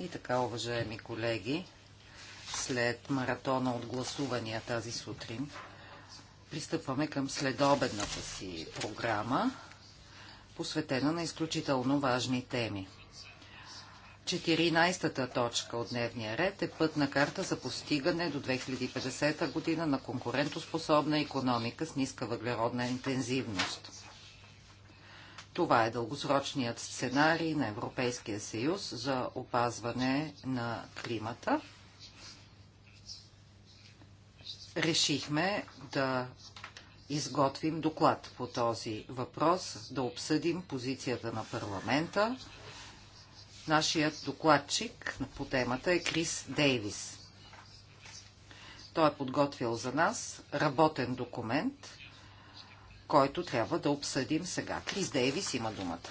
И така, уважаеми колеги, след маратона от гласувания тази сутрин, пристъпваме към следобедната си програма, посветена на изключително важни теми. 14-та точка от дневния ред е пътна карта за постигане до 2050 година на конкурентоспособна економика с ниска въглеродна интензивност. Това е дългосрочният сценарий на Европейския съюз за опазване на климата. Решихме да изготвим доклад по този въпрос, да обсъдим позицията на парламента. Нашият докладчик по темата е Крис Дейвис. Той е подготвил за нас работен документ – който трябва да обсъдим сега. Крис Дейвис има думата.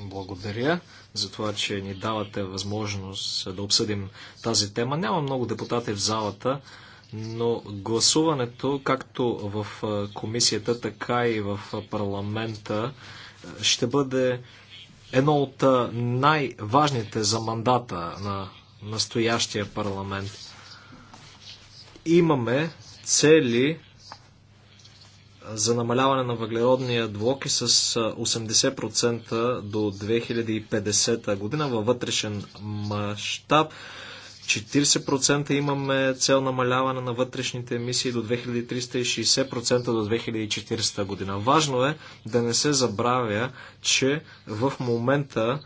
Благодаря за това, че ни давате възможност да обсъдим тази тема. Няма много депутати в залата, но гласуването, както в комисията, така и в парламента, ще бъде едно от най-важните за мандата на настоящия парламент имаме цели за намаляване на въглеродния блок и с 80% до 2050 година във вътрешен мащаб. 40% имаме цел намаляване на вътрешните емисии до 2360% до 2040 година. Важно е да не се забравя, че в момента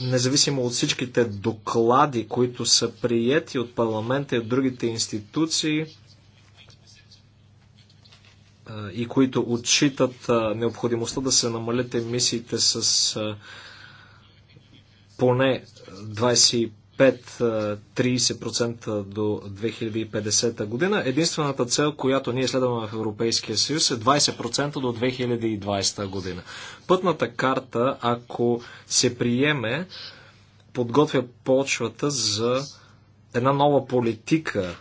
независимо от всичките доклади, които са приети от парламента и от другите институции и които отчитат необходимостта да се намалят емисиите с поне 25 5-30% до 2050 година. Единствената цел, която ние следваме в Европейския съюз е 20% до 2020 година. Пътната карта, ако се приеме, подготвя почвата за една нова политика, е,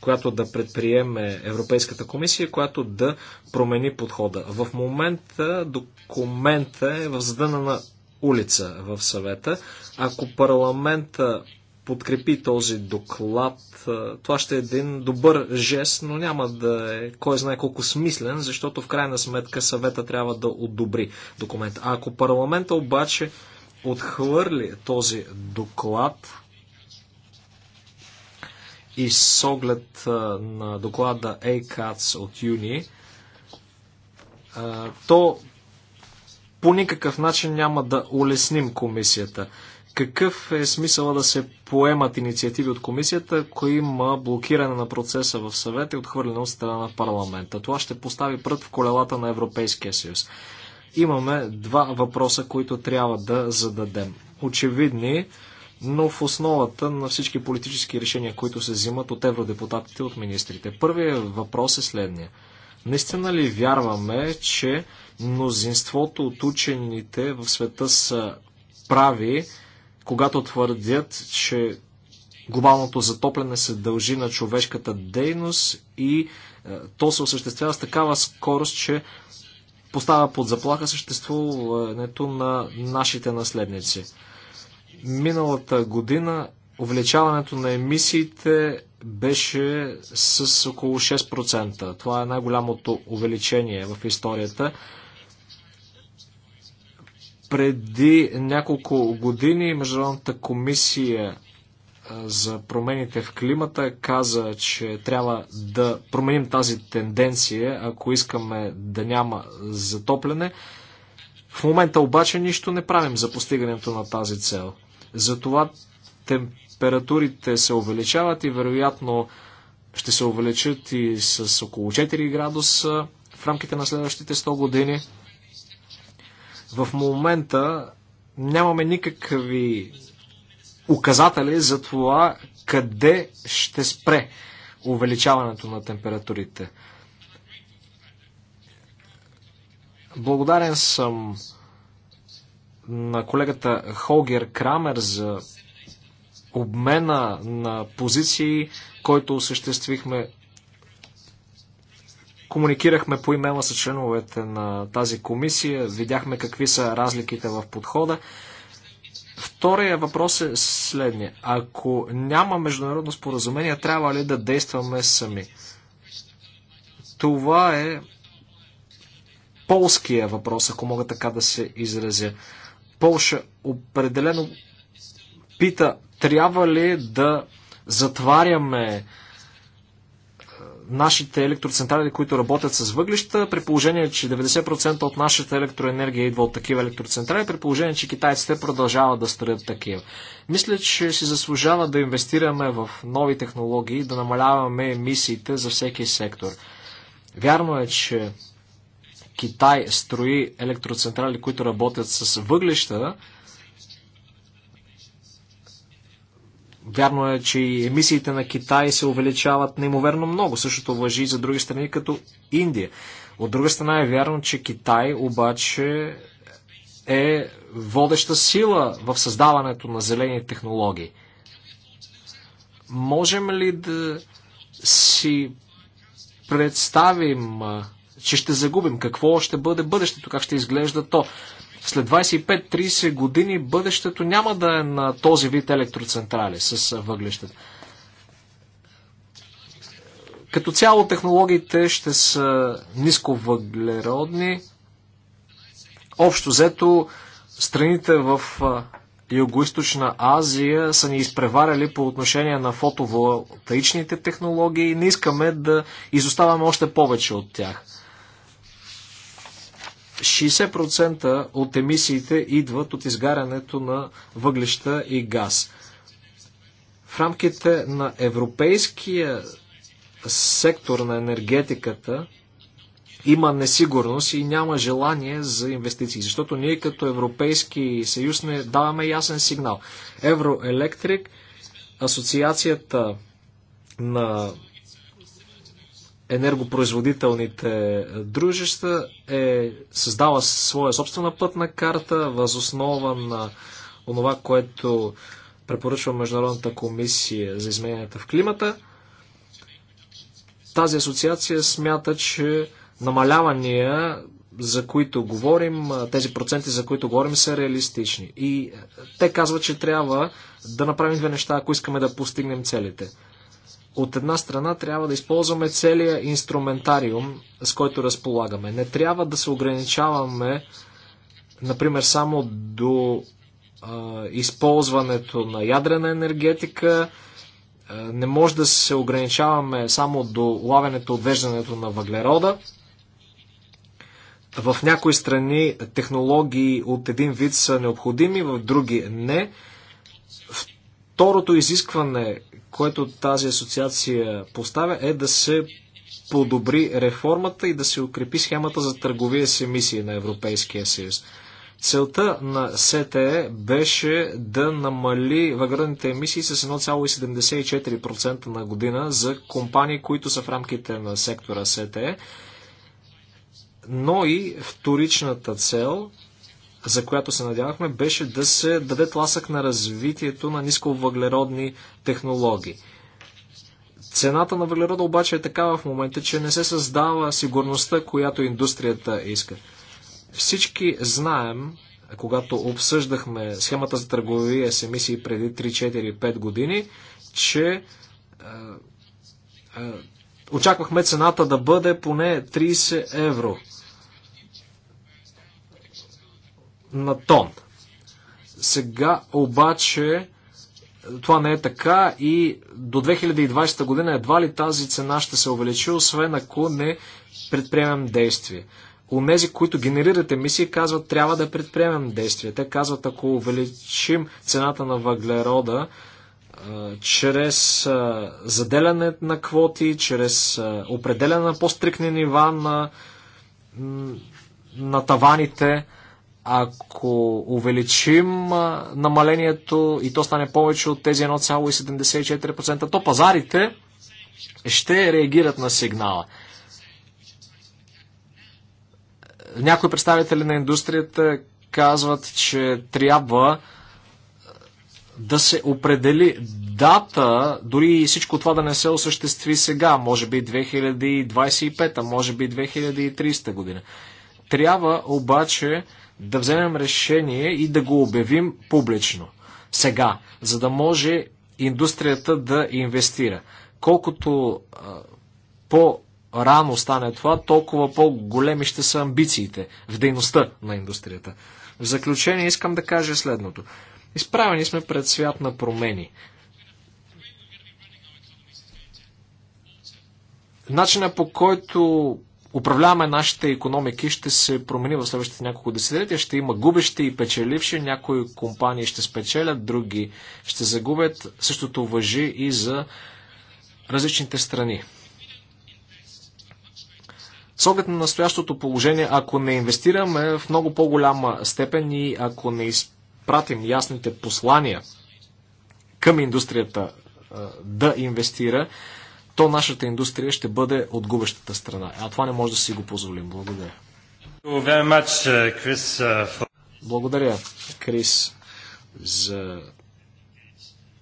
която да предприеме Европейската комисия, която да промени подхода. В момента документа е в задъна на улица в съвета. Ако парламента подкрепи този доклад, това ще е един добър жест, но няма да е кой знае колко смислен, защото в крайна сметка съвета трябва да одобри документа. А ако парламента обаче отхвърли този доклад и с оглед на доклада ACATS от юни, то по никакъв начин няма да улесним комисията. Какъв е смисъла да се поемат инициативи от комисията, ако има блокиране на процеса в съвета и отхвърляне от страна на парламента? Това ще постави прът в колелата на Европейския съюз. Имаме два въпроса, които трябва да зададем. Очевидни, но в основата на всички политически решения, които се взимат от евродепутатите и от министрите. Първият въпрос е следния. Наистина ли вярваме, че мнозинството от учените в света са прави, когато твърдят, че глобалното затопляне се дължи на човешката дейност и е, то се осъществява с такава скорост, че поставя под заплаха съществуването на нашите наследници. Миналата година увеличаването на емисиите беше с около 6%. Това е най-голямото увеличение в историята. Преди няколко години Международната комисия за промените в климата каза, че трябва да променим тази тенденция, ако искаме да няма затопляне. В момента обаче нищо не правим за постигането на тази цел. Затова температурите се увеличават и вероятно ще се увеличат и с около 4 градуса в рамките на следващите 100 години. В момента нямаме никакви указатели за това къде ще спре увеличаването на температурите. Благодарен съм на колегата Холгер Крамер за обмена на позиции, който осъществихме Комуникирахме по имейла с членовете на тази комисия, видяхме какви са разликите в подхода. Втория въпрос е следния. Ако няма международно споразумение, трябва ли да действаме сами? Това е полския въпрос, ако мога така да се изразя. Полша определено пита, трябва ли да затваряме нашите електроцентрали, които работят с въглища, при положение, че 90% от нашата електроенергия идва от такива електроцентрали, при положение, че китайците продължават да строят такива. Мисля, че си заслужава да инвестираме в нови технологии, да намаляваме емисиите за всеки сектор. Вярно е, че Китай строи електроцентрали, които работят с въглища, Вярно е, че и емисиите на Китай се увеличават неимоверно много. Същото въжи и за други страни, като Индия. От друга страна е вярно, че Китай обаче е водеща сила в създаването на зелени технологии. Можем ли да си представим че ще загубим. Какво ще бъде бъдещето? Как ще изглежда то? След 25-30 години бъдещето няма да е на този вид електроцентрали с въглищата. Като цяло технологиите ще са нисковъглеродни. Общо взето, страните в Юго-Источна Азия са ни изпреваряли по отношение на фотоволтаичните технологии и не искаме да изоставаме още повече от тях. 60% от емисиите идват от изгарянето на въглища и газ. В рамките на европейския сектор на енергетиката има несигурност и няма желание за инвестиции, защото ние като Европейски съюз не даваме ясен сигнал. Евроелектрик, асоциацията на енергопроизводителните е, дружества е създала своя собствена пътна карта, възоснова на онова, което препоръчва Международната комисия за измененията в климата. Тази асоциация смята, че намалявания, за които говорим, е, тези проценти, за които говорим, са реалистични. И е, те казват, че трябва да направим две неща, ако искаме да постигнем целите. От една страна трябва да използваме целия инструментариум, с който разполагаме. Не трябва да се ограничаваме, например, само до а, използването на ядрена енергетика, а, не може да се ограничаваме само до лавенето, отвеждането на въглерода. В някои страни технологии от един вид са необходими, в други не. Второто изискване, което тази асоциация поставя, е да се подобри реформата и да се укрепи схемата за търговия с емисии на Европейския съюз. Целта на СТЕ беше да намали въгръдните емисии с 1,74% на година за компании, които са в рамките на сектора СТЕ, но и вторичната цел за която се надявахме, беше да се даде тласък на развитието на нисковъглеродни технологии. Цената на въглерода обаче е такава в момента, че не се създава сигурността, която индустрията иска. Всички знаем, когато обсъждахме схемата за търговия с емисии преди 3-4-5 години, че е, е, очаквахме цената да бъде поне 30 евро на тон. Сега обаче е, това не е така и до 2020 година едва ли тази цена ще се увеличи, освен ако не предприемем действие. нези, които генерират емисии, казват, трябва да предприемем действие. Те казват, ако увеличим цената на въглерода е, чрез е, заделяне на квоти, чрез определяне на по-стрикни нива на, на таваните, ако увеличим намалението и то стане повече от тези 1,74%, то пазарите ще реагират на сигнала. Някои представители на индустрията казват, че трябва да се определи дата, дори всичко това да не се осъществи сега, може би 2025, може би 2300 година. Трябва обаче да вземем решение и да го обявим публично. Сега, за да може индустрията да инвестира. Колкото по-рано стане това, толкова по-големи ще са амбициите в дейността на индустрията. В заключение искам да кажа следното. Изправени сме пред свят на промени. Начина по който управляваме нашите економики, ще се промени в следващите няколко десетилетия. Ще има губещи и печеливши. Някои компании ще спечелят, други ще загубят. Същото въжи и за различните страни. С оглед на настоящото положение, ако не инвестираме в много по-голяма степен и ако не изпратим ясните послания към индустрията да инвестира, то нашата индустрия ще бъде от губещата страна. А това не може да си го позволим. Благодаря. Благодаря, Крис, за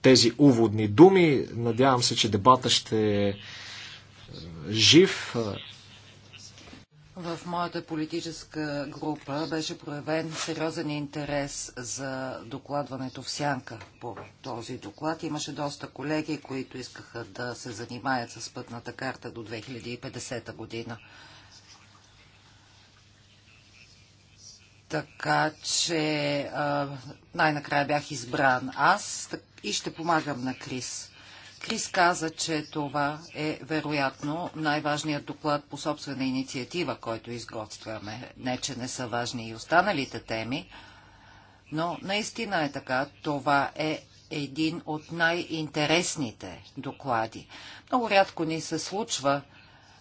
тези уводни думи. Надявам се, че дебата ще е жив. В моята политическа група беше проявен сериозен интерес за докладването в сянка по този доклад. Имаше доста колеги, които искаха да се занимаят с пътната карта до 2050 година. Така че най-накрая бях избран аз и ще помагам на Крис. Крис каза, че това е вероятно най-важният доклад по собствена инициатива, който изготвяме. Не, че не са важни и останалите теми, но наистина е така. Това е един от най-интересните доклади. Много рядко ни се случва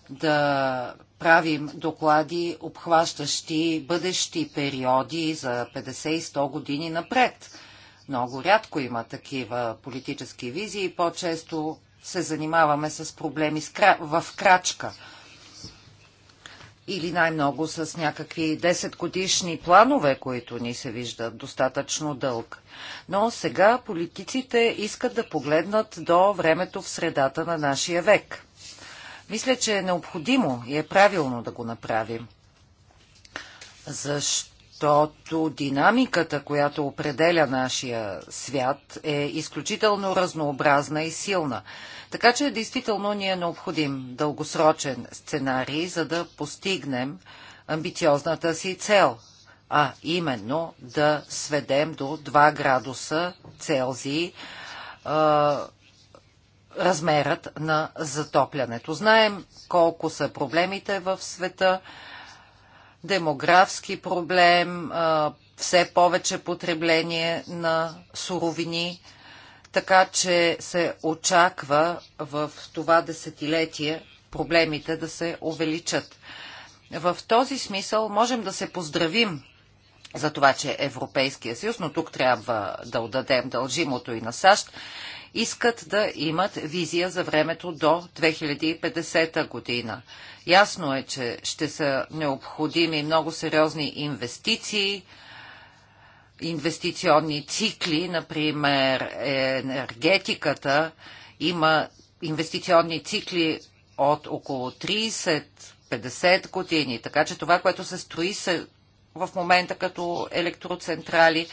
да правим доклади, обхващащи бъдещи периоди за 50 и 100 години напред. Много рядко има такива политически визии и по-често се занимаваме с проблеми в крачка или най-много с някакви 10 годишни планове, които ни се виждат достатъчно дълг. Но сега политиците искат да погледнат до времето в средата на нашия век. Мисля, че е необходимо и е правилно да го направим. Защо? защото динамиката, която определя нашия свят, е изключително разнообразна и силна. Така че действително ни е необходим дългосрочен сценарий, за да постигнем амбициозната си цел, а именно да сведем до 2 градуса Целзии размерът на затоплянето. Знаем колко са проблемите в света, демографски проблем, все повече потребление на суровини, така че се очаква в това десетилетие проблемите да се увеличат. В този смисъл можем да се поздравим за това, че Европейския съюз, но тук трябва да отдадем дължимото и на САЩ, искат да имат визия за времето до 2050 година. Ясно е, че ще са необходими много сериозни инвестиции, инвестиционни цикли, например енергетиката има инвестиционни цикли от около 30-50 години. Така че това, което се строи се в момента като електроцентрали,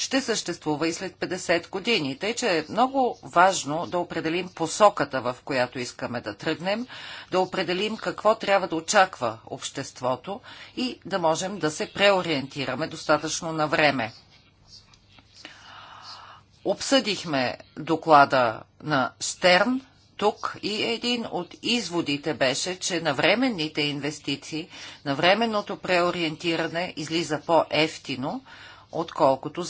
ще съществува и след 50 години. Тъй, че е много важно да определим посоката, в която искаме да тръгнем, да определим какво трябва да очаква обществото и да можем да се преориентираме достатъчно на време. Обсъдихме доклада на Штерн тук и един от изводите беше, че навременните инвестиции, навременното преориентиране излиза по-ефтино, отколкото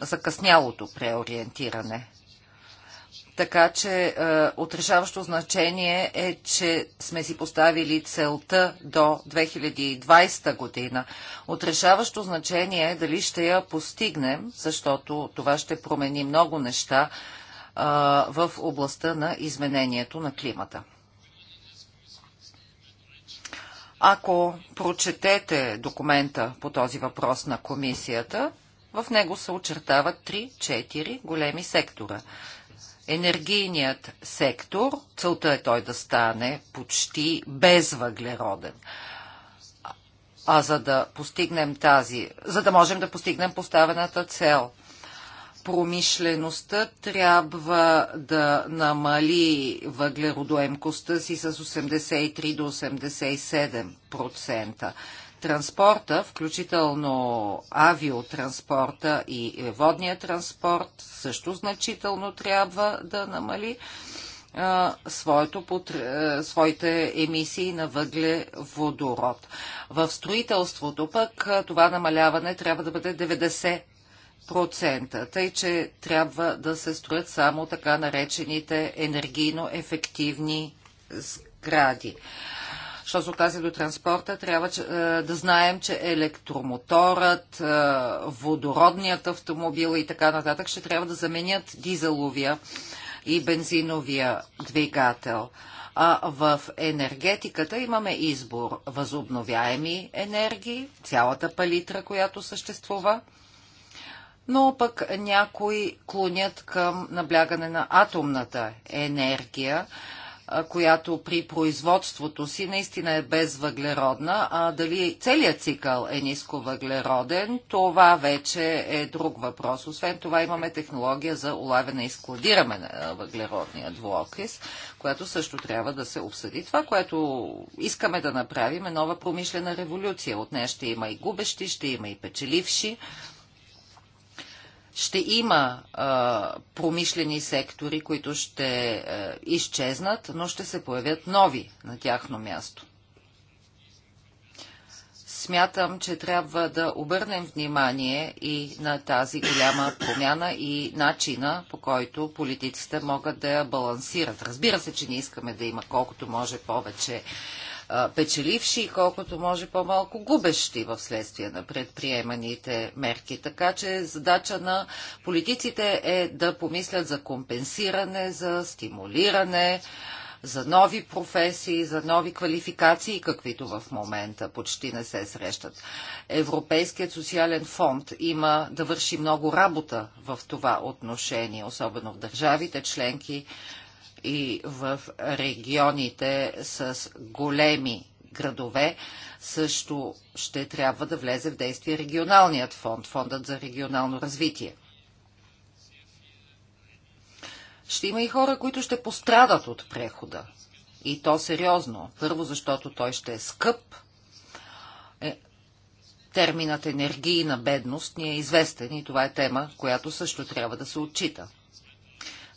закъснялото преориентиране. Така че е, отрешаващо значение е, че сме си поставили целта до 2020 година. Отрешаващо значение е дали ще я постигнем, защото това ще промени много неща е, в областта на изменението на климата. Ако прочетете документа по този въпрос на комисията, в него се очертават 3-4 големи сектора. Енергийният сектор, целта е той да стане почти безвъглероден. А за да постигнем тази, за да можем да постигнем поставената цел промишлеността трябва да намали въглеродоемкостта си с 83 до 87%. Транспорта, включително авиотранспорта и водния транспорт, също значително трябва да намали своето, своите емисии на въглеводород. В строителството пък това намаляване трябва да бъде 90%. Тъй, че трябва да се строят само така наречените енергийно ефективни сгради. Що се отнася до транспорта, трябва е, да знаем, че електромоторът, е, водородният автомобил и така нататък ще трябва да заменят дизеловия и бензиновия двигател. А в енергетиката имаме избор възобновяеми енергии, цялата палитра, която съществува, но пък някои клонят към наблягане на атомната енергия, която при производството си наистина е безвъглеродна, а дали целият цикъл е нисковъглероден, това вече е друг въпрос. Освен това имаме технология за улавяне и складиране на въглеродния двуокис, която също трябва да се обсъди. Това, което искаме да направим е нова промишлена революция. От нея ще има и губещи, ще има и печеливши ще има а, промишлени сектори, които ще а, изчезнат, но ще се появят нови на тяхно място. Смятам, че трябва да обърнем внимание и на тази голяма промяна и начина, по който политиците могат да я балансират. Разбира се, че не искаме да има колкото може повече а, печеливши и колкото може по-малко губещи в следствие на предприеманите мерки. Така че задача на политиците е да помислят за компенсиране, за стимулиране, за нови професии, за нови квалификации, каквито в момента почти не се срещат. Европейският социален фонд има да върши много работа в това отношение, особено в държавите членки, и в регионите с големи градове също ще трябва да влезе в действие регионалният фонд, фондът за регионално развитие. Ще има и хора, които ще пострадат от прехода. И то сериозно. Първо, защото той ще е скъп. Е, терминът енергийна бедност ни е известен и това е тема, която също трябва да се отчита.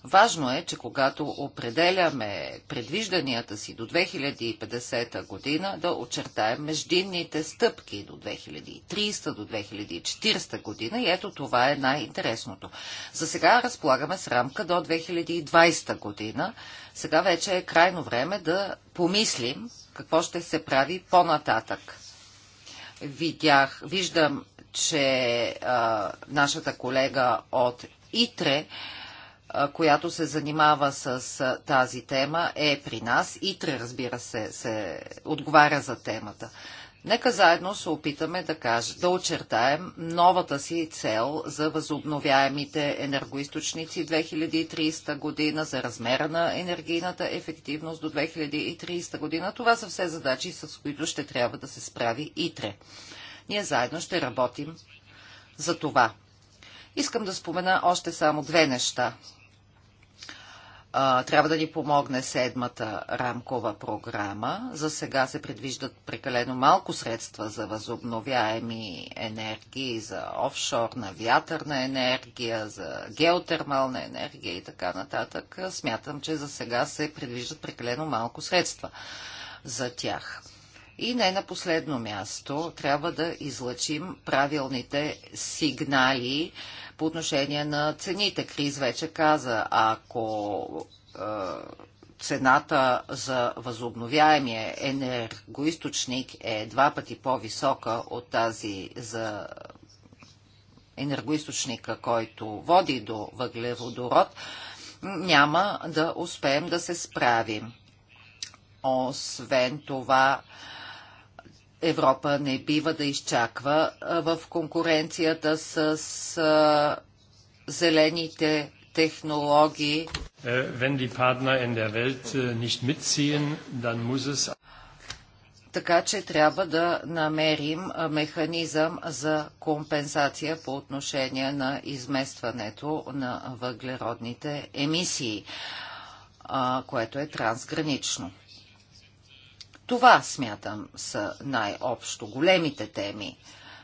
Важно е, че когато определяме предвижданията си до 2050 година, да очертаем междинните стъпки до 2030, до 2040 година и ето това е най-интересното. За сега разполагаме с рамка до 2020 година. Сега вече е крайно време да помислим какво ще се прави по-нататък. Видях, виждам, че а, нашата колега от ИТРЕ която се занимава с тази тема, е при нас Итре, разбира се, се отговаря за темата. Нека заедно се опитаме да, каже, да очертаем новата си цел за възобновяемите енергоисточници 2030 година, за размера на енергийната ефективност до 2030 година. Това са все задачи, с които ще трябва да се справи ИТРЕ. Ние заедно ще работим за това. Искам да спомена още само две неща а, трябва да ни помогне седмата рамкова програма. За сега се предвиждат прекалено малко средства за възобновяеми енергии, за офшорна вятърна енергия, за геотермална енергия и така нататък. Смятам, че за сега се предвиждат прекалено малко средства за тях. И не на последно място, трябва да излъчим правилните сигнали по отношение на цените, Крис вече каза, ако е, цената за възобновяемия енергоисточник е два пъти по-висока от тази за енергоисточника, който води до въглеводород, няма да успеем да се справим. Освен това, Европа не бива да изчаква в конкуренцията с зелените технологии. Така че трябва да намерим механизъм за компенсация по отношение на изместването на въглеродните емисии, което е трансгранично. Това смятам са най-общо големите теми,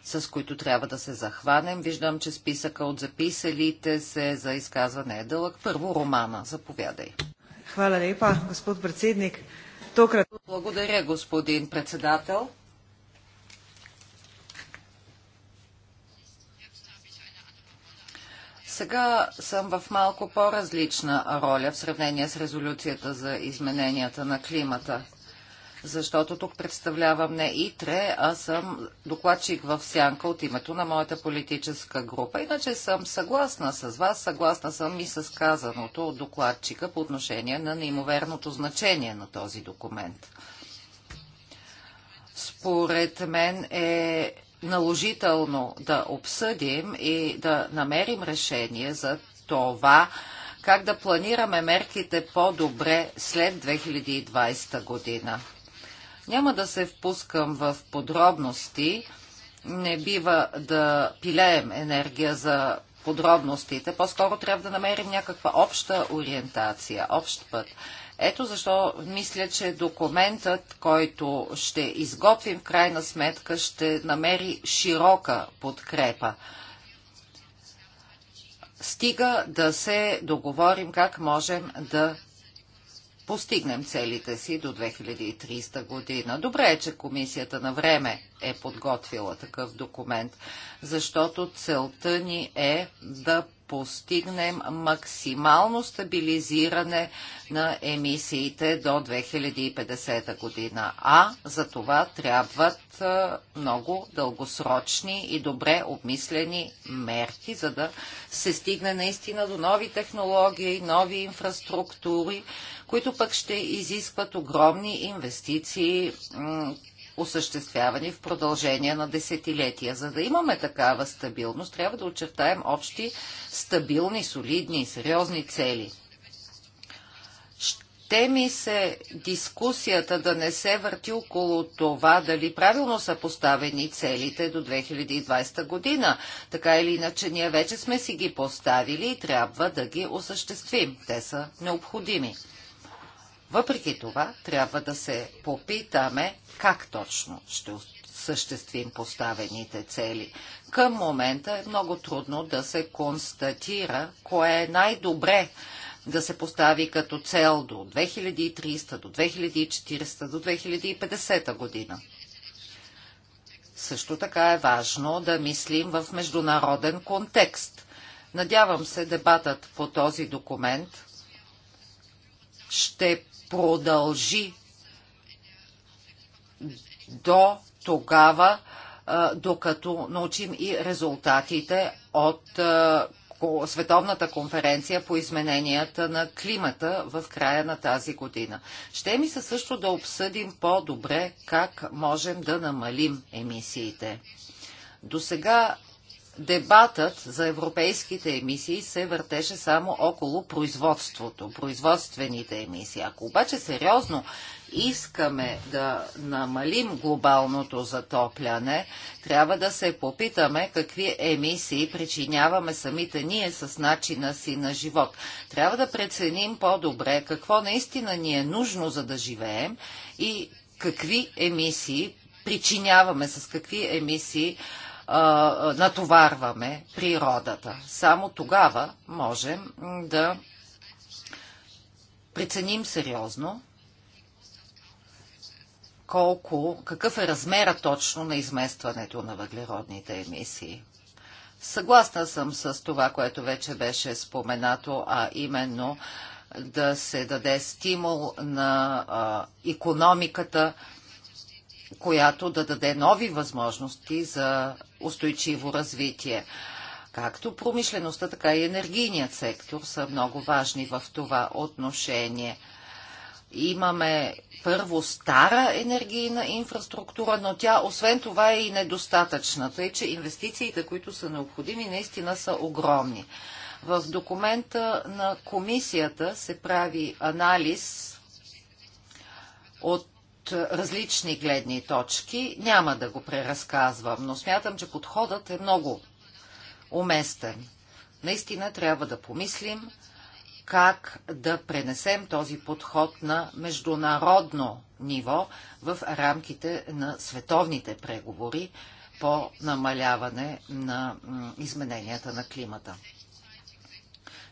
с които трябва да се захванем. Виждам, че списъка от записалите се за изказване е дълъг. Първо романа. Заповядай. Хвала лепа, господ председник. Тократ... Благодаря, господин председател. Сега съм в малко по-различна роля в сравнение с резолюцията за измененията на климата защото тук представлявам не ИТРЕ, а съм докладчик в сянка от името на моята политическа група. Иначе съм съгласна с вас, съгласна съм и с казаното от докладчика по отношение на неимоверното значение на този документ. Според мен е наложително да обсъдим и да намерим решение за това, как да планираме мерките по-добре след 2020 година. Няма да се впускам в подробности. Не бива да пилеем енергия за подробностите. По-скоро трябва да намерим някаква обща ориентация, общ път. Ето защо мисля, че документът, който ще изготвим в крайна сметка, ще намери широка подкрепа. Стига да се договорим как можем да постигнем целите си до 2300 година. Добре е, че комисията на време е подготвила такъв документ, защото целта ни е да постигнем максимално стабилизиране на емисиите до 2050 година. А за това трябват много дългосрочни и добре обмислени мерки, за да се стигне наистина до нови технологии, нови инфраструктури, които пък ще изискват огромни инвестиции, осъществявани в продължение на десетилетия. За да имаме такава стабилност, трябва да очертаем общи, стабилни, солидни и сериозни цели. Те ми се дискусията да не се върти около това дали правилно са поставени целите до 2020 година. Така или иначе, ние вече сме си ги поставили и трябва да ги осъществим. Те са необходими. Въпреки това, трябва да се попитаме как точно ще съществим поставените цели. Към момента е много трудно да се констатира кое е най-добре да се постави като цел до 2300, до 2400, до 2050 година. Също така е важно да мислим в международен контекст. Надявам се дебатът по този документ ще продължи до тогава, докато научим и резултатите от Световната конференция по измененията на климата в края на тази година. Ще ми се също да обсъдим по-добре как можем да намалим емисиите. До сега дебатът за европейските емисии се въртеше само около производството, производствените емисии. Ако обаче сериозно искаме да намалим глобалното затопляне, трябва да се попитаме какви емисии причиняваме самите ние с начина си на живот. Трябва да преценим по-добре какво наистина ни е нужно за да живеем и какви емисии причиняваме, с какви емисии а, натоварваме природата. Само тогава можем да преценим сериозно колко, какъв е размера точно на изместването на въглеродните емисии. Съгласна съм с това, което вече беше споменато, а именно да се даде стимул на а, економиката която да даде нови възможности за устойчиво развитие. Както промишлеността, така и енергийният сектор са много важни в това отношение. Имаме първо стара енергийна инфраструктура, но тя освен това е и недостатъчна, тъй че инвестициите, които са необходими, наистина са огромни. В документа на комисията се прави анализ от от различни гледни точки. Няма да го преразказвам, но смятам, че подходът е много уместен. Наистина трябва да помислим как да пренесем този подход на международно ниво в рамките на световните преговори по намаляване на измененията на климата.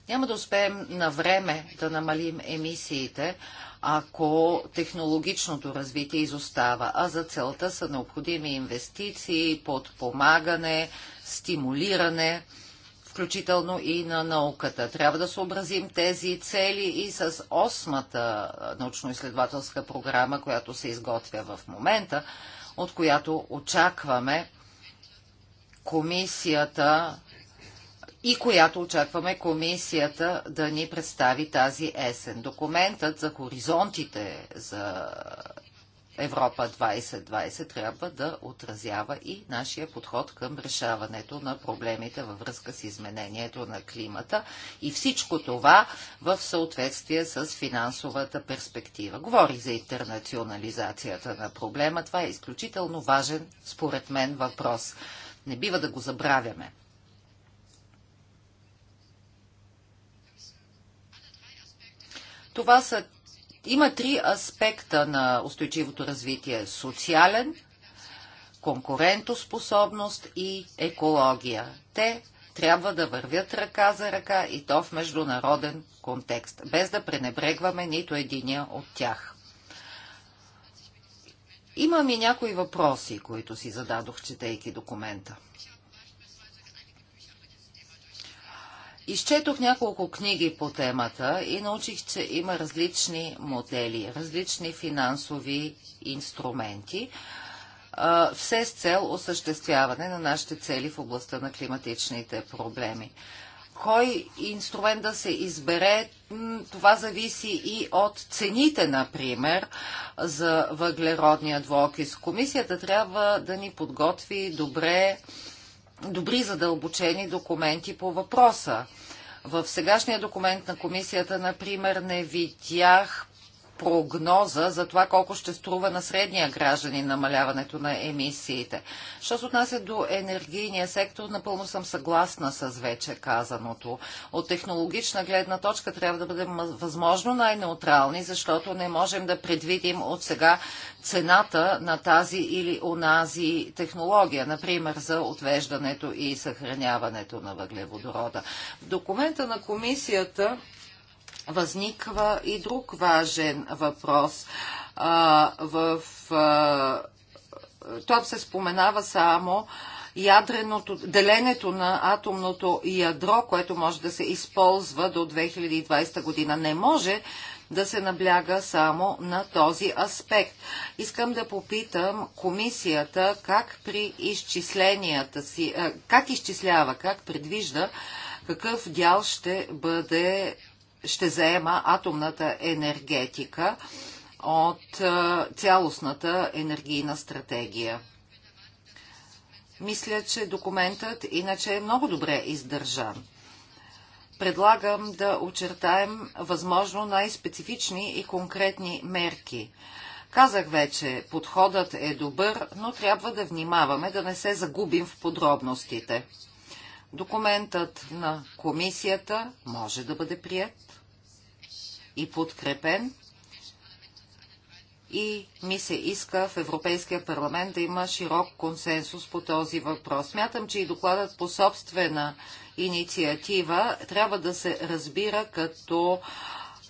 Няма да успеем на време да намалим емисиите, ако технологичното развитие изостава, а за целта са необходими инвестиции, подпомагане, стимулиране, включително и на науката. Трябва да съобразим тези цели и с осмата научно-изследователска програма, която се изготвя в момента, от която очакваме комисията и която очакваме комисията да ни представи тази есен. Документът за хоризонтите за Европа 2020 трябва да отразява и нашия подход към решаването на проблемите във връзка с изменението на климата и всичко това в съответствие с финансовата перспектива. Говорих за интернационализацията на проблема. Това е изключително важен, според мен, въпрос. Не бива да го забравяме. Това са, има три аспекта на устойчивото развитие. Социален, конкурентоспособност и екология. Те трябва да вървят ръка за ръка и то в международен контекст, без да пренебрегваме нито единия от тях. Имам и някои въпроси, които си зададох, четейки документа. Изчетох няколко книги по темата и научих, че има различни модели, различни финансови инструменти, все с цел осъществяване на нашите цели в областта на климатичните проблеми. Кой инструмент да се избере, това зависи и от цените, например, за въглеродния двуокис. Комисията трябва да ни подготви добре добри задълбочени документи по въпроса. В сегашния документ на комисията, например, не видях прогноза за това колко ще струва на средния гражданин намаляването на емисиите. Що се отнася до енергийния сектор, напълно съм съгласна с вече казаното. От технологична гледна точка трябва да бъдем възможно най-неутрални, защото не можем да предвидим от сега цената на тази или онази технология, например за отвеждането и съхраняването на въглеводорода. В документа на комисията възниква и друг важен въпрос. А, в, а, той се споменава само ядреното, деленето на атомното ядро, което може да се използва до 2020 година. Не може да се набляга само на този аспект. Искам да попитам комисията как при изчисленията си, как изчислява, как предвижда, какъв дял ще бъде ще заема атомната енергетика от е, цялостната енергийна стратегия. Мисля, че документът иначе е много добре издържан. Предлагам да очертаем възможно най-специфични и конкретни мерки. Казах вече, подходът е добър, но трябва да внимаваме да не се загубим в подробностите. Документът на комисията може да бъде прият, и подкрепен. И ми се иска в Европейския парламент да има широк консенсус по този въпрос. Смятам, че и докладът по собствена инициатива трябва да се разбира като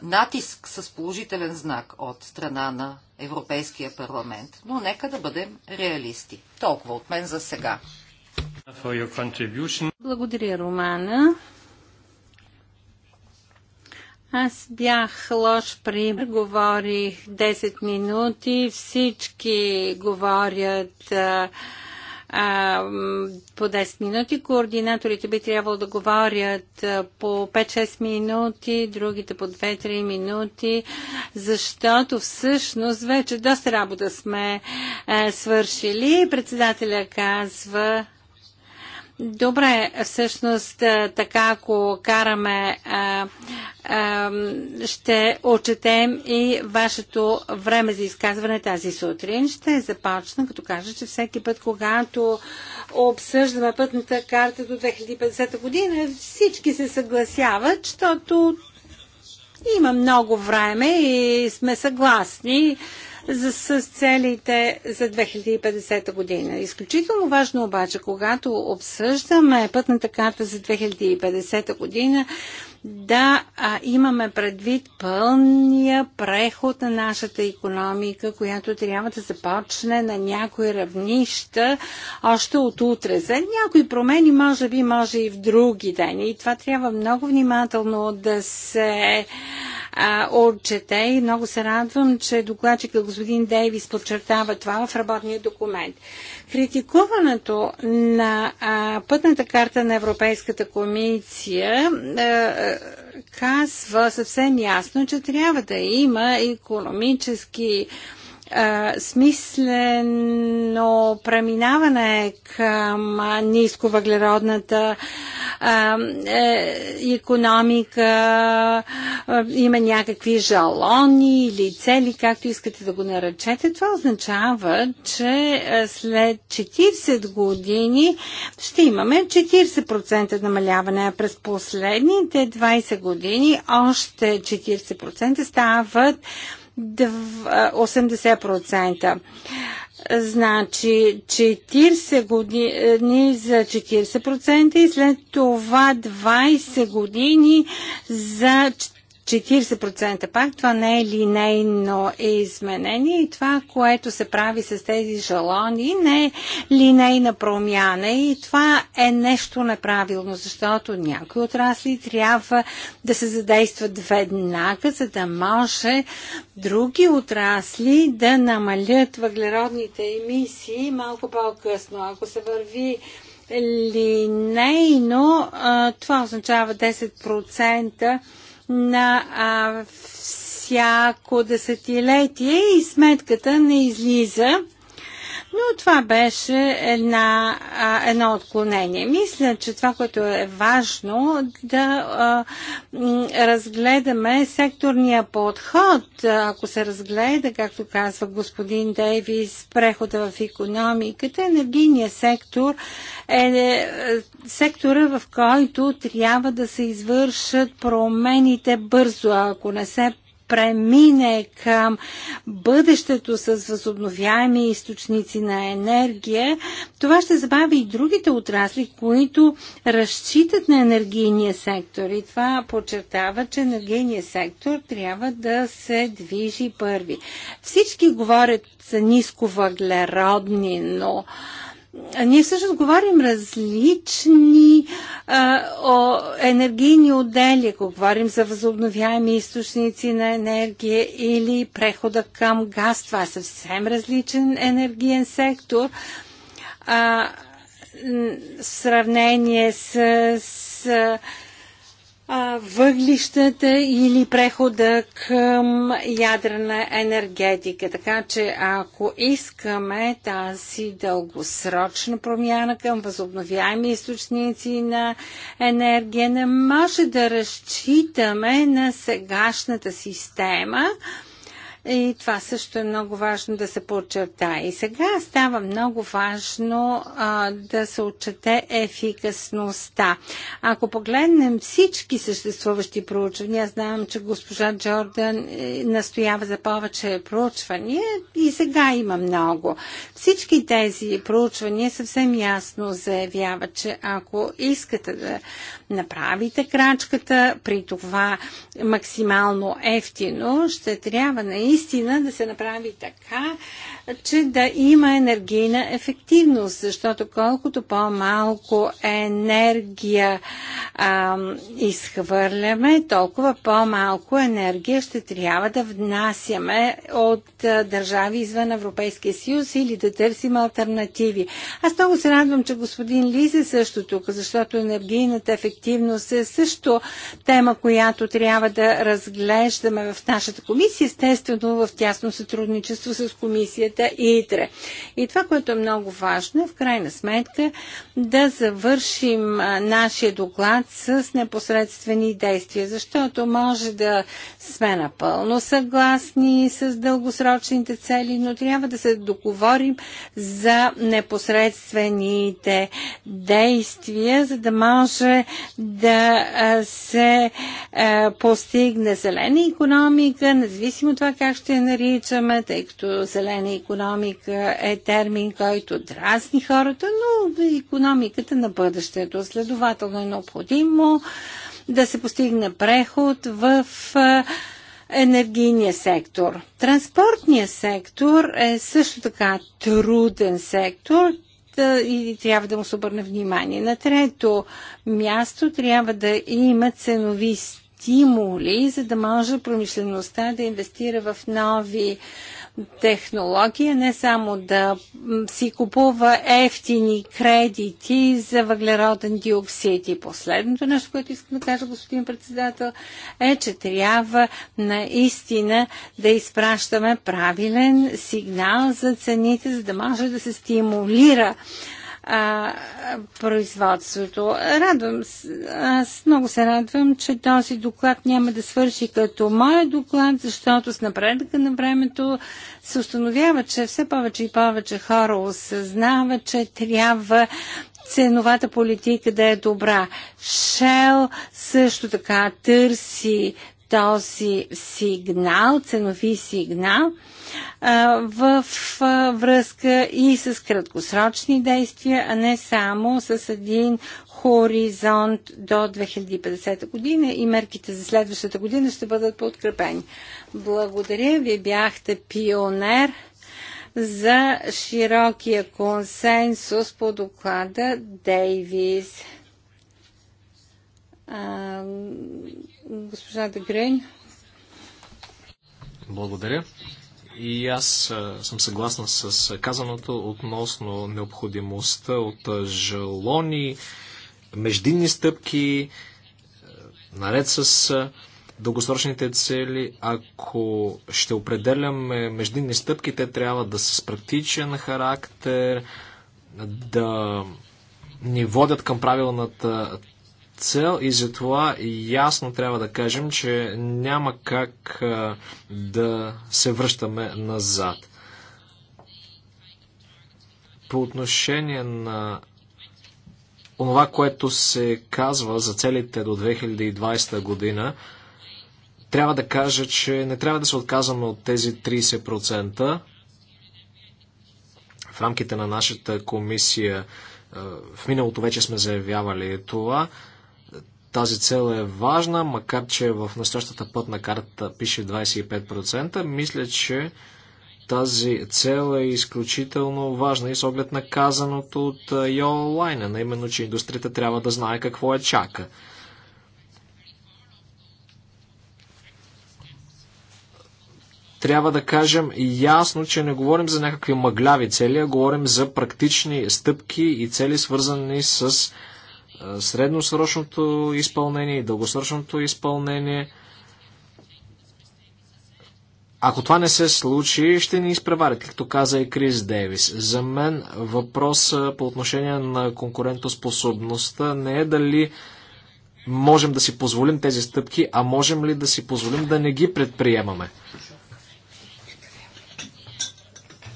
натиск с положителен знак от страна на Европейския парламент. Но нека да бъдем реалисти. Толкова от мен за сега. Благодаря, Романа. Аз бях лош пример, говорих 10 минути, всички говорят а, а, по 10 минути, координаторите би трябвало да говорят а, по 5-6 минути, другите по 2-3 минути, защото всъщност вече доста работа сме а, свършили. Председателя казва, Добре, всъщност така, ако караме, а, а, ще отчетем и вашето време за изказване тази сутрин. Ще започна, като кажа, че всеки път, когато обсъждаме пътната карта до 2050 година, всички се съгласяват, защото има много време и сме съгласни за, с целите за 2050 година. Изключително важно обаче, когато обсъждаме пътната карта за 2050 година, да а, имаме предвид пълния преход на нашата економика, която трябва да започне на някои равнища още от утре. За някои промени може би може и в други дни. И това трябва много внимателно да се а, отчете и много се радвам, че докладчика господин Дейвис подчертава това в работния документ. Критикуването на а, пътната карта на Европейската комисия а, казва съвсем ясно, че трябва да има економически а, е, смислено преминаване към нисковъглеродната въглеродната е, економика, е, има някакви жалони или цели, както искате да го наречете, това означава, че след 40 години ще имаме 40% намаляване, а през последните 20 години още 40% стават 80%. Значи 40 години за 40% и след това 20 години за 40% пак това не е линейно изменение и това, което се прави с тези жалони, не е линейна промяна и това е нещо неправилно, защото някои отрасли трябва да се задействат веднага, за да може други отрасли да намалят въглеродните емисии малко по-късно. Ако се върви линейно, това означава 10% на а, всяко десетилетие и сметката не излиза. Но това беше една, а, едно отклонение. Мисля, че това, което е важно да а, разгледаме секторния подход, ако се разгледа, както казва господин Дейвис, прехода в економиката, енергийния сектор е, е сектора, в който трябва да се извършат промените бързо. Ако не се премине към бъдещето с възобновяеми източници на енергия, това ще забави и другите отрасли, които разчитат на енергийния сектор. И това подчертава, че енергийния сектор трябва да се движи първи. Всички говорят за нисковъглеродни, но ние всъщност говорим различни а, о, енергийни отдели, ако говорим за възобновяеми източници на енергия или прехода към газ. Това е съвсем различен енергиен сектор. А, в сравнение с, с въглищата или прехода към ядрена енергетика. Така че ако искаме тази дългосрочна промяна към възобновяеми източници на енергия, не може да разчитаме на сегашната система, и това също е много важно да се подчертае. И сега става много важно а, да се отчете ефикасността. Ако погледнем всички съществуващи проучвания, знам, че госпожа Джордан е, настоява за повече проучвания и сега има много. Всички тези проучвания съвсем ясно заявяват, че ако искате да направите крачката, при това максимално ефтино, ще трябва наистина наистина да се направи така, че да има енергийна ефективност, защото колкото по-малко енергия а, изхвърляме, толкова по-малко енергия ще трябва да внасяме от а, държави извън Европейския съюз или да търсим альтернативи. Аз много се радвам, че господин Лизе също тук, защото енергийната ефективност е също тема, която трябва да разглеждаме в нашата комисия, естествено в тясно сътрудничество с комисията комисията ИТРЕ. И това, което е много важно, в крайна сметка, да завършим нашия доклад с непосредствени действия, защото може да сме напълно съгласни с дългосрочните цели, но трябва да се договорим за непосредствените действия, за да може да се постигне зелена економика, независимо от това как ще я наричаме, тъй като зелена економика е термин, който дразни хората, но економиката на бъдещето. Следователно е необходимо да се постигне преход в енергийния сектор. Транспортния сектор е също така труден сектор и трябва да му се обърне внимание. На трето място трябва да има ценови стимули, за да може промишлеността да инвестира в нови технология, не само да си купува ефтини кредити за въглероден диоксид. И последното нещо, което искам да кажа, господин председател, е, че трябва наистина да изпращаме правилен сигнал за цените, за да може да се стимулира а, производството. Радвам, аз много се радвам, че този доклад няма да свърши като моя доклад, защото с напредъка на времето се установява, че все повече и повече хора осъзнават, че трябва ценовата политика да е добра. Шел също така търси този сигнал, ценови сигнал, в връзка и с краткосрочни действия, а не само с един хоризонт до 2050 година и мерките за следващата година ще бъдат подкрепени. Благодаря, вие бяхте пионер за широкия консенсус по доклада Дейвис. Госпожа Дегрейн. Благодаря. И аз съм съгласна с казаното относно необходимостта от желони, междинни стъпки, наред с дългосрочните цели. Ако ще определяме междинни стъпки, те трябва да са с практичен характер, да ни водят към правилната цел и за това ясно трябва да кажем, че няма как да се връщаме назад. По отношение на това, което се казва за целите до 2020 година, трябва да кажа, че не трябва да се отказваме от тези 30%. В рамките на нашата комисия в миналото вече сме заявявали това. Тази цел е важна, макар че в настоящата пътна карта пише 25%. Мисля, че тази цел е изключително важна и с оглед на казаното от Йо на именно, че индустрията трябва да знае какво е чака. трябва да кажем ясно, че не говорим за някакви мъгляви цели, а говорим за практични стъпки и цели, свързани с средносрочното изпълнение и дългосрочното изпълнение. Ако това не се случи, ще ни изпреварят, както каза и Крис Дейвис. За мен въпрос по отношение на конкурентоспособността не е дали можем да си позволим тези стъпки, а можем ли да си позволим да не ги предприемаме.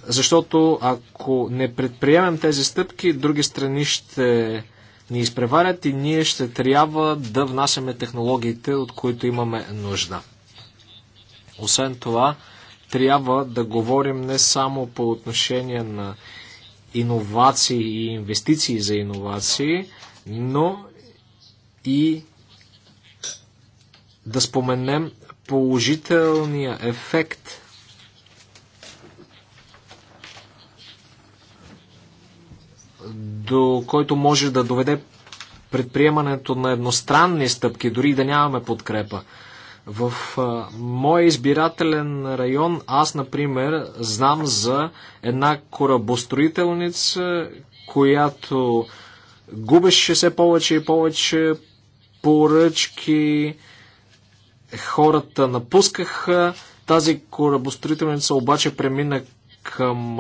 Защото ако не предприемем тези стъпки, други страни ще ни изпреварят и ние ще трябва да внасяме технологиите, от които имаме нужда. Освен това, трябва да говорим не само по отношение на иновации и инвестиции за иновации, но и да споменем положителния ефект до който може да доведе предприемането на едностранни стъпки, дори да нямаме подкрепа. В а, моя избирателен район аз, например, знам за една корабостроителница, която губеше все повече и повече поръчки, хората напускаха тази корабостроителница, обаче премина към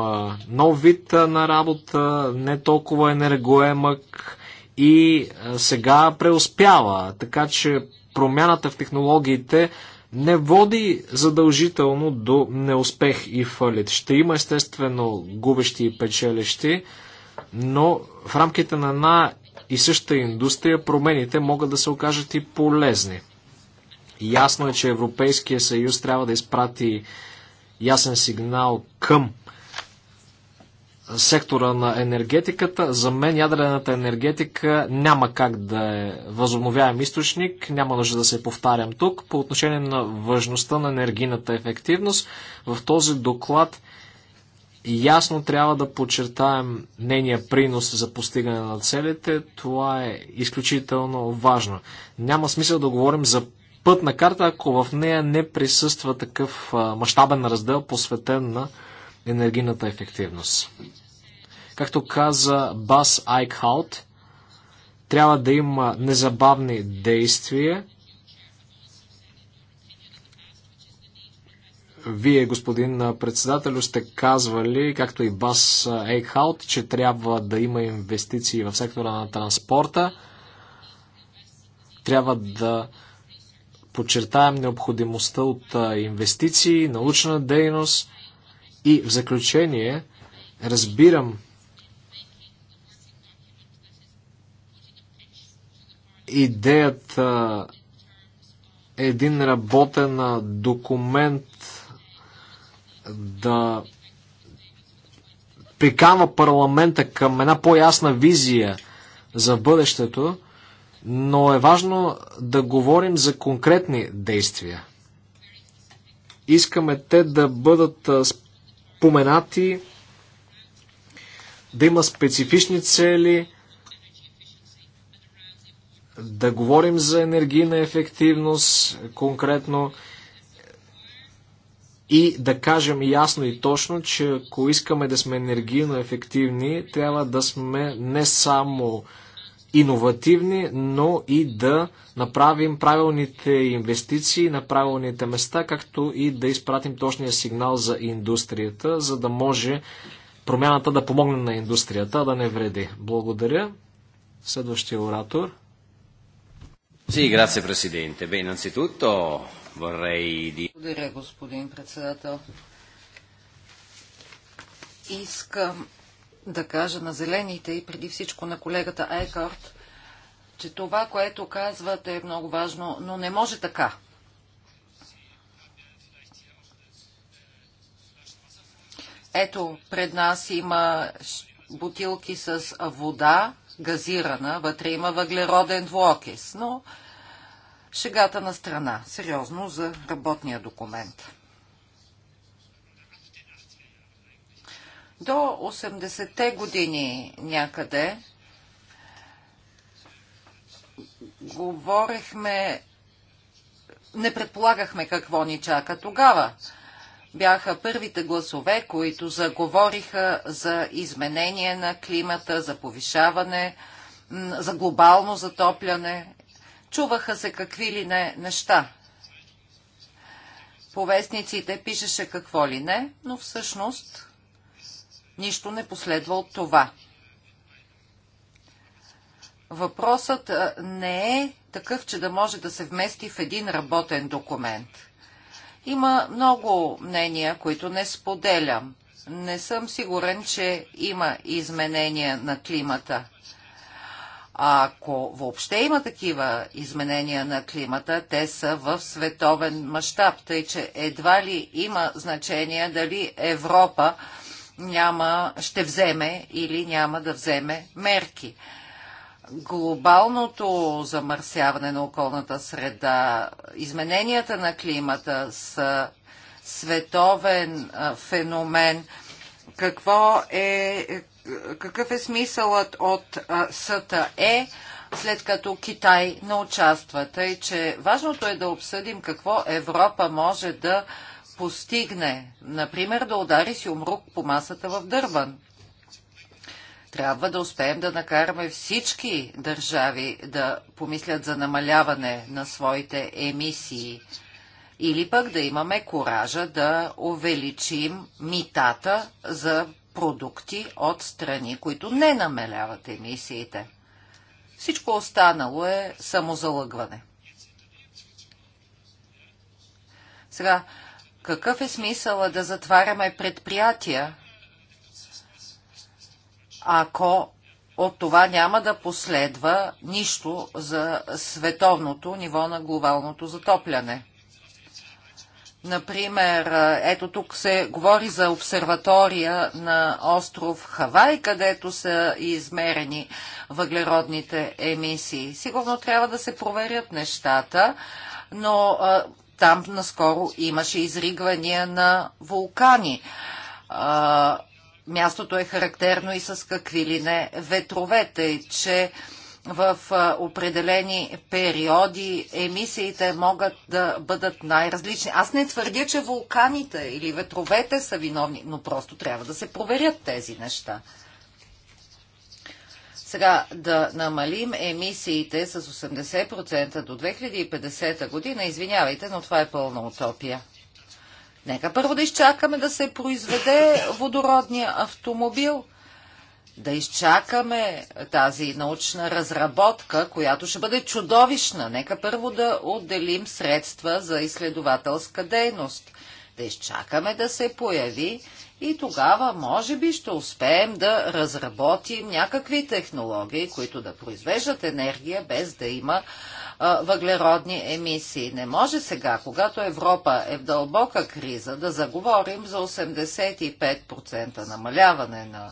нов вид на работа, не толкова енергоемък и сега преуспява. Така че промяната в технологиите не води задължително до неуспех и фалит. Ще има естествено губещи и печелещи, но в рамките на една и съща индустрия промените могат да се окажат и полезни. Ясно е, че Европейския съюз трябва да изпрати ясен сигнал към сектора на енергетиката. За мен ядрената енергетика няма как да е възобновяем източник, няма нужда да се повтарям тук. По отношение на важността на енергийната ефективност, в този доклад ясно трябва да подчертаем нейния принос за постигане на целите. Това е изключително важно. Няма смисъл да говорим за пътна карта, ако в нея не присъства такъв мащабен раздел, посветен на енергийната ефективност. Както каза Бас Айкхаут, трябва да има незабавни действия. Вие, господин председател, сте казвали, както и Бас Ейхаут, че трябва да има инвестиции в сектора на транспорта. Трябва да подчертаем необходимостта от инвестиции, научна дейност. И в заключение, разбирам идеята е един работен документ да приканва парламента към една по-ясна визия за бъдещето, но е важно да говорим за конкретни действия. Искаме те да бъдат споменати, да има специфични цели, да говорим за енергийна ефективност конкретно и да кажем ясно и точно, че ако искаме да сме енергийно ефективни, трябва да сме не само иновативни, но и да направим правилните инвестиции на правилните места, както и да изпратим точния сигнал за индустрията, за да може промяната да помогне на индустрията, да не вреди. Благодаря. Следващия оратор. Sì, grazie Presidente. Beh, innanzitutto vorrei dire... Благодаря, господин председател. Искам да кажа на зелените и преди всичко на колегата Айкарт, че това, което казвате е много важно, но не може така. Ето, пред нас има бутилки с вода, газирана, вътре има въглероден двуокис, но шегата на страна, сериозно за работния документ. До 80-те години някъде говорехме, не предполагахме какво ни чака тогава. Бяха първите гласове, които заговориха за изменение на климата, за повишаване, за глобално затопляне. Чуваха се какви ли не неща. Повестниците пишеше какво ли не, но всъщност Нищо не последва от това. Въпросът не е такъв, че да може да се вмести в един работен документ. Има много мнения, които не споделям. Не съм сигурен, че има изменения на климата. А ако въобще има такива изменения на климата, те са в световен мащаб, тъй че едва ли има значение дали Европа няма, ще вземе или няма да вземе мерки. Глобалното замърсяване на околната среда, измененията на климата са световен феномен. Какво е, какъв е смисълът от СТЕ, след като Китай не участва? Тъй, че важното е да обсъдим какво Европа може да постигне, например да удари си умрук по масата в Дърбан. Трябва да успеем да накараме всички държави да помислят за намаляване на своите емисии или пък да имаме коража да увеличим митата за продукти от страни, които не намаляват емисиите. Всичко останало е самозалъгване. Сега, какъв е смисъла да затваряме предприятия, ако от това няма да последва нищо за световното ниво на глобалното затопляне? Например, ето тук се говори за обсерватория на остров Хавай, където са измерени въглеродните емисии. Сигурно трябва да се проверят нещата, но там наскоро имаше изригвания на вулкани. А, мястото е характерно и с какви ли не ветровете, тъй че в определени периоди емисиите могат да бъдат най-различни. Аз не твърдя, че вулканите или ветровете са виновни, но просто трябва да се проверят тези неща. Сега да намалим емисиите с 80% до 2050 година, извинявайте, но това е пълна утопия. Нека първо да изчакаме да се произведе водородния автомобил, да изчакаме тази научна разработка, която ще бъде чудовищна. Нека първо да отделим средства за изследователска дейност, да изчакаме да се появи и тогава, може би, ще успеем да разработим някакви технологии, които да произвеждат енергия без да има въглеродни емисии. Не може сега, когато Европа е в дълбока криза, да заговорим за 85% намаляване на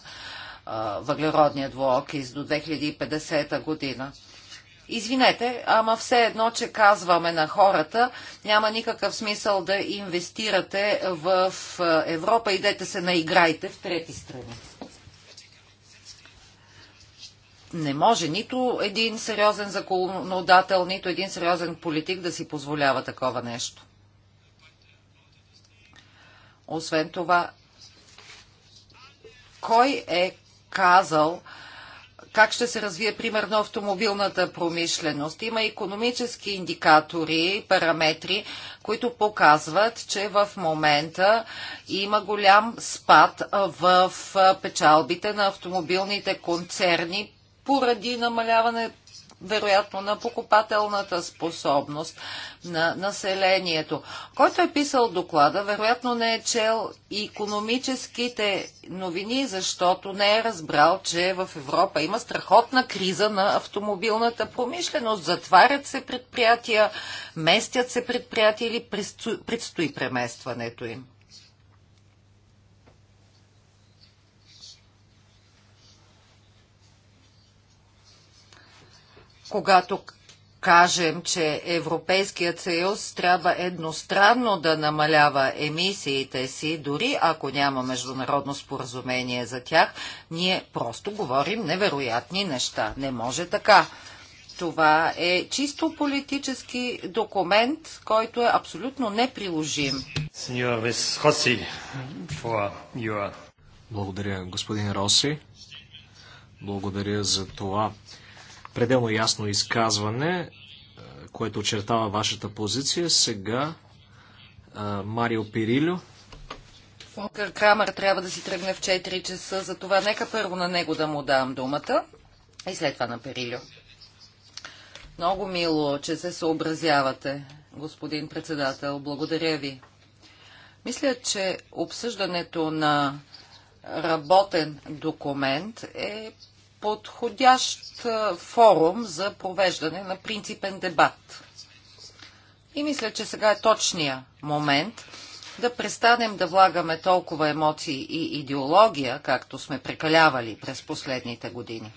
въглеродния двуокис до 2050 година. Извинете, ама все едно, че казваме на хората, няма никакъв смисъл да инвестирате в е, Европа, идете се наиграйте в трети страни. Не може нито един сериозен законодател, нито един сериозен политик да си позволява такова нещо. Освен това, кой е казал, как ще се развие примерно автомобилната промишленост. Има економически индикатори, параметри, които показват, че в момента има голям спад в печалбите на автомобилните концерни поради намаляване вероятно на покупателната способност на населението. Който е писал доклада, вероятно не е чел и економическите новини, защото не е разбрал, че в Европа има страхотна криза на автомобилната промишленост. Затварят се предприятия, местят се предприятия или предстои преместването им. когато кажем, че Европейският съюз трябва едностранно да намалява емисиите си, дори ако няма международно споразумение за тях, ние просто говорим невероятни неща. Не може така. Това е чисто политически документ, който е абсолютно неприложим. Благодаря, господин Роси. Благодаря за това пределно ясно изказване, е, което очертава вашата позиция. Сега е, Марио Пирилю. Фолкър Крамър трябва да си тръгне в 4 часа, затова нека първо на него да му дам думата и след това на Перилю. Много мило, че се съобразявате, господин председател. Благодаря ви. Мисля, че обсъждането на работен документ е подходящ форум за провеждане на принципен дебат. И мисля, че сега е точния момент да престанем да влагаме толкова емоции и идеология, както сме прекалявали през последните години.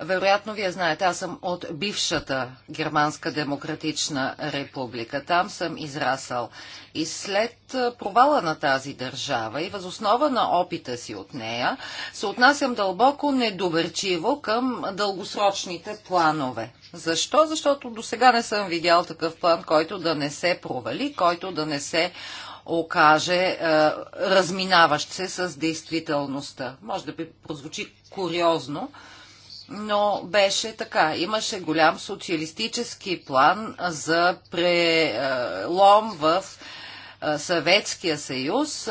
Вероятно, вие знаете, аз съм от бившата Германска демократична република. Там съм израсъл. И след провала на тази държава и възоснова на опита си от нея, се отнасям дълбоко недоверчиво към дългосрочните планове. Защо? Защото до сега не съм видял такъв план, който да не се провали, който да не се окаже е, разминаващ се с действителността. Може да би прозвучи куриозно, но беше така. Имаше голям социалистически план за прелом в Съветския съюз,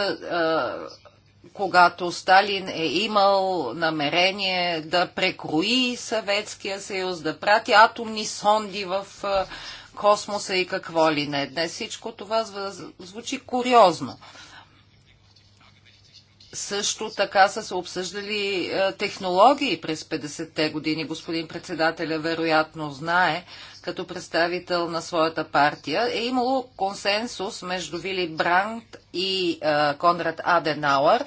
когато Сталин е имал намерение да прекрои Съветския съюз, да прати атомни сонди в космоса и какво ли не. Днес всичко това звучи куриозно също така са се обсъждали е, технологии през 50-те години. Господин председателя вероятно знае, като представител на своята партия, е имало консенсус между Вили Бранд и е, Конрад Аденауър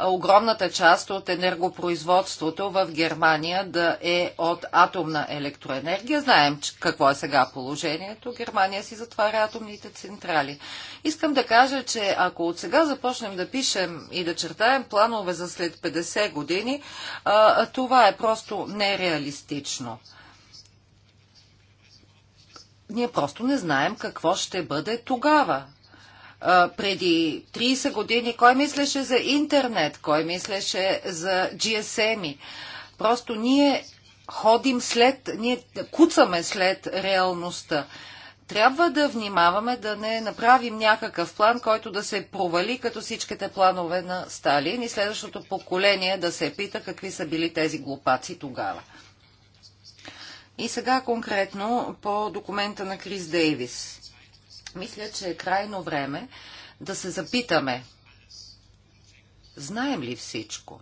огромната част от енергопроизводството в Германия да е от атомна електроенергия. Знаем какво е сега положението. Германия си затваря атомните централи. Искам да кажа, че ако от сега започнем да пишем и да чертаем планове за след 50 години, това е просто нереалистично ние просто не знаем какво ще бъде тогава преди 30 години кой мислеше за интернет, кой мислеше за GSM-и. Просто ние ходим след, ние куцаме след реалността. Трябва да внимаваме да не направим някакъв план, който да се провали като всичките планове на Сталин и следващото поколение да се пита какви са били тези глупаци тогава. И сега конкретно по документа на Крис Дейвис мисля, че е крайно време да се запитаме, знаем ли всичко?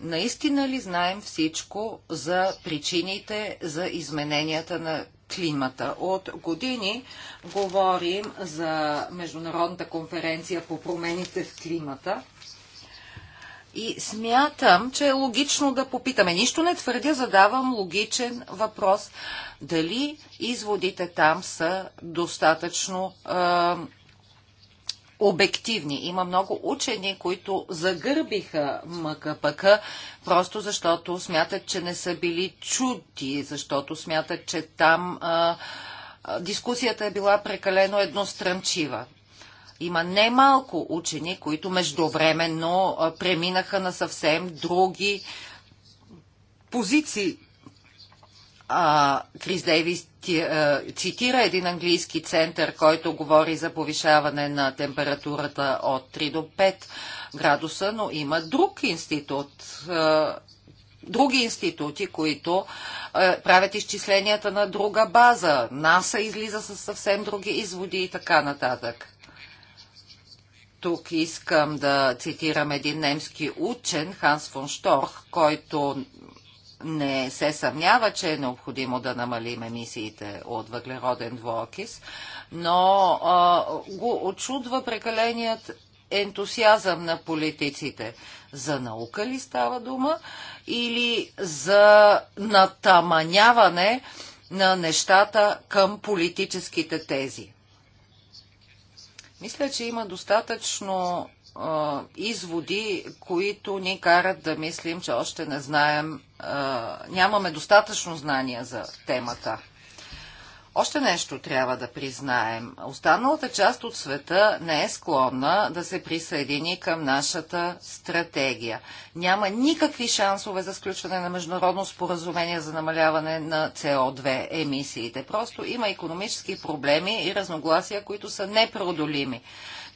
Наистина ли знаем всичко за причините за измененията на климата. От години говорим за Международната конференция по промените в климата и смятам, че е логично да попитаме. Нищо не твърдя, задавам логичен въпрос. Дали изводите там са достатъчно е, обективни. Има много учени, които загърбиха МКПК, просто защото смятат, че не са били чути, защото смятат, че там е, дискусията е била прекалено едностранчива. Има немалко учени, които междувременно преминаха на съвсем други позиции. А, Крис Дейвис цитира един английски център, който говори за повишаване на температурата от 3 до 5 градуса, но има друг институт, други институти, които правят изчисленията на друга база. НАСА излиза с съвсем други изводи и така нататък. Тук искам да цитирам един немски учен, Ханс фон Шторх, който не се съмнява, че е необходимо да намалим емисиите от въглероден двуокис, но а, го очудва прекаленият ентусиазъм на политиците. За наука ли става дума или за натаманяване на нещата към политическите тези? Мисля, че има достатъчно а, изводи, които ни карат да мислим, че още не знаем, а, нямаме достатъчно знания за темата. Още нещо трябва да признаем. Останалата част от света не е склонна да се присъедини към нашата стратегия. Няма никакви шансове за сключване на международно споразумение за намаляване на СО2 емисиите. Просто има економически проблеми и разногласия, които са непродолими.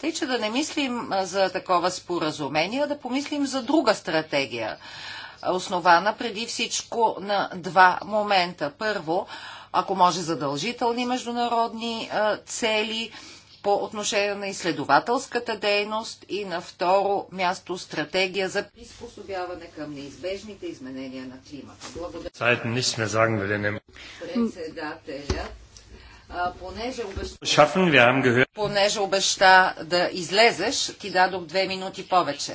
Тъй, че да не мислим за такова споразумение, а да помислим за друга стратегия, основана преди всичко на два момента. Първо, ако може задължителни международни цели по отношение на изследователската дейност и на второ място стратегия за приспособяване към неизбежните изменения на климата. Благодаря. Председателят понеже обеща, понеже обеща да излезеш, ти дадох две минути повече.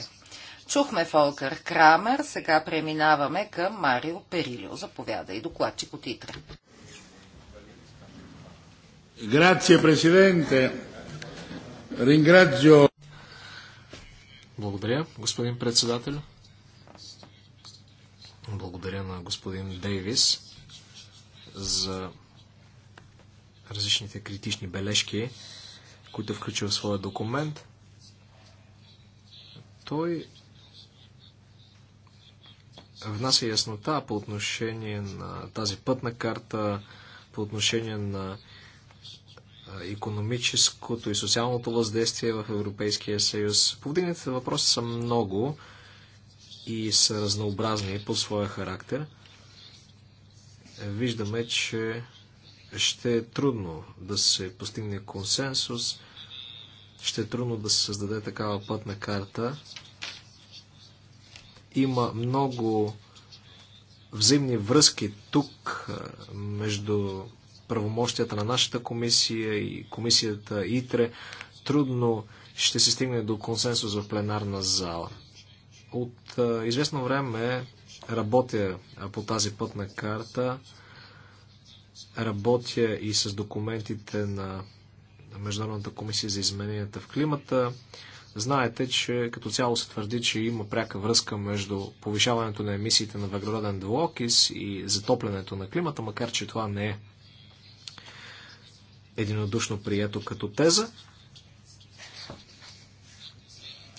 Чухме Фолкър Крамер, сега преминаваме към Марио Перилио. Заповядай, докладчик от Итра. Грация, президенте. Ринградзио. Благодаря, господин председател. Благодаря на господин Дейвис за различните критични бележки, които включва в своя документ. Той внася яснота по отношение на тази пътна карта, по отношение на економическото и социалното въздействие в Европейския съюз. Повдигнатите въпроси са много и са разнообразни по своя характер. Виждаме, че ще е трудно да се постигне консенсус, ще е трудно да се създаде такава пътна карта. Има много взаимни връзки тук между правомощията на нашата комисия и комисията ИТРЕ, трудно ще се стигне до консенсус в пленарна зала. От известно време работя по тази пътна карта, работя и с документите на Международната комисия за измененията в климата. Знаете, че като цяло се твърди, че има пряка връзка между повишаването на емисиите на въглероден двуокис и затоплянето на климата, макар че това не е единодушно прието като теза.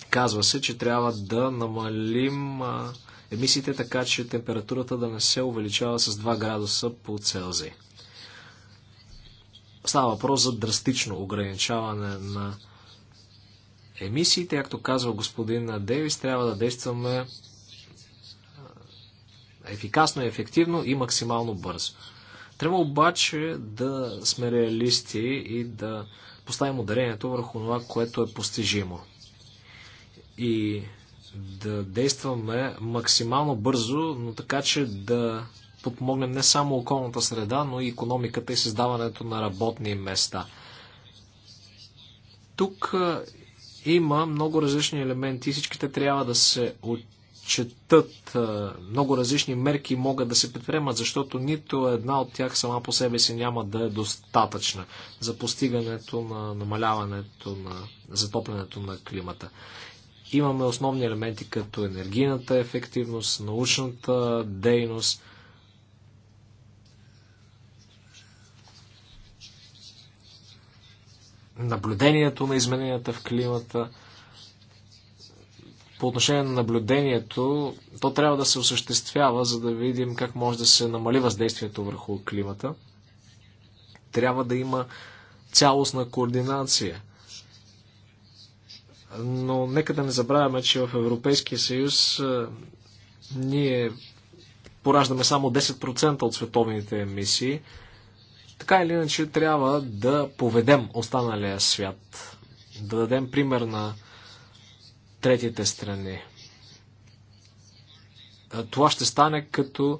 Казва се, че трябва да намалим емисиите така, че температурата да не се увеличава с 2 градуса по Целзий. Става въпрос за драстично ограничаване на емисиите. Както казва господин Дейвис, трябва да действаме ефикасно и ефективно и максимално бързо. Трябва обаче да сме реалисти и да поставим ударението върху това, което е постижимо. И да действаме максимално бързо, но така, че да подмогнем не само околната среда, но и економиката и създаването на работни места. Тук има много различни елементи и всичките трябва да се четат. Много различни мерки могат да се предприемат, защото нито една от тях сама по себе си няма да е достатъчна за постигането на намаляването на затоплянето на климата. Имаме основни елементи като енергийната ефективност, научната дейност. Наблюдението на измененията в климата – по отношение на наблюдението, то трябва да се осъществява, за да видим как може да се намали въздействието върху климата. Трябва да има цялостна координация. Но нека да не забравяме, че в Европейския съюз ние пораждаме само 10% от световните емисии. Така или иначе трябва да поведем останалия свят, да дадем пример на третите страни. Това ще стане като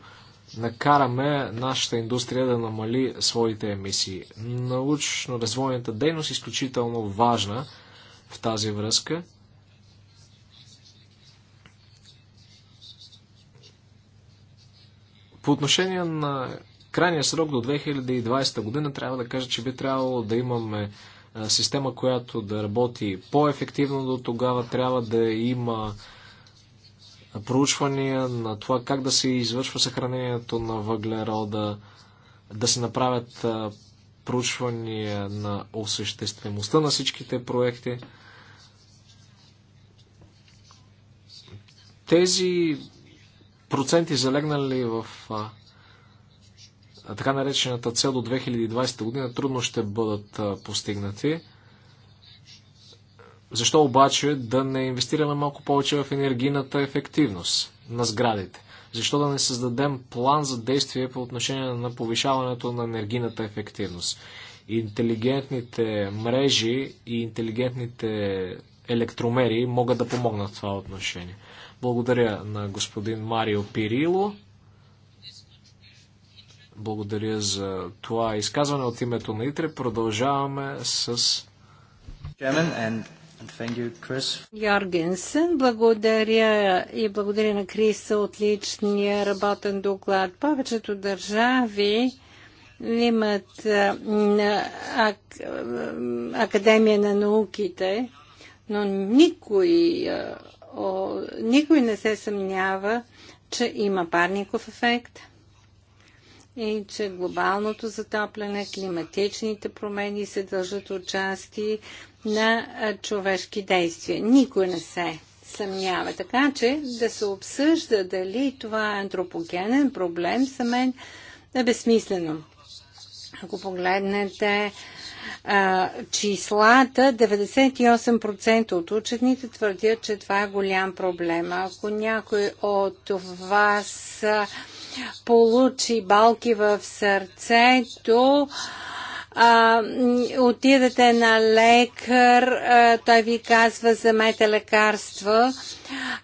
накараме нашата индустрия да намали своите емисии. Научно-развойната дейност е изключително важна в тази връзка. По отношение на крайния срок до 2020 година, трябва да кажа, че би трябвало да имаме система, която да работи по-ефективно до тогава, трябва да има проучвания на това как да се извършва съхранението на въглерода, да се направят проучвания на осъществеността на всичките проекти. Тези проценти залегнали в така наречената цел до 2020 година трудно ще бъдат постигнати. Защо обаче да не инвестираме малко повече в енергийната ефективност на сградите? Защо да не създадем план за действие по отношение на повишаването на енергийната ефективност? Интелигентните мрежи и интелигентните електромери могат да помогнат в това отношение. Благодаря на господин Марио Пирило. Благодаря за това изказване от името на ИТРЕ. Продължаваме с... Йоргенсен, благодаря и благодаря на Криса от личния работен доклад. Повечето държави имат Академия на науките, но никой, никой не се съмнява, че има парников ефект – и че глобалното затопляне, климатичните промени се дължат отчасти на човешки действия. Никой не се съмнява. Така че да се обсъжда дали това е антропогенен проблем, за мен е безсмислено. Ако погледнете а, числата, 98% от учените твърдят, че това е голям проблем. Ако някой от вас а, получи балки в сърцето, а, отидете на лекар, а, той ви казва замете лекарства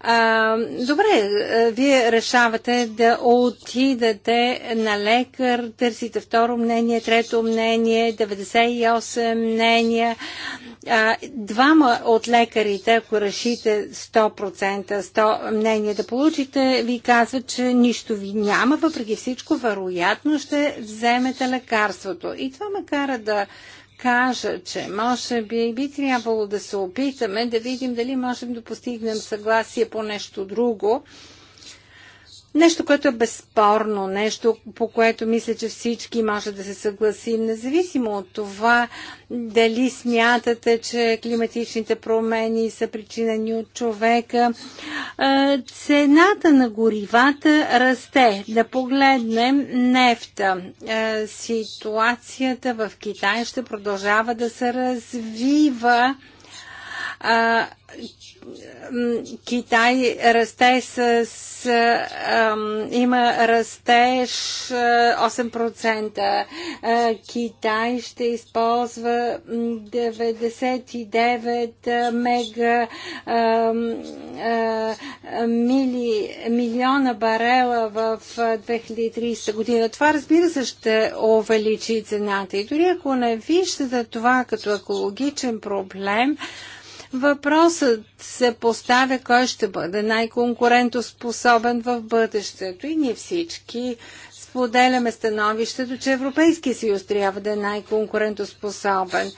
а, добре, вие решавате да отидете на лекар, търсите второ мнение, трето мнение, 98 мнения. А, двама от лекарите, ако решите 100%, 100 мнение да получите, ви казват, че нищо ви няма, въпреки всичко, вероятно ще вземете лекарството. И това ме кара да кажа, че може би би трябвало да се опитаме да видим дали можем да постигнем съгласие по нещо друго Нещо, което е безспорно, нещо, по което мисля, че всички може да се съгласим, независимо от това дали смятате, че климатичните промени са причинени от човека. Цената на горивата расте. Да погледнем нефта. Ситуацията в Китай ще продължава да се развива Китай расте с, има растеж 8%. Китай ще използва 99 мега мили, милиона барела в 2030 година. Това разбира се ще увеличи цената. И дори ако не виждате това като екологичен проблем, Въпросът се поставя кой ще бъде най-конкурентоспособен в бъдещето и ние всички споделяме становището, че Европейския съюз трябва да е най-конкурентоспособен.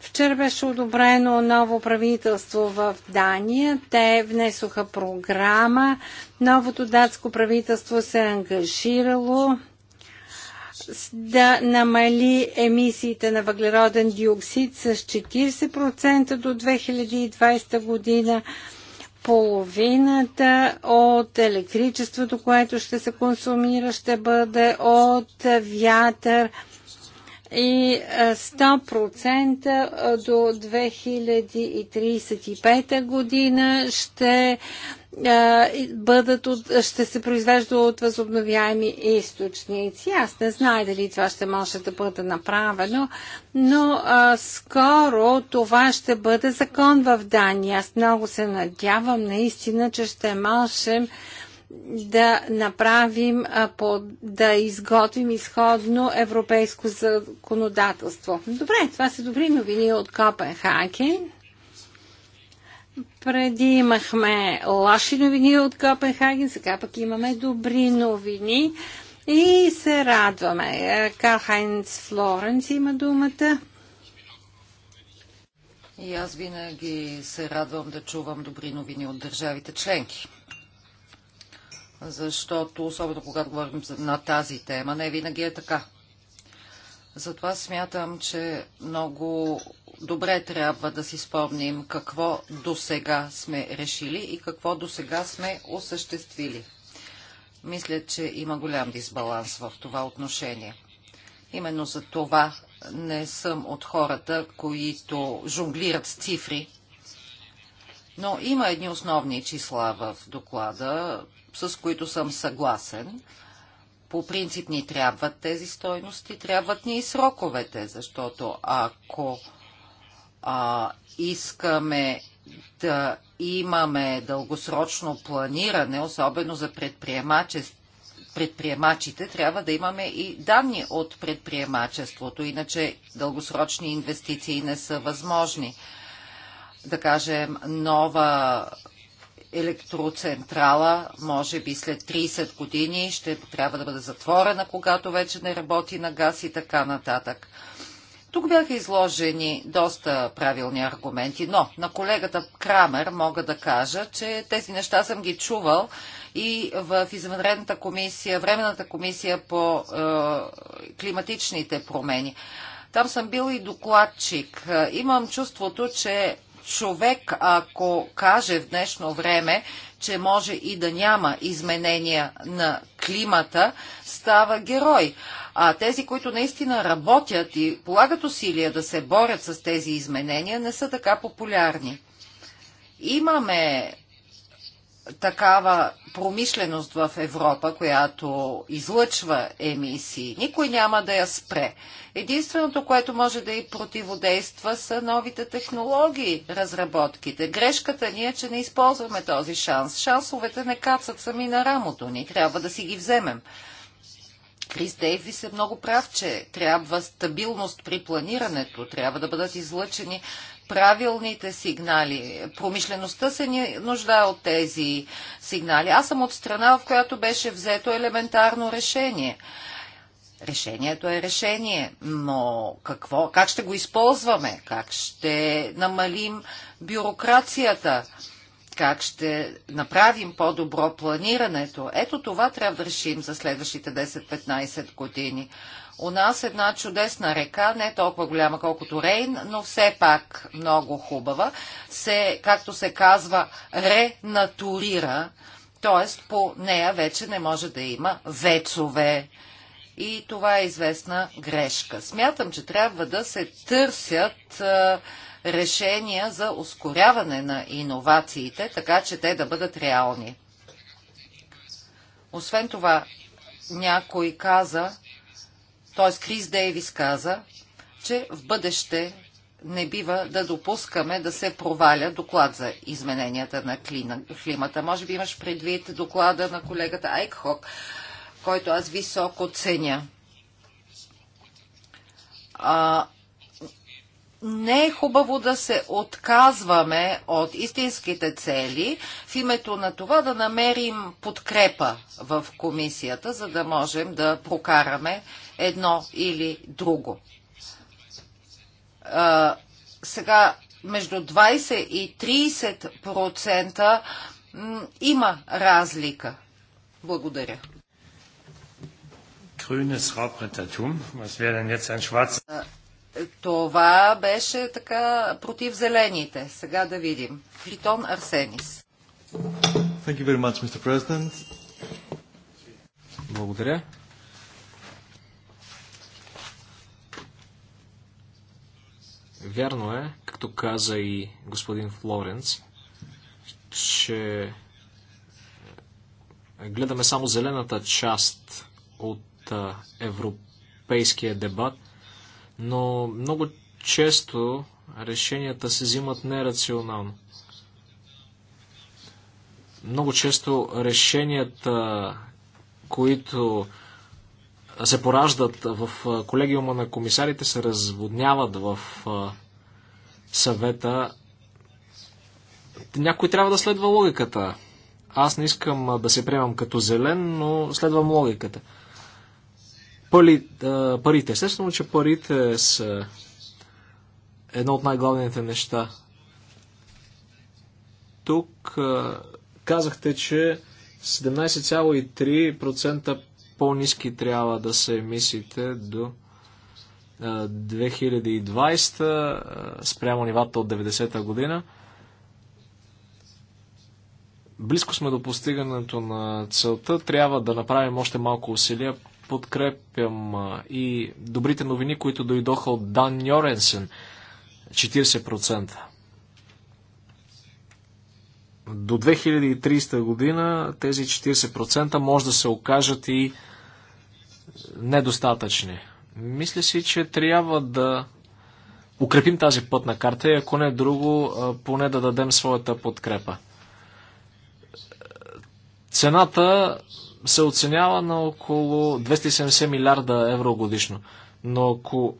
Вчера беше одобрено ново правителство в Дания. Те внесоха програма. Новото датско правителство се е ангажирало да намали емисиите на въглероден диоксид с 40% до 2020 година половината от електричеството, което ще се консумира, ще бъде от вятър и 100% до 2035 година ще бъдат от, ще се произвежда от възобновяеми източници. Аз не знае дали това ще може да бъде направено, но а, скоро това ще бъде закон в Дания. Аз много се надявам наистина, че ще можем да направим, а, по, да изготвим изходно европейско законодателство. Добре, това са добри новини от Копенхаген. Преди имахме лоши новини от Копенхаген, сега пък имаме добри новини и се радваме. Карл Хайнц Флоренс има думата. И аз винаги се радвам да чувам добри новини от държавите членки. Защото, особено когато говорим на тази тема, не винаги е така. Затова смятам, че много добре трябва да си спомним какво до сега сме решили и какво до сега сме осъществили. Мисля, че има голям дисбаланс в това отношение. Именно за това не съм от хората, които жонглират с цифри, но има едни основни числа в доклада, с които съм съгласен. По принцип ни трябват тези стойности, трябват ни и сроковете, защото ако а, искаме да имаме дългосрочно планиране, особено за предприемачите, трябва да имаме и данни от предприемачеството, иначе дългосрочни инвестиции не са възможни. Да кажем, нова електроцентрала, може би след 30 години ще трябва да бъде затворена, когато вече не работи на газ и така нататък. Тук бяха изложени доста правилни аргументи, но на колегата Крамер мога да кажа, че тези неща съм ги чувал и в извънредната комисия, временната комисия по е, климатичните промени. Там съм бил и докладчик. Е, имам чувството, че човек, ако каже в днешно време, че може и да няма изменения на климата, става герой а тези, които наистина работят и полагат усилия да се борят с тези изменения, не са така популярни. Имаме такава промишленост в Европа, която излъчва емисии. Никой няма да я спре. Единственото, което може да и противодейства са новите технологии, разработките. Грешката ни е, че не използваме този шанс. Шансовете не кацат сами на рамото ни. Трябва да си ги вземем. Крис Дейвис е много прав, че трябва стабилност при планирането, трябва да бъдат излъчени правилните сигнали. Промишлеността се ни нуждае от тези сигнали. Аз съм от страна, в която беше взето елементарно решение. Решението е решение, но какво, как ще го използваме? Как ще намалим бюрокрацията? как ще направим по-добро планирането. Ето това трябва да решим за следващите 10-15 години. У нас една чудесна река, не толкова голяма колкото Рейн, но все пак много хубава, се, както се казва, ренатурира, т.е. по нея вече не може да има вецове. И това е известна грешка. Смятам, че трябва да се търсят решения за ускоряване на иновациите, така че те да бъдат реални. Освен това, някой каза, т.е. Крис Дейвис каза, че в бъдеще не бива да допускаме да се проваля доклад за измененията на климата. Може би имаш предвид доклада на колегата Айкхок, който аз високо ценя. А, не е хубаво да се отказваме от истинските цели в името на това да намерим подкрепа в комисията, за да можем да прокараме едно или друго. А, сега между 20 и 30% има разлика. Благодаря. Grünes Raubrittertum. Was wäre denn jetzt ein schwarzes? Това беше така против зелените. Сега да видим. Фритон Арсенис. Thank you very much, Mr. President. Благодаря. Вярно е, както каза и господин Флоренц, че гледаме само зелената част от европейския дебат – но много често решенията се взимат нерационално. Много често решенията, които се пораждат в колегиума на комисарите, се разводняват в съвета. Някой трябва да следва логиката. Аз не искам да се приемам като зелен, но следвам логиката. Пали, а, парите. Естествено, че парите са едно от най-главните неща. Тук а, казахте, че 17,3% по-низки трябва да са емисиите до 2020 спрямо нивата от 90-та година. Близко сме до постигането на целта. Трябва да направим още малко усилия подкрепям и добрите новини, които дойдоха от Дан Ньоренсен. 40%. До 2030 година тези 40% може да се окажат и недостатъчни. Мисля си, че трябва да укрепим тази пътна карта и ако не друго, поне да дадем своята подкрепа. Цената се оценява на около 270 милиарда евро годишно. Но ако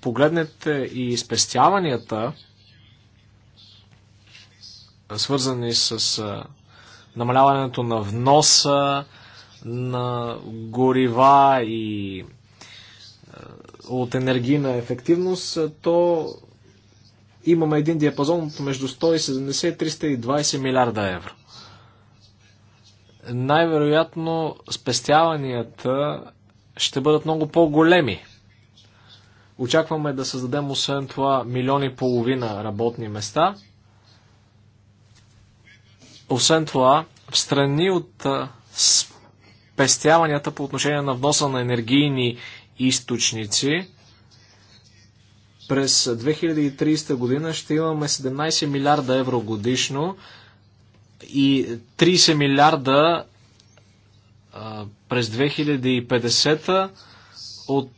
погледнете и спестяванията, свързани с намаляването на вноса на горива и от енергийна ефективност, то имаме един диапазон между 170 и 320 милиарда евро най-вероятно спестяванията ще бъдат много по-големи. Очакваме да създадем освен това милиони и половина работни места. Освен това, в страни от спестяванията по отношение на вноса на енергийни източници, през 2030 година ще имаме 17 милиарда евро годишно, и 30 милиарда през 2050 от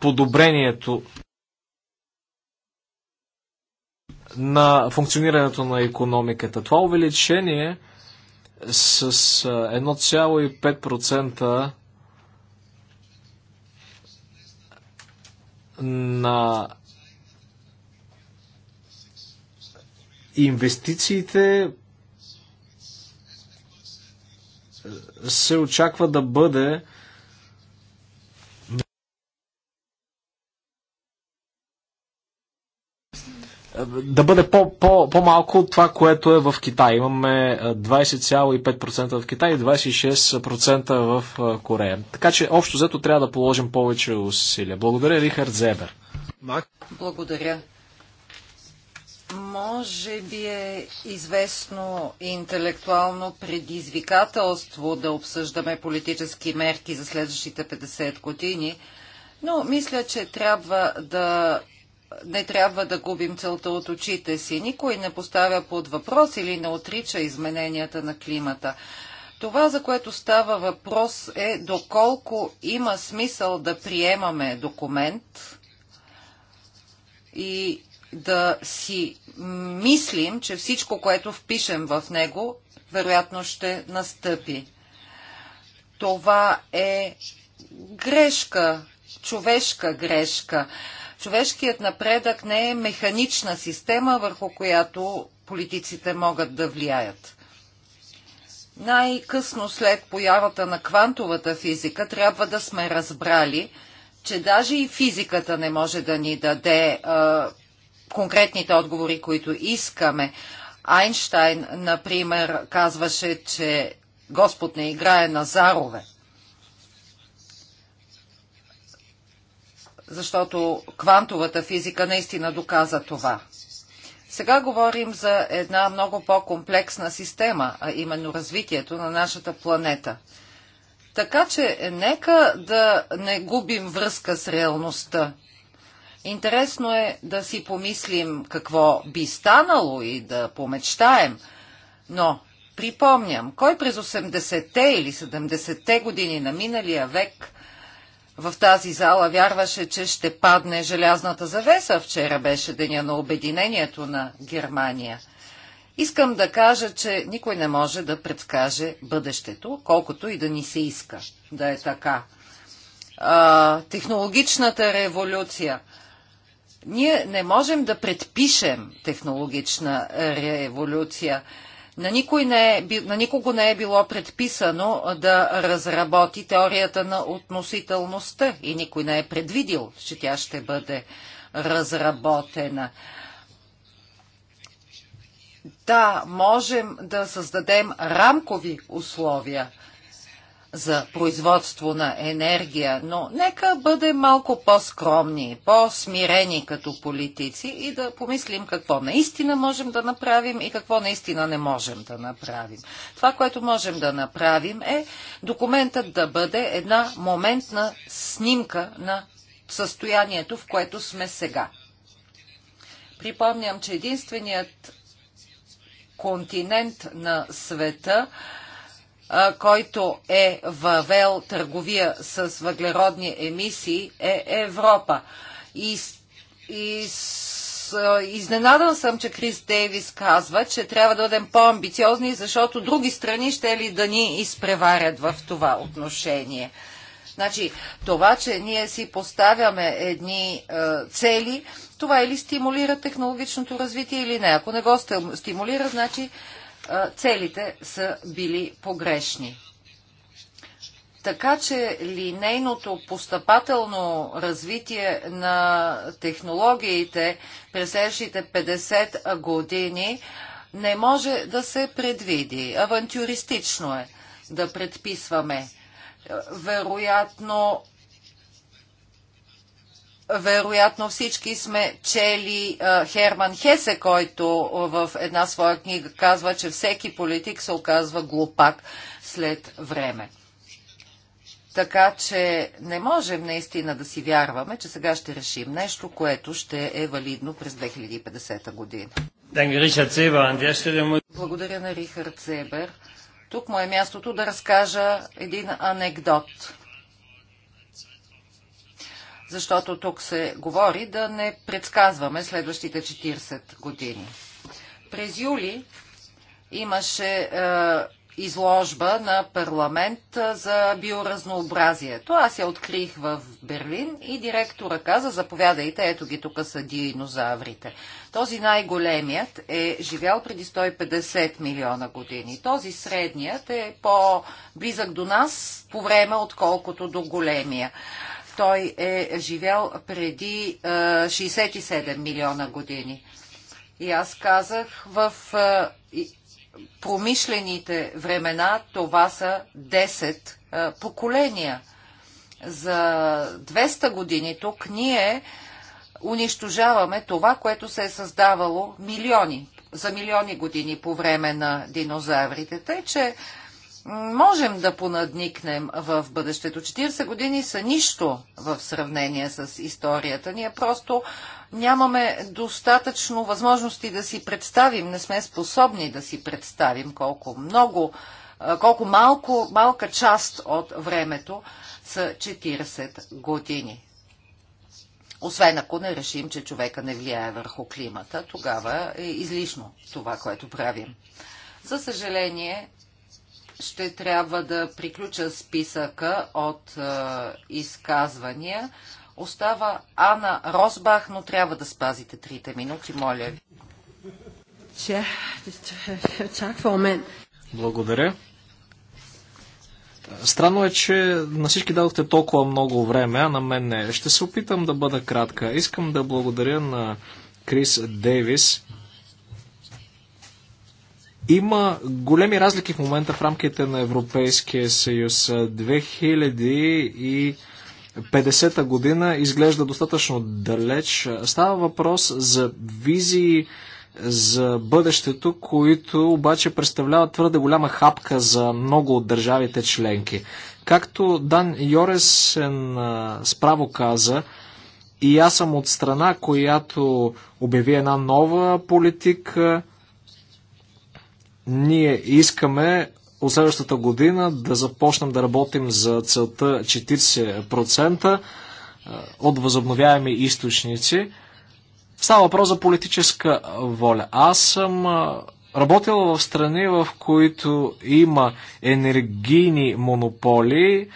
подобрението на функционирането на економиката. Това увеличение с 1,5% на инвестициите се очаква да бъде да бъде по, по, по-малко от това, което е в Китай. Имаме 20,5% в Китай и 26% в Корея. Така че общо взето трябва да положим повече усилия. Благодаря, Рихард Зебер. Благодаря. Може би е известно интелектуално предизвикателство да обсъждаме политически мерки за следващите 50 години, но мисля, че трябва да не трябва да губим целта от очите си. Никой не поставя под въпрос или не отрича измененията на климата. Това, за което става въпрос е доколко има смисъл да приемаме документ и да си мислим, че всичко, което впишем в него, вероятно ще настъпи. Това е грешка, човешка грешка. Човешкият напредък не е механична система, върху която политиците могат да влияят. Най-късно след появата на квантовата физика трябва да сме разбрали, че даже и физиката не може да ни даде а, конкретните отговори, които искаме. Айнштайн, например, казваше, че Господ не играе на зарове. Защото квантовата физика наистина доказа това. Сега говорим за една много по-комплексна система, а именно развитието на нашата планета. Така че нека да не губим връзка с реалността. Интересно е да си помислим какво би станало и да помечтаем, но припомням, кой през 80-те или 70-те години на миналия век в тази зала вярваше, че ще падне желязната завеса. Вчера беше деня на обединението на Германия. Искам да кажа, че никой не може да предскаже бъдещето, колкото и да ни се иска да е така. А, технологичната революция – ние не можем да предпишем технологична революция. На, никой не е, на никого не е било предписано да разработи теорията на относителността и никой не е предвидил, че тя ще бъде разработена. Да, можем да създадем рамкови условия – за производство на енергия, но нека бъдем малко по-скромни, по-смирени като политици и да помислим какво наистина можем да направим и какво наистина не можем да направим. Това, което можем да направим е документът да бъде една моментна снимка на състоянието, в което сме сега. Припомням, че единственият континент на света който е въвел търговия с въглеродни емисии, е Европа. И, и с, изненадан съм, че Крис Дейвис казва, че трябва да бъдем по-амбициозни, защото други страни ще ли да ни изпреварят в това отношение. Значи, това, че ние си поставяме едни е, цели, това или стимулира технологичното развитие или не. Ако не го стимулира, значи целите са били погрешни. Така че линейното постъпателно развитие на технологиите през следващите 50 години не може да се предвиди. Авантюристично е да предписваме. Вероятно вероятно всички сме чели Херман Хесе, който в една своя книга казва, че всеки политик се оказва глупак след време. Така че не можем наистина да си вярваме, че сега ще решим нещо, което ще е валидно през 2050 година. Благодаря на Рихард Себер. Тук му е мястото да разкажа един анекдот защото тук се говори да не предсказваме следващите 40 години. През юли имаше е, изложба на парламент е, за биоразнообразието. Аз я открих в Берлин и директора каза, заповядайте, ето ги тук са динозаврите. Този най-големият е живял преди 150 милиона години. Този средният е по-близък до нас по време, отколкото до големия. Той е живял преди 67 е, милиона години. И аз казах, в е, промишлените времена това са 10 е, поколения. За 200 години тук ние унищожаваме това, което се е създавало милиони, за милиони години по време на динозаврите. Тъй, че можем да понадникнем в бъдещето. 40 години са нищо в сравнение с историята. Ние просто нямаме достатъчно възможности да си представим, не сме способни да си представим колко много, колко малко, малка част от времето са 40 години. Освен ако не решим, че човека не влияе върху климата, тогава е излишно това, което правим. За съжаление, ще трябва да приключа списъка от е, изказвания. Остава Ана Росбах, но трябва да спазите трите минути, моля ви. Благодаря. Странно е, че на всички дадохте толкова много време, а на мен не. Ще се опитам да бъда кратка. Искам да благодаря на Крис Дейвис има големи разлики в момента в рамките на Европейския съюз. 2050 година изглежда достатъчно далеч. Става въпрос за визии за бъдещето, които обаче представляват твърде голяма хапка за много от държавите членки. Както Дан Йоресен справо каза, и аз съм от страна, която обяви една нова политика – ние искаме от следващата година да започнем да работим за целта 40% от възобновяеми източници. Става въпрос за политическа воля. Аз съм работил в страни, в които има енергийни монополи,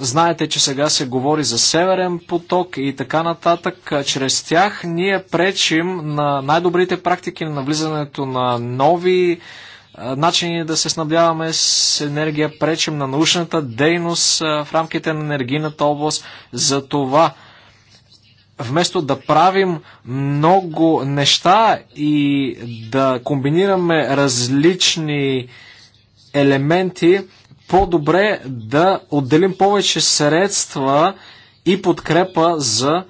Знаете, че сега се говори за Северен поток и така нататък. Чрез тях ние пречим на най-добрите практики на влизането на нови начини да се снабдяваме с енергия, пречим на научната дейност в рамките на енергийната област. За това вместо да правим много неща и да комбинираме различни елементи, по-добре да отделим повече средства и подкрепа за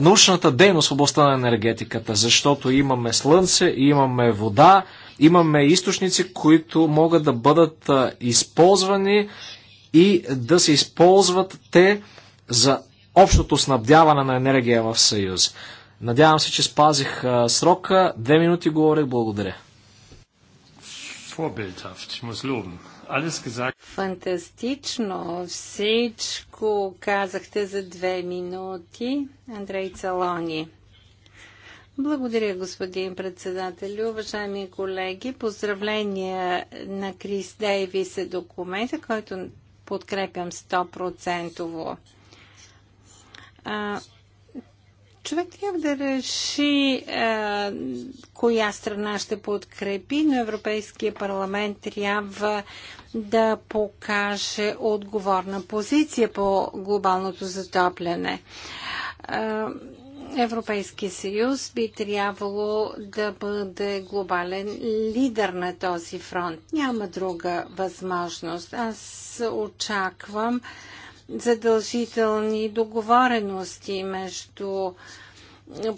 научната дейност в областта на енергетиката, защото имаме слънце, имаме вода, имаме източници, които могат да бъдат използвани и да се използват те за общото снабдяване на енергия в Съюз. Надявам се, че спазих срока. Две минути говорих. Благодаря. Фантастично всичко казахте за две минути, Андрей Цалони. Благодаря, господин председател. Уважаеми колеги, поздравления на Крис Дейвис е документа, който подкрепям 100%. А, Човек трябва да реши е, коя страна ще подкрепи, но Европейския парламент трябва да покаже отговорна позиция по глобалното затопляне. е, Европейския съюз би трябвало да бъде глобален лидер на този фронт. Няма друга възможност. Аз очаквам задължителни договорености между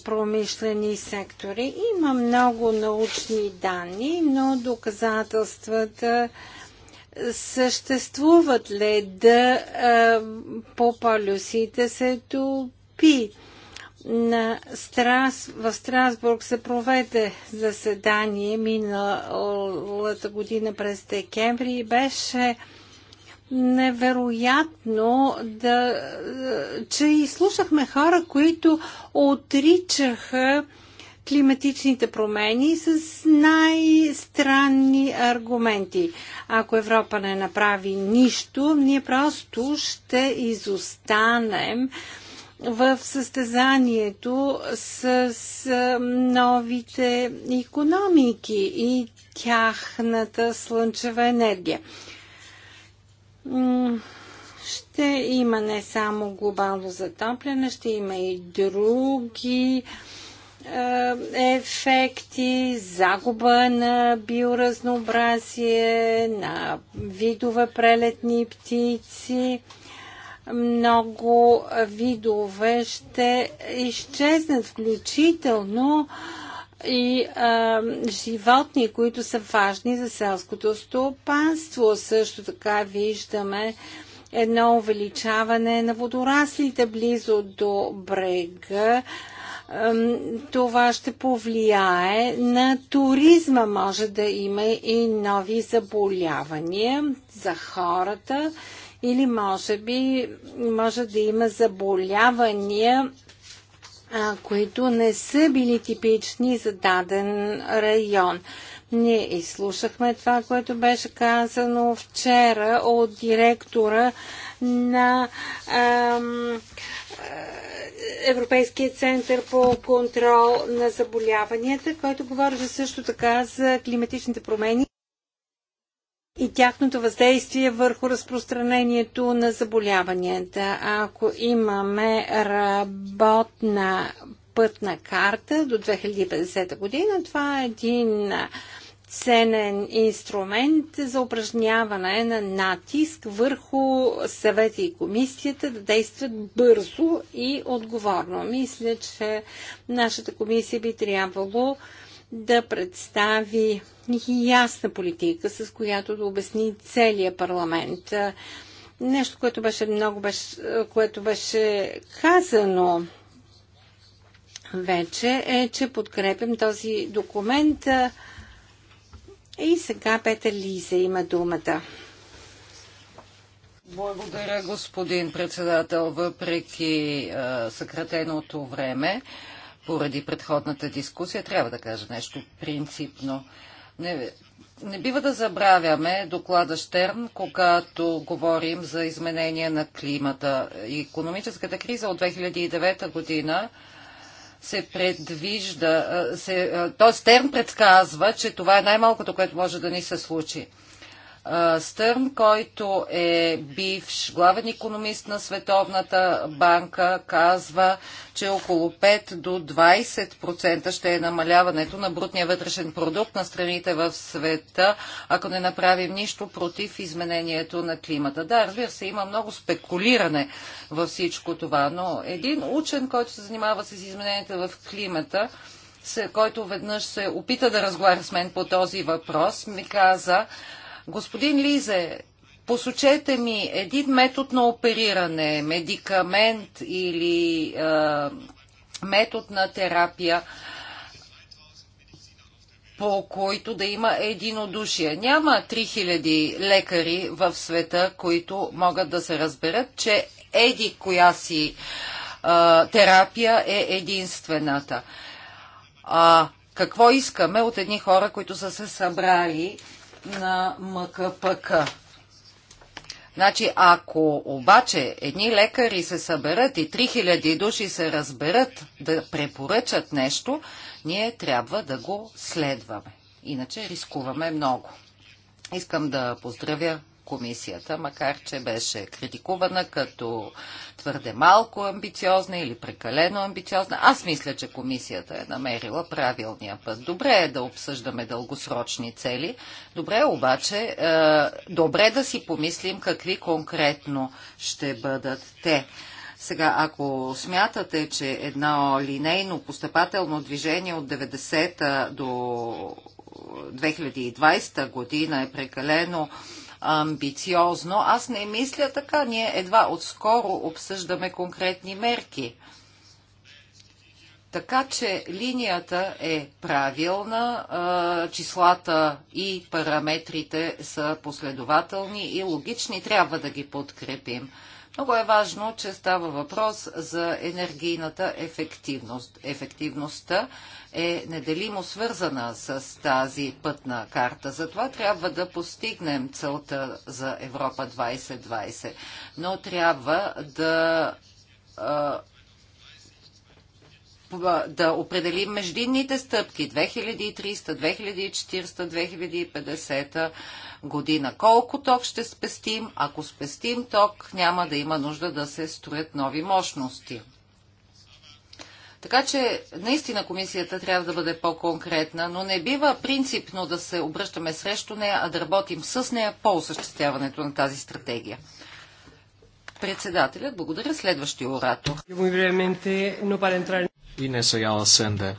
промишлени сектори. Има много научни данни, но доказателствата съществуват ли да по полюсите се топи. На Страс, в Страсбург се проведе заседание миналата година през декември и беше невероятно, да, че изслушахме хора, които отричаха климатичните промени с най-странни аргументи. Ако Европа не направи нищо, ние просто ще изостанем в състезанието с новите економики и тяхната слънчева енергия ще има не само глобално затопляне, ще има и други ефекти, загуба на биоразнообразие, на видове прелетни птици. Много видове ще изчезнат, включително а, и а, животни, които са важни за селското стопанство. Също така виждаме едно увеличаване на водораслите близо до брега. Това ще повлияе на туризма. Може да има и нови заболявания за хората или може би може да има заболявания а, които не са били типични за даден район. Ние изслушахме това, което беше казано вчера от директора на ам, Европейския център по контрол на заболяванията, който говори също така за климатичните промени и тяхното въздействие върху разпространението на заболяванията. Ако имаме работна пътна карта до 2050 година, това е един ценен инструмент за упражняване на натиск върху съвета и комисията да действат бързо и отговорно. Мисля, че нашата комисия би трябвало да представи ясна политика, с която да обясни целия парламент. Нещо, което беше много беше, което беше казано вече, е, че подкрепям този документ. И сега Петър Лиза има думата. Благодаря, господин председател, въпреки съкратеното време поради предходната дискусия, трябва да кажа нещо принципно. Не, не бива да забравяме доклада Штерн, когато говорим за изменение на климата. Економическата криза от 2009 година се предвижда, се, т.е. Стерн предсказва, че това е най-малкото, което може да ни се случи. Стърн, който е бивш главен економист на Световната банка, казва, че около 5 до 20% ще е намаляването на брутния вътрешен продукт на страните в света, ако не направим нищо против изменението на климата. Да, разбира се, има много спекулиране във всичко това, но един учен, който се занимава с измененията в климата, който веднъж се опита да разговаря с мен по този въпрос, ми каза, Господин Лизе, посочете ми един метод на опериране, медикамент или е, метод на терапия, по който да има единодушие. Няма 3000 лекари в света, които могат да се разберат, че еди коя си е, терапия е единствената. А какво искаме от едни хора, които са се събрали на МКПК. Значи, ако обаче едни лекари се съберат и 3000 души се разберат да препоръчат нещо, ние трябва да го следваме. Иначе рискуваме много. Искам да поздравя комисията, макар че беше критикувана като твърде малко амбициозна или прекалено амбициозна. Аз мисля, че комисията е намерила правилния път. Добре е да обсъждаме дългосрочни цели. Добре е обаче, е, добре да си помислим какви конкретно ще бъдат те. Сега, ако смятате, че едно линейно постъпателно движение от 90-та до 2020 година е прекалено амбициозно. Аз не мисля така. Ние едва отскоро обсъждаме конкретни мерки. Така че линията е правилна, числата и параметрите са последователни и логични, трябва да ги подкрепим. Много е важно, че става въпрос за енергийната ефективност. Ефективността е неделимо свързана с тази пътна карта. Затова трябва да постигнем целта за Европа 2020. Но трябва да да определим междинните стъпки 2300, 2400, 2050 година. Колко ток ще спестим? Ако спестим ток, няма да има нужда да се строят нови мощности. Така че наистина комисията трябва да бъде по-конкретна, но не бива принципно да се обръщаме срещу нея, а да работим с нея по осъществяването на тази стратегия. Председателят, благодаря следващия оратор. И не Яла Сенде.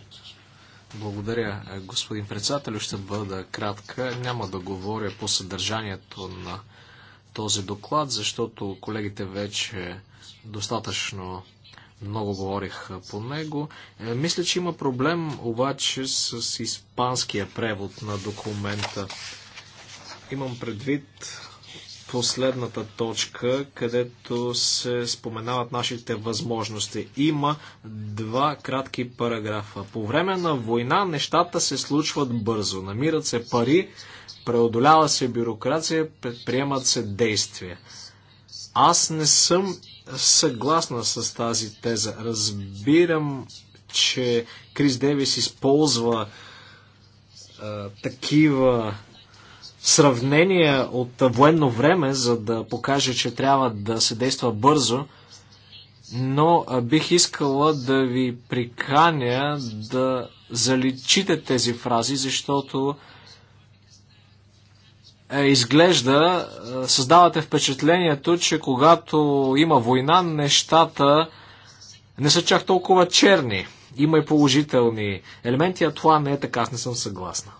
Благодаря, господин председател. Ще бъда кратка. Няма да говоря по съдържанието на този доклад, защото колегите вече достатъчно много говорих по него. Е, мисля, че има проблем обаче с испанския превод на документа. Имам предвид последната точка, където се споменават нашите възможности. Има два кратки параграфа. По време на война нещата се случват бързо. Намират се пари, преодолява се бюрокрация, предприемат се действия. Аз не съм съгласна с тази теза. Разбирам, че Крис Девис използва а, такива сравнения от военно време, за да покаже, че трябва да се действа бързо, но а, бих искала да ви приканя да заличите тези фрази, защото е, изглежда, е, създавате впечатлението, че когато има война, нещата не са чак толкова черни. Има и положителни елементи, а това не е така, аз не съм съгласна.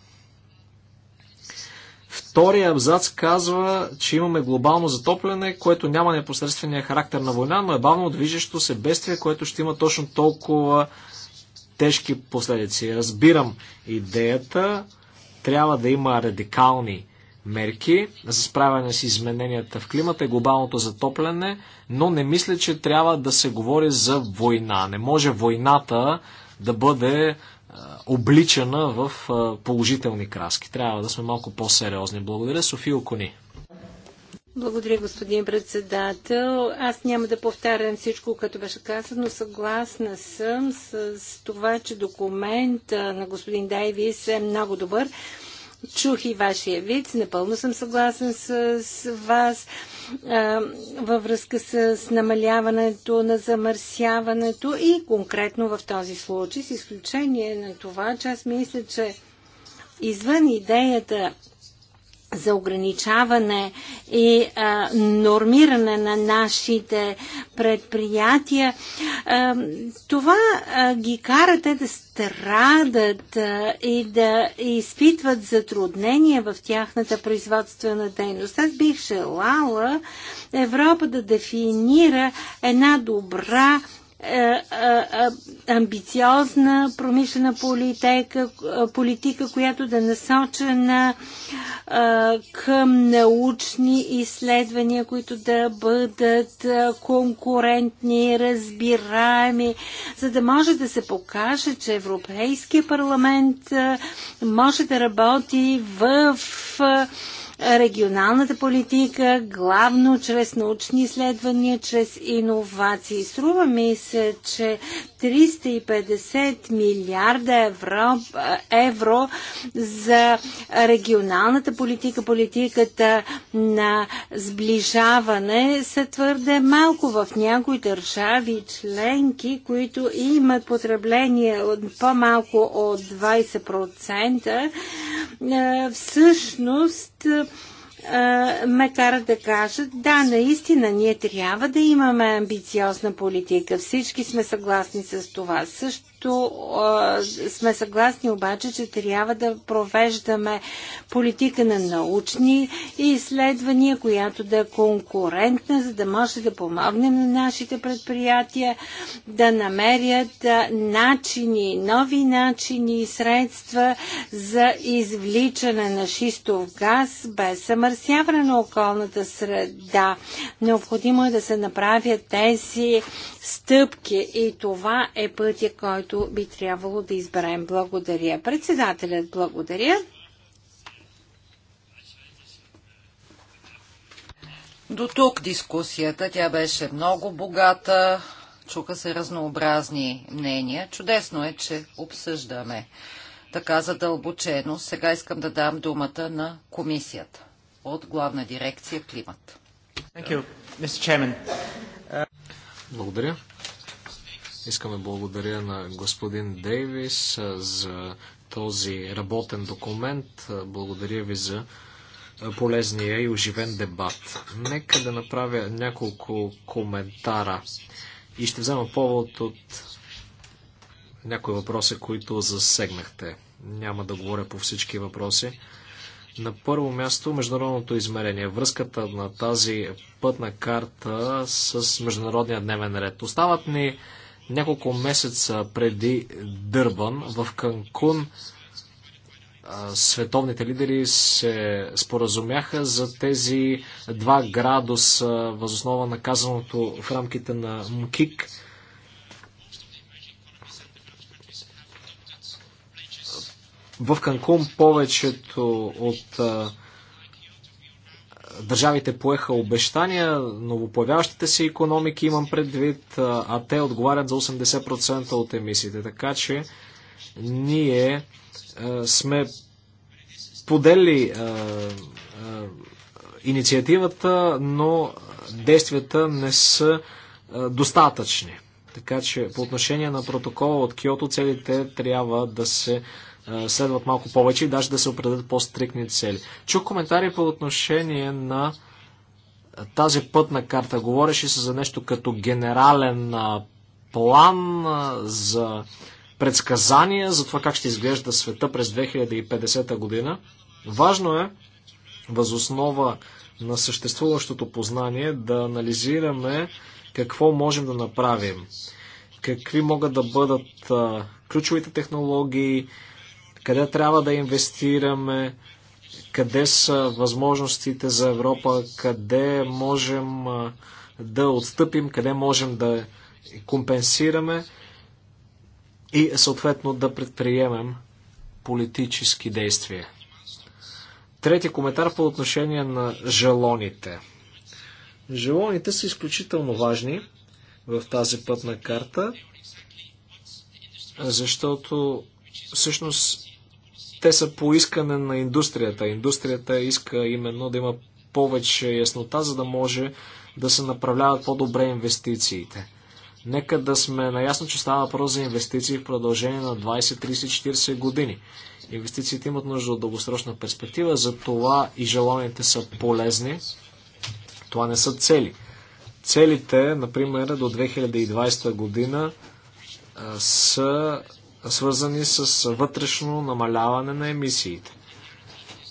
Втория абзац казва, че имаме глобално затопляне, което няма непосредствения характер на война, но е бавно движещо се бедствие, което ще има точно толкова тежки последици. Разбирам идеята, трябва да има радикални мерки за справяне с измененията в климата и глобалното затопляне, но не мисля, че трябва да се говори за война. Не може войната да бъде е, обличана в е, положителни краски. Трябва да сме малко по-сериозни. Благодаря, София Окони. Благодаря, господин председател. Аз няма да повтарям всичко, като беше казано. Съгласна съм с това, че документа на господин Дайвис е много добър чух и вашия вид, напълно съм съгласен с, с вас а, във връзка с, с намаляването на замърсяването и конкретно в този случай, с изключение на това, че аз мисля, че извън идеята за ограничаване и а, нормиране на нашите предприятия, а, това а, ги кара те да страдат а, и да изпитват затруднения в тяхната производствена дейност. Аз бих желала Европа да дефинира една добра е, е, е, амбициозна промишлена политика, политика, която да насочена към научни изследвания, които да бъдат конкурентни, разбираеми, за да може да се покаже, че Европейския парламент може да работи в регионалната политика, главно чрез научни изследвания, чрез иновации. Струва ми се, че 350 милиарда евро, евро за регионалната политика, политиката на сближаване са твърде малко в някои държави членки, които имат потребление по-малко от 20%. Е, всъщност ме карат да кажат, да, наистина, ние трябва да имаме амбициозна политика. Всички сме съгласни с това. Също Както а, сме съгласни обаче, че трябва да провеждаме политика на научни изследвания, която да е конкурентна, за да може да помогнем на нашите предприятия да намерят начини, нови начини и средства за извличане на шистов газ без съмърсяване на околната среда. Необходимо е да се направят тези стъпки и това е пътя, който които би трябвало да изберем. Благодаря. Председателят, благодаря. До тук дискусията. Тя беше много богата. Чука се разнообразни мнения. Чудесно е, че обсъждаме така задълбочено. Сега искам да дам думата на комисията от главна дирекция Климат. Благодаря. Искаме благодаря на господин Дейвис за този работен документ. Благодаря ви за полезния и оживен дебат. Нека да направя няколко коментара и ще взема повод от някои въпроси, които засегнахте. Няма да говоря по всички въпроси. На първо място международното измерение, връзката на тази пътна карта с международния дневен ред. Остават ни няколко месеца преди Дърбан в Канкун световните лидери се споразумяха за тези два градуса възоснова на казаното в рамките на МКИК. В Канкун повечето от държавите поеха обещания, новопоявяващите се економики имам предвид, а те отговарят за 80% от емисиите. Така че ние сме подели инициативата, но действията не са достатъчни. Така че по отношение на протокола от Киото целите трябва да се е, следват малко повече и даже да се определят по-стрикни цели. Чух коментари по отношение на тази пътна карта. Говореше се за нещо като генерален план за предсказания за това как ще изглежда света през 2050 година. Важно е, възоснова на съществуващото познание, да анализираме какво можем да направим. Какви могат да бъдат а, ключовите технологии, къде трябва да инвестираме, къде са възможностите за Европа, къде можем да отстъпим, къде можем да компенсираме и съответно да предприемем политически действия. Трети коментар по отношение на желоните. Желоните са изключително важни в тази пътна карта, защото всъщност те са по искане на индустрията. Индустрията иска именно да има повече яснота, за да може да се направляват по-добре инвестициите. Нека да сме наясно, че става въпрос за инвестиции в продължение на 20, 30, 40 години. Инвестициите имат нужда от дългосрочна перспектива, за това и желанията са полезни. Това не са цели. Целите, например, до 2020 година са свързани с вътрешно намаляване на емисиите.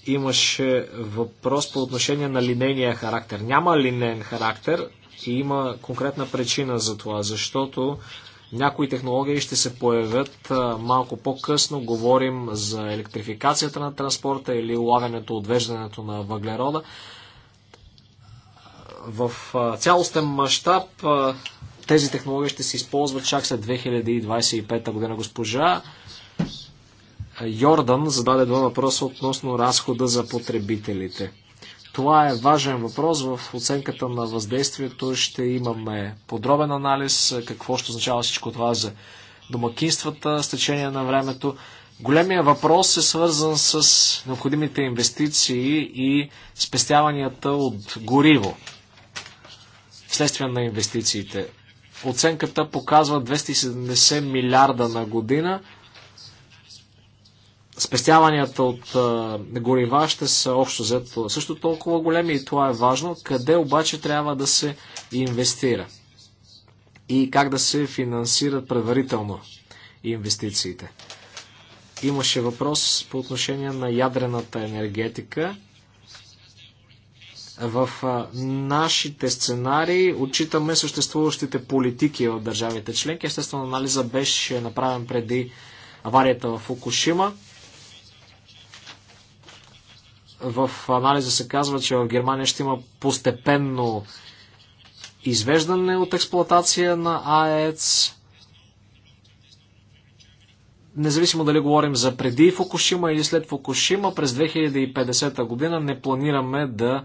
Имаше въпрос по отношение на линейния характер. Няма линейен характер и има конкретна причина за това, защото някои технологии ще се появят малко по-късно. Говорим за електрификацията на транспорта или улавянето, отвеждането на въглерода. В цялостен мащаб тези технологии ще се използват чак след 2025 година. Госпожа Йордан зададе два въпроса относно разхода за потребителите. Това е важен въпрос. В оценката на въздействието ще имаме подробен анализ, какво ще означава всичко това за домакинствата с течение на времето. Големия въпрос е свързан с необходимите инвестиции и спестяванията от гориво вследствие на инвестициите. Оценката показва 270 милиарда на година. Спестяванията от горива ще са общо взето също толкова големи и това е важно. Къде обаче трябва да се инвестира? И как да се финансират предварително инвестициите? Имаше въпрос по отношение на ядрената енергетика. В нашите сценарии отчитаме съществуващите политики от държавите членки. Естествено, анализа беше направен преди аварията в Фукушима. В анализа се казва, че в Германия ще има постепенно извеждане от експлоатация на АЕЦ. Независимо дали говорим за преди Фукушима или след Фукушима, през 2050 година не планираме да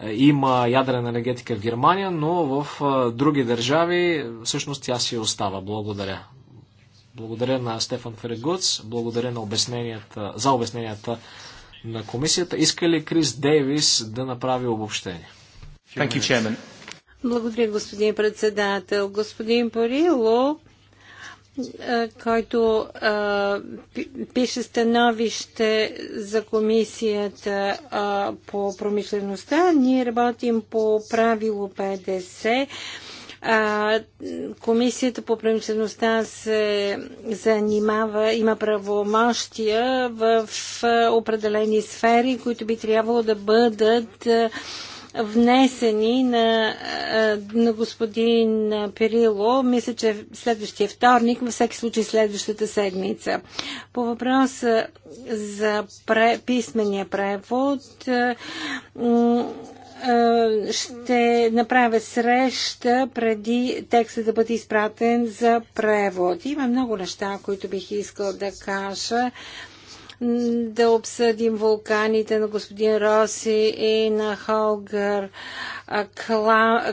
е, има ядрена енергетика в Германия, но в е, други държави всъщност тя си остава. Благодаря. Благодаря на Стефан Ферегуц, благодаря на обясненията, за обясненията на комисията. Иска ли Крис Дейвис да направи обобщение? Благодаря, господин председател. Господин Парило който а, пише становище за комисията а, по промишлеността. Ние работим по правило 50. комисията по промишлеността се занимава, има правомощия в определени сфери, които би трябвало да бъдат внесени на, на господин Перило, мисля, че следващия вторник, във всеки случай следващата седмица. По въпроса за пре, писмения превод, ще направя среща преди текста да бъде изпратен за превод. Има много неща, които бих искал да кажа да обсъдим вулканите на господин Роси и на Холгър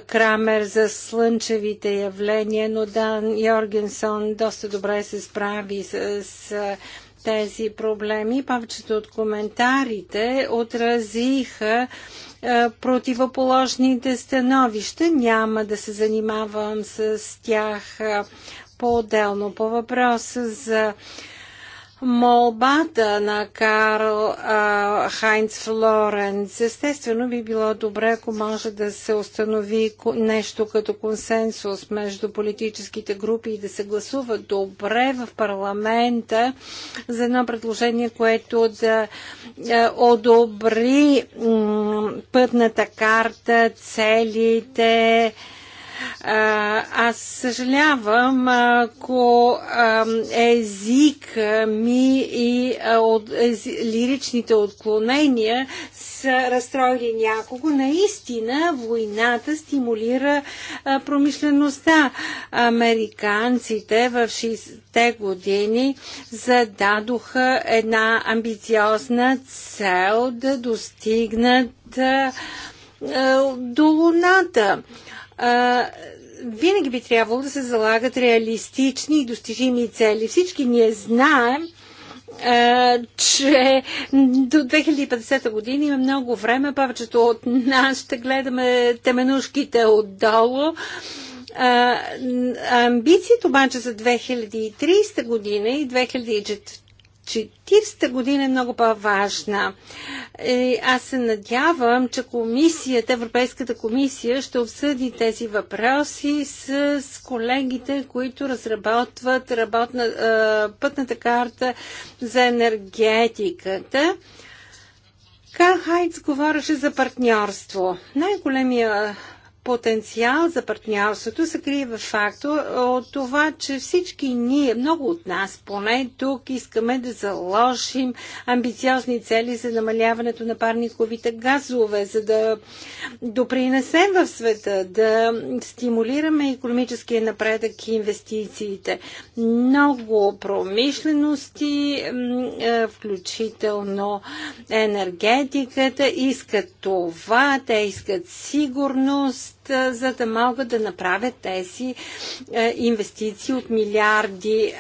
Крамер за слънчевите явления, но Дан Йоргенсон доста добре се справи с, с тези проблеми. Павчето от коментарите отразиха противоположните становища. Няма да се занимавам с тях по-отделно. По въпроса за молбата на Карл а, Хайнц Флоренц. Естествено би било добре, ако може да се установи нещо като консенсус между политическите групи и да се гласува добре в парламента за едно предложение, което да одобри пътната карта, целите, аз съжалявам, ако език ми и лиричните отклонения са разстроили някого. Наистина войната стимулира промишлеността. Американците в 60-те години зададоха една амбициозна цел да достигнат до Луната а, винаги би трябвало да се залагат реалистични и достижими цели. Всички ние знаем, че до 2050 година има много време. Повечето от нас ще гледаме теменушките отдолу. А, амбицията обаче за 2030 година и 2004 40-та година е много по-важна. Е, аз се надявам, че комисията, Европейската комисия ще обсъди тези въпроси с колегите, които разработват работна, е, пътната карта за енергетиката. Карл Хайц говореше за партньорство. Най-големия потенциал за партньорството се крие в факта от това, че всички ние, много от нас, поне тук, искаме да заложим амбициозни цели за намаляването на парниковите газове, за да допринесем в света, да стимулираме економическия напредък и инвестициите. Много промишлености, е, включително енергетиката, искат това, те искат сигурност, за да могат да направят тези инвестиции от милиарди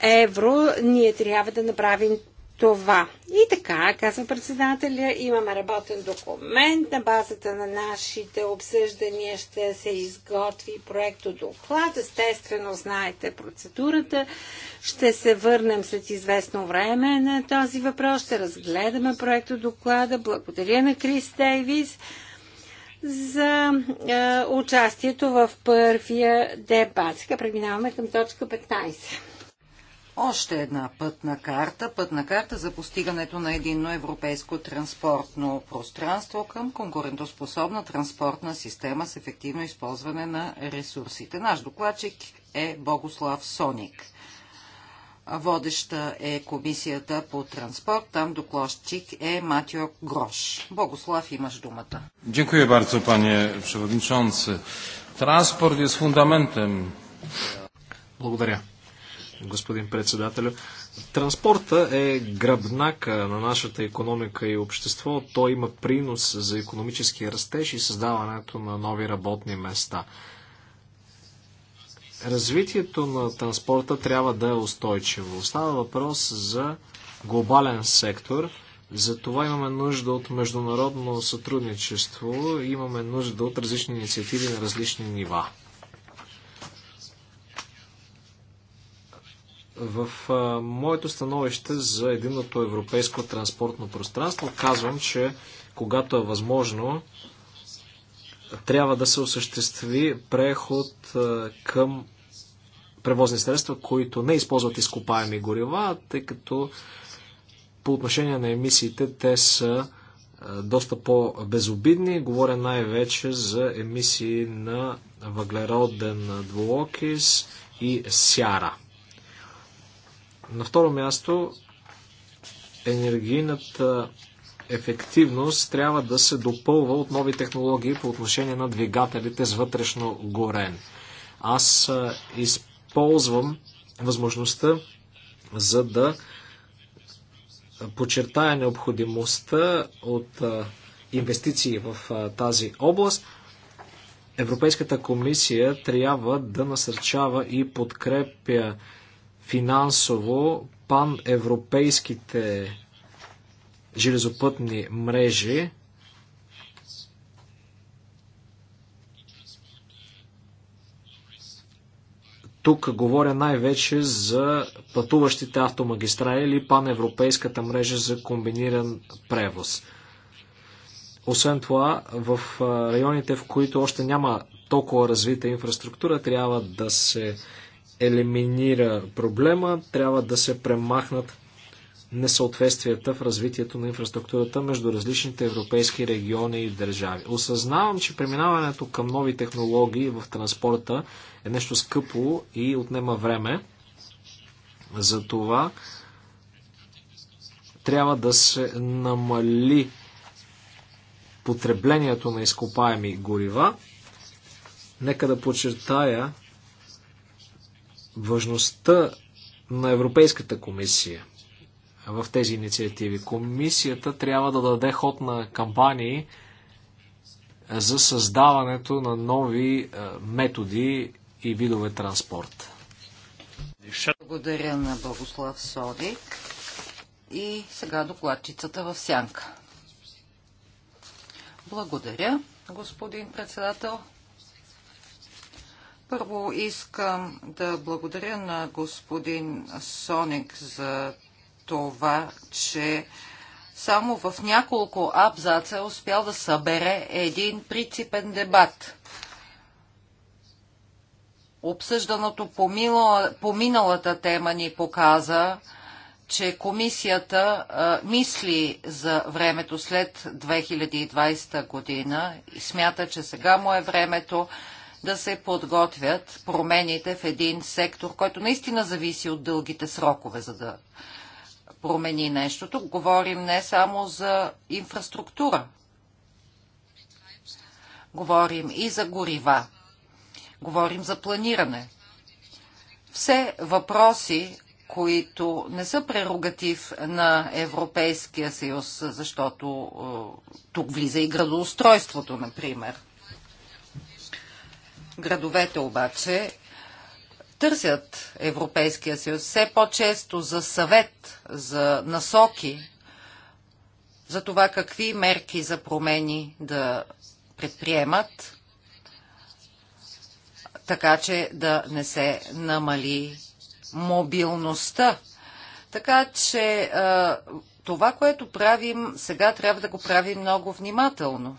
евро. Ние трябва да направим това. И така, казва председателя, имаме работен документ. На базата на нашите обсъждания ще се изготви проекто доклад. Естествено, знаете процедурата. Ще се върнем след известно време на този въпрос. Ще разгледаме проекто доклада. Благодаря на Крис Дейвис за е, участието в първия дебат. Сега преминаваме към точка 15. Още една пътна карта. Пътна карта за постигането на единно европейско транспортно пространство към конкурентоспособна транспортна система с ефективно използване на ресурсите. Наш докладчик е Богослав Соник. Водеща е комисията по транспорт. Там докладчик е Матио Грош. Богослав, имаш думата. Дякую bardzo, panie председател. Транспорт е фундаментен. Благодаря, господин председател. Транспорта е гръбнака на нашата економика и общество. Той има принос за економически растеж и създаването на нови работни места. Развитието на транспорта трябва да е устойчиво. Става въпрос за глобален сектор. За това имаме нужда от международно сътрудничество, имаме нужда от различни инициативи на различни нива. В моето становище за единното европейско транспортно пространство казвам, че когато е възможно, трябва да се осъществи преход към превозни средства, които не използват изкопаеми горива, тъй като по отношение на емисиите те са е, доста по-безобидни. Говоря най-вече за емисии на въглероден двуокис и сяра. На второ място, енергийната ефективност трябва да се допълва от нови технологии по отношение на двигателите с вътрешно горен. Аз е, използвам използвам възможността, за да подчертая необходимостта от инвестиции в тази област. Европейската комисия трябва да насърчава и подкрепя финансово паневропейските железопътни мрежи. Тук говоря най-вече за пътуващите автомагистрали или паневропейската мрежа за комбиниран превоз. Освен това, в районите, в които още няма толкова развита инфраструктура, трябва да се елиминира проблема, трябва да се премахнат несъответствията в развитието на инфраструктурата между различните европейски региони и държави. Осъзнавам, че преминаването към нови технологии в транспорта е нещо скъпо и отнема време. Затова трябва да се намали потреблението на изкопаеми горива. Нека да подчертая важността на Европейската комисия – в тези инициативи. Комисията трябва да даде ход на кампании за създаването на нови е, методи и видове транспорт. Благодаря на Богослав Содик. И сега докладчицата в сянка. Благодаря, господин председател. Първо искам да благодаря на господин Соник за това, че само в няколко абзаца е успял да събере един принципен дебат. Обсъжданото по, мило, по миналата тема ни показа, че комисията а, мисли за времето след 2020 година и смята, че сега му е времето да се подготвят промените в един сектор, който наистина зависи от дългите срокове, за да промени нещо. говорим не само за инфраструктура. Говорим и за горива. Говорим за планиране. Все въпроси, които не са прерогатив на Европейския съюз, защото е, тук влиза и градоустройството, например. Градовете обаче търсят Европейския съюз все по-често за съвет, за насоки, за това какви мерки за промени да предприемат, така че да не се намали мобилността. Така че това, което правим сега, трябва да го правим много внимателно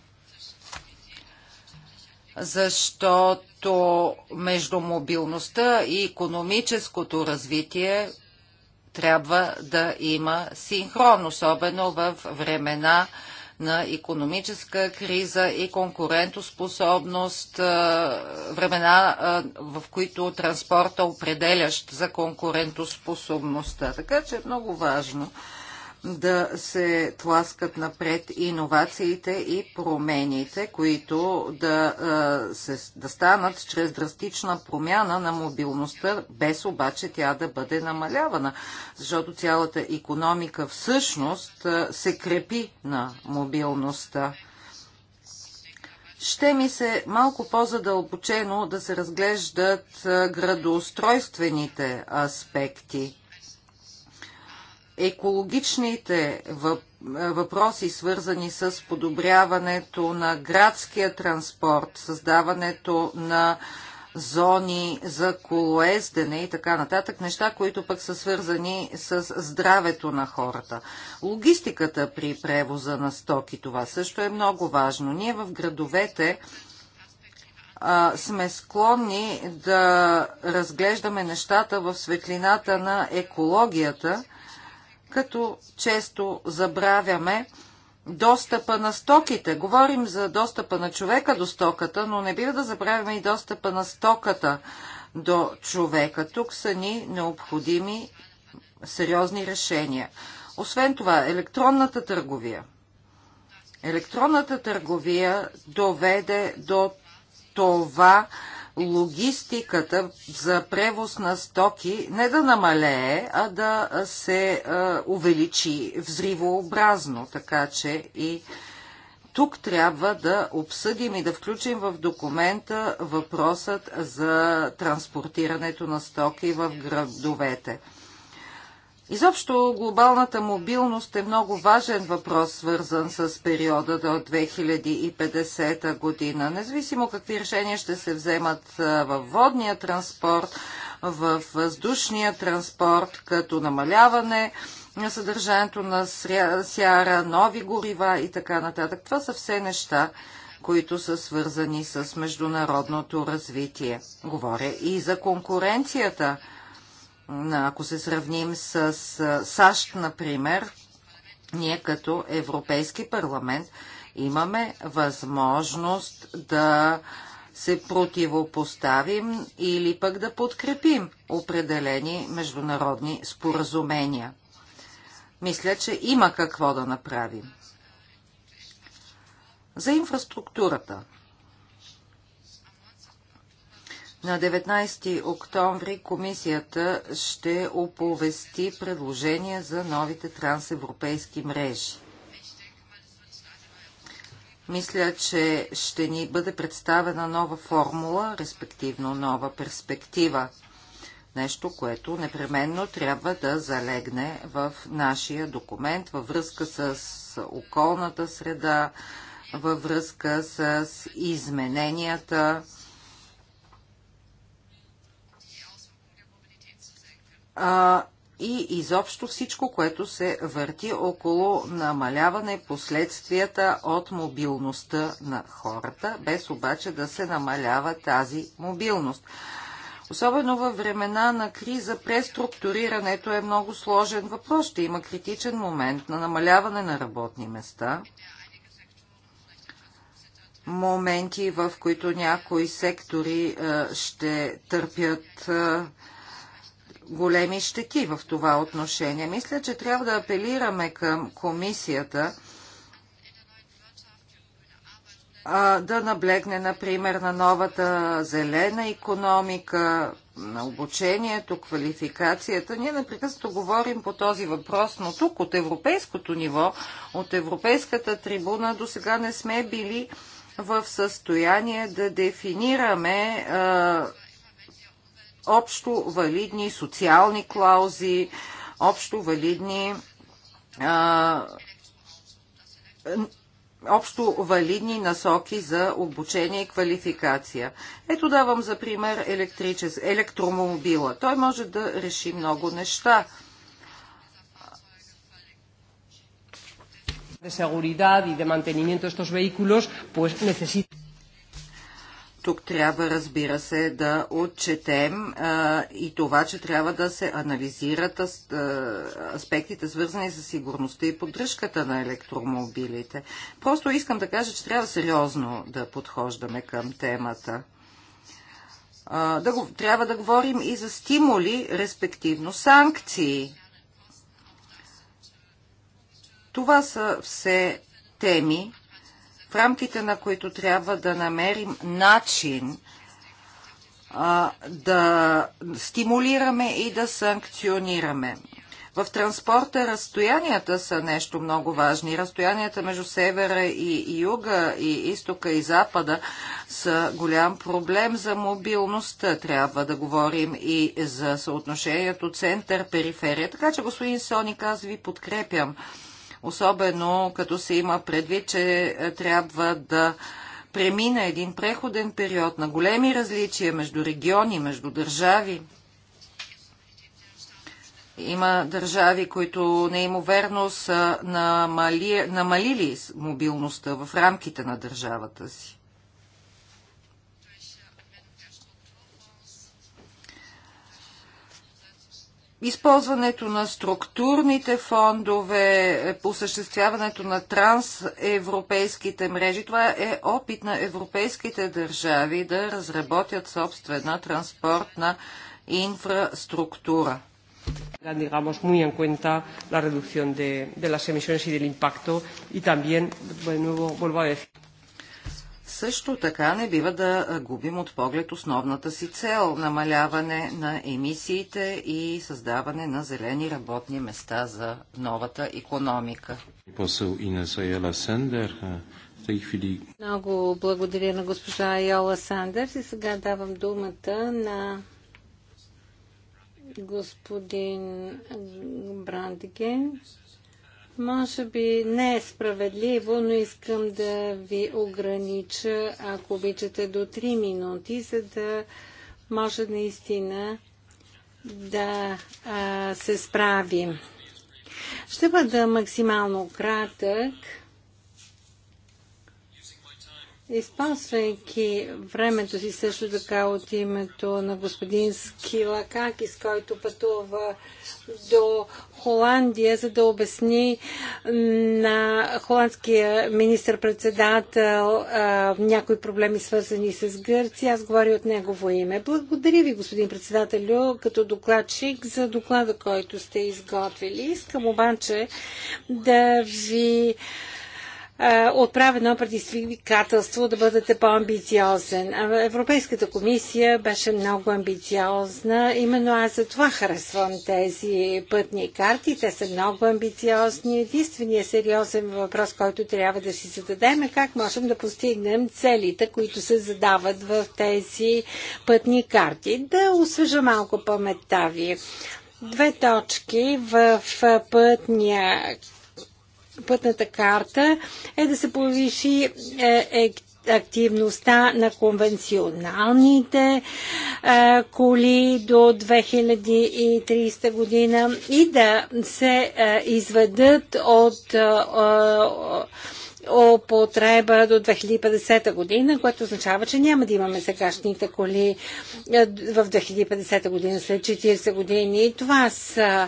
защото защото между мобилността и економическото развитие трябва да има синхрон, особено в времена на економическа криза и конкурентоспособност, времена, в които транспорта определящ за конкурентоспособността. Така че е много важно да се тласкат напред иновациите и промените, които да, се, да станат чрез драстична промяна на мобилността, без обаче тя да бъде намалявана, защото цялата економика всъщност се крепи на мобилността. Ще ми се малко по-задълбочено да се разглеждат градоустройствените аспекти екологичните въпроси, свързани с подобряването на градския транспорт, създаването на зони за колоездене и така нататък, неща, които пък са свързани с здравето на хората. Логистиката при превоза на стоки, това също е много важно. Ние в градовете а, сме склонни да разглеждаме нещата в светлината на екологията – като често забравяме достъпа на стоките. Говорим за достъпа на човека до стоката, но не бива да забравяме и достъпа на стоката до човека. Тук са ни необходими сериозни решения. Освен това, електронната търговия. Електронната търговия доведе до това, логистиката за превоз на стоки не да намалее, а да се увеличи взривообразно, така че и тук трябва да обсъдим и да включим в документа въпросът за транспортирането на стоки в градовете. Изобщо глобалната мобилност е много важен въпрос, свързан с периода до 2050 година. Независимо какви решения ще се вземат във водния транспорт, в въздушния транспорт, като намаляване на съдържанието на сяра, нови горива и така нататък. Това са все неща, които са свързани с международното развитие. Говоря и за конкуренцията – ако се сравним с САЩ, например, ние като Европейски парламент имаме възможност да се противопоставим или пък да подкрепим определени международни споразумения. Мисля, че има какво да направим. За инфраструктурата. На 19 октомври комисията ще оповести предложения за новите трансевропейски мрежи. Мисля, че ще ни бъде представена нова формула, респективно нова перспектива. Нещо, което непременно трябва да залегне в нашия документ във връзка с околната среда, във връзка с измененията а, и изобщо всичко, което се върти около намаляване последствията от мобилността на хората, без обаче да се намалява тази мобилност. Особено във времена на криза, преструктурирането е много сложен въпрос. Ще има критичен момент на намаляване на работни места, моменти, в които някои сектори ще търпят големи щети в това отношение. Мисля, че трябва да апелираме към комисията а, да наблегне, например, на новата зелена економика, на обучението, квалификацията. Ние непрекъснато говорим по този въпрос, но тук от европейското ниво, от европейската трибуна до сега не сме били в състояние да дефинираме а, общо валидни социални клаузи, общо валидни общо валидни насоки за обучение и квалификация. Ето давам за пример електричес, електромобила. Той може да реши много неща. de seguridad y de mantenimiento de estos vehículos, pues necesita. Тук трябва, разбира се, да отчетем а, и това, че трябва да се анализират а, аспектите, свързани с сигурността и поддръжката на електромобилите. Просто искам да кажа, че трябва сериозно да подхождаме към темата. А, да, трябва да говорим и за стимули, респективно санкции. Това са все теми, в рамките на които трябва да намерим начин а, да стимулираме и да санкционираме. В транспорта разстоянията са нещо много важни. Разстоянията между севера и юга, и изтока и запада са голям проблем за мобилността. Трябва да говорим и за съотношението център-периферия. Така че, господин Соник, аз ви подкрепям особено като се има предвид, че е, трябва да премина един преходен период на големи различия между региони, между държави. Има държави, които неимоверно е са намали, намалили мобилността в рамките на държавата си. използването на структурните фондове, е, осъществяването на трансевропейските мрежи. Това е опит на европейските държави да разработят собствена транспортна инфраструктура. digamos muy en cuenta la reducción de, de las emisiones y del impacto y también de nuevo vuelvo a decir също така не бива да губим от поглед основната си цел – намаляване на емисиите и създаване на зелени работни места за новата економика. Много благодаря на госпожа Йола Сандерс и сега давам думата на господин Брандиген. Може би не е справедливо, но искам да ви огранича, ако обичате, до 3 минути, за да може наистина да а, се справим. Ще бъда максимално кратък. Използвайки времето си също така от името на господин Скилакакис, който пътува до Холандия, за да обясни на холандския министр-председател някои проблеми свързани с Гърция. Аз говоря от негово име. Благодаря ви, господин председателю, като докладчик за доклада, който сте изготвили. Искам обаче да ви е, отправя едно предизвикателство да бъдете по-амбициозен. Европейската комисия беше много амбициозна. Именно аз за това харесвам тези пътни карти. Те са много амбициозни. Единственият сериозен въпрос, който трябва да си зададем е как можем да постигнем целите, които се задават в тези пътни карти. Да освежа малко паметта ви две точки в пътния пътната карта е да се повиши е, е, активността на конвенционалните е, коли до 2030 година и да се е, изведат от е, е употреба до 2050 година, което означава, че няма да имаме сегашните коли е, в 2050 година, след 40 години. Това са е,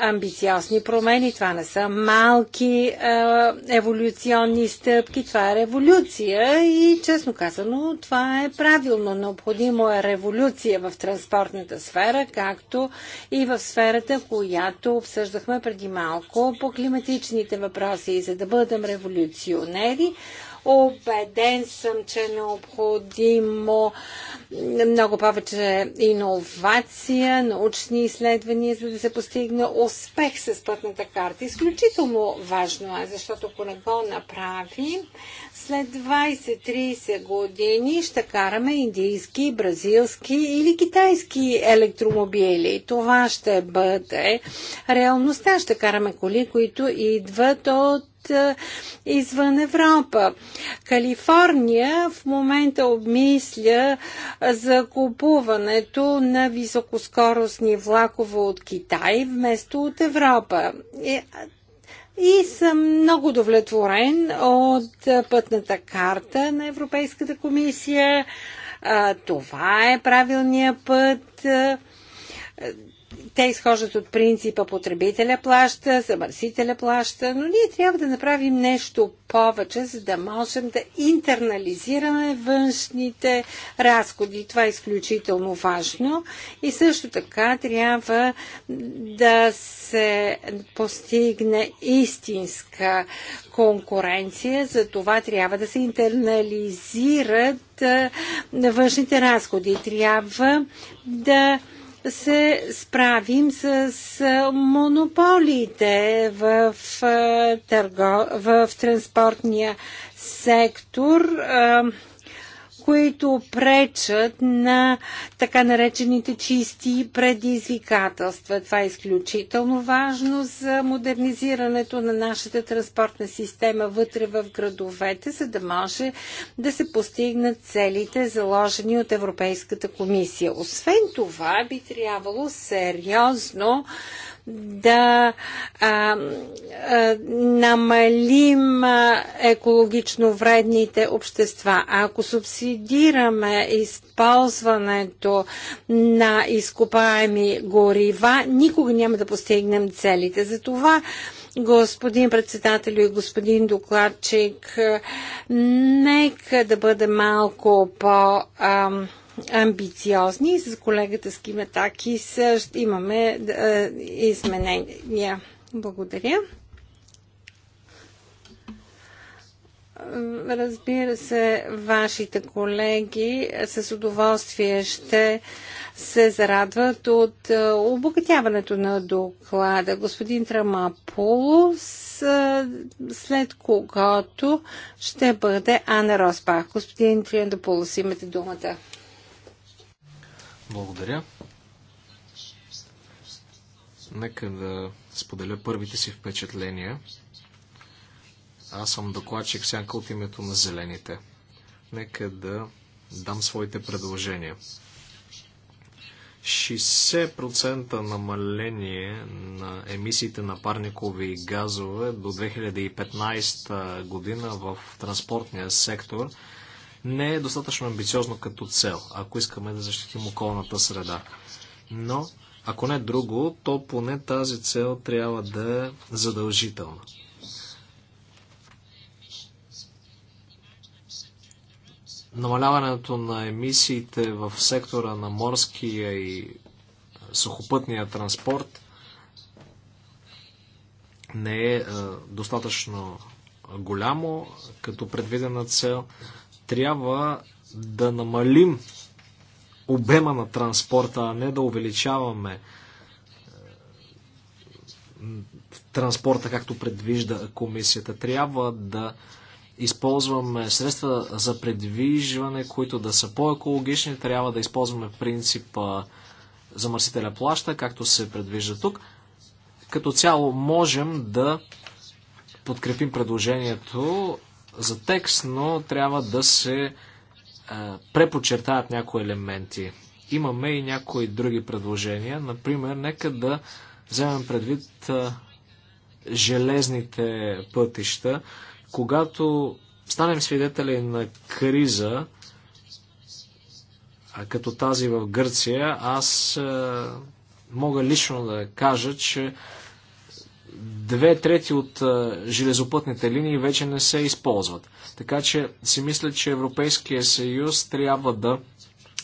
амбициозни промени, това не са малки е, еволюционни стъпки, това е революция и честно казано това е правилно. Необходимо е революция в транспортната сфера, както и в сферата, която обсъждахме преди малко по климатичните въпроси. И за да бъдем революционни, революционери. Обеден съм, че е необходимо много повече иновация, научни изследвания, за да се постигне успех с пътната карта. Изключително важно е, защото ако не го направим, след 20-30 години ще караме индийски, бразилски или китайски електромобили. Това ще бъде реалността. Ще караме коли, които идват от извън Европа. Калифорния в момента обмисля за купуването на високоскоростни влакове от Китай вместо от Европа. И съм много удовлетворен от пътната карта на Европейската комисия. Това е правилният път те изхождат от принципа потребителя плаща, замърсителя плаща, но ние трябва да направим нещо повече, за да можем да интернализираме външните разходи. Това е изключително важно. И също така трябва да се постигне истинска конкуренция. За това трябва да се интернализират външните разходи. Трябва да се справим с монополите в, е, търго, в транспортния сектор. Е, които пречат на така наречените чисти предизвикателства. Това е изключително важно за модернизирането на нашата транспортна система вътре в градовете, за да може да се постигнат целите, заложени от Европейската комисия. Освен това, би трябвало сериозно да а, а, намалим екологично вредните общества. А ако субсидираме използването на изкопаеми горива, никога няма да постигнем целите. Затова господин председател и господин докладчик, нека да бъде малко по- А, амбициозни. С колегата Скиметаки също имаме изменения. Благодаря. Разбира се, вашите колеги с удоволствие ще се зарадват от обогатяването на доклада. Господин Трамаполос, след когото ще бъде Ана Роспах. Господин Триандополос, имате думата. Благодаря. Нека да споделя първите си впечатления. Аз съм докладчик сянка от името на зелените. Нека да дам своите предложения. 60% намаление на емисиите на парникови газове до 2015 година в транспортния сектор – не е достатъчно амбициозно като цел, ако искаме да защитим околната среда. Но, ако не друго, то поне тази цел трябва да е задължителна. Намаляването на емисиите в сектора на морския и сухопътния транспорт не е, е достатъчно голямо като предвидена цел трябва да намалим обема на транспорта, а не да увеличаваме е, транспорта, както предвижда комисията. Трябва да използваме средства за предвижване, които да са по-екологични. Трябва да използваме принципа замърсителя плаща, както се предвижда тук. Като цяло можем да подкрепим предложението за текст, но трябва да се а, е, препочертаят някои елементи. Имаме и някои други предложения. Например, нека да вземем предвид а, е, железните пътища. Когато станем свидетели на криза, а, като тази в Гърция, аз а, е, мога лично да кажа, че две трети от железопътните линии вече не се използват. Така че си мисля, че Европейския съюз трябва да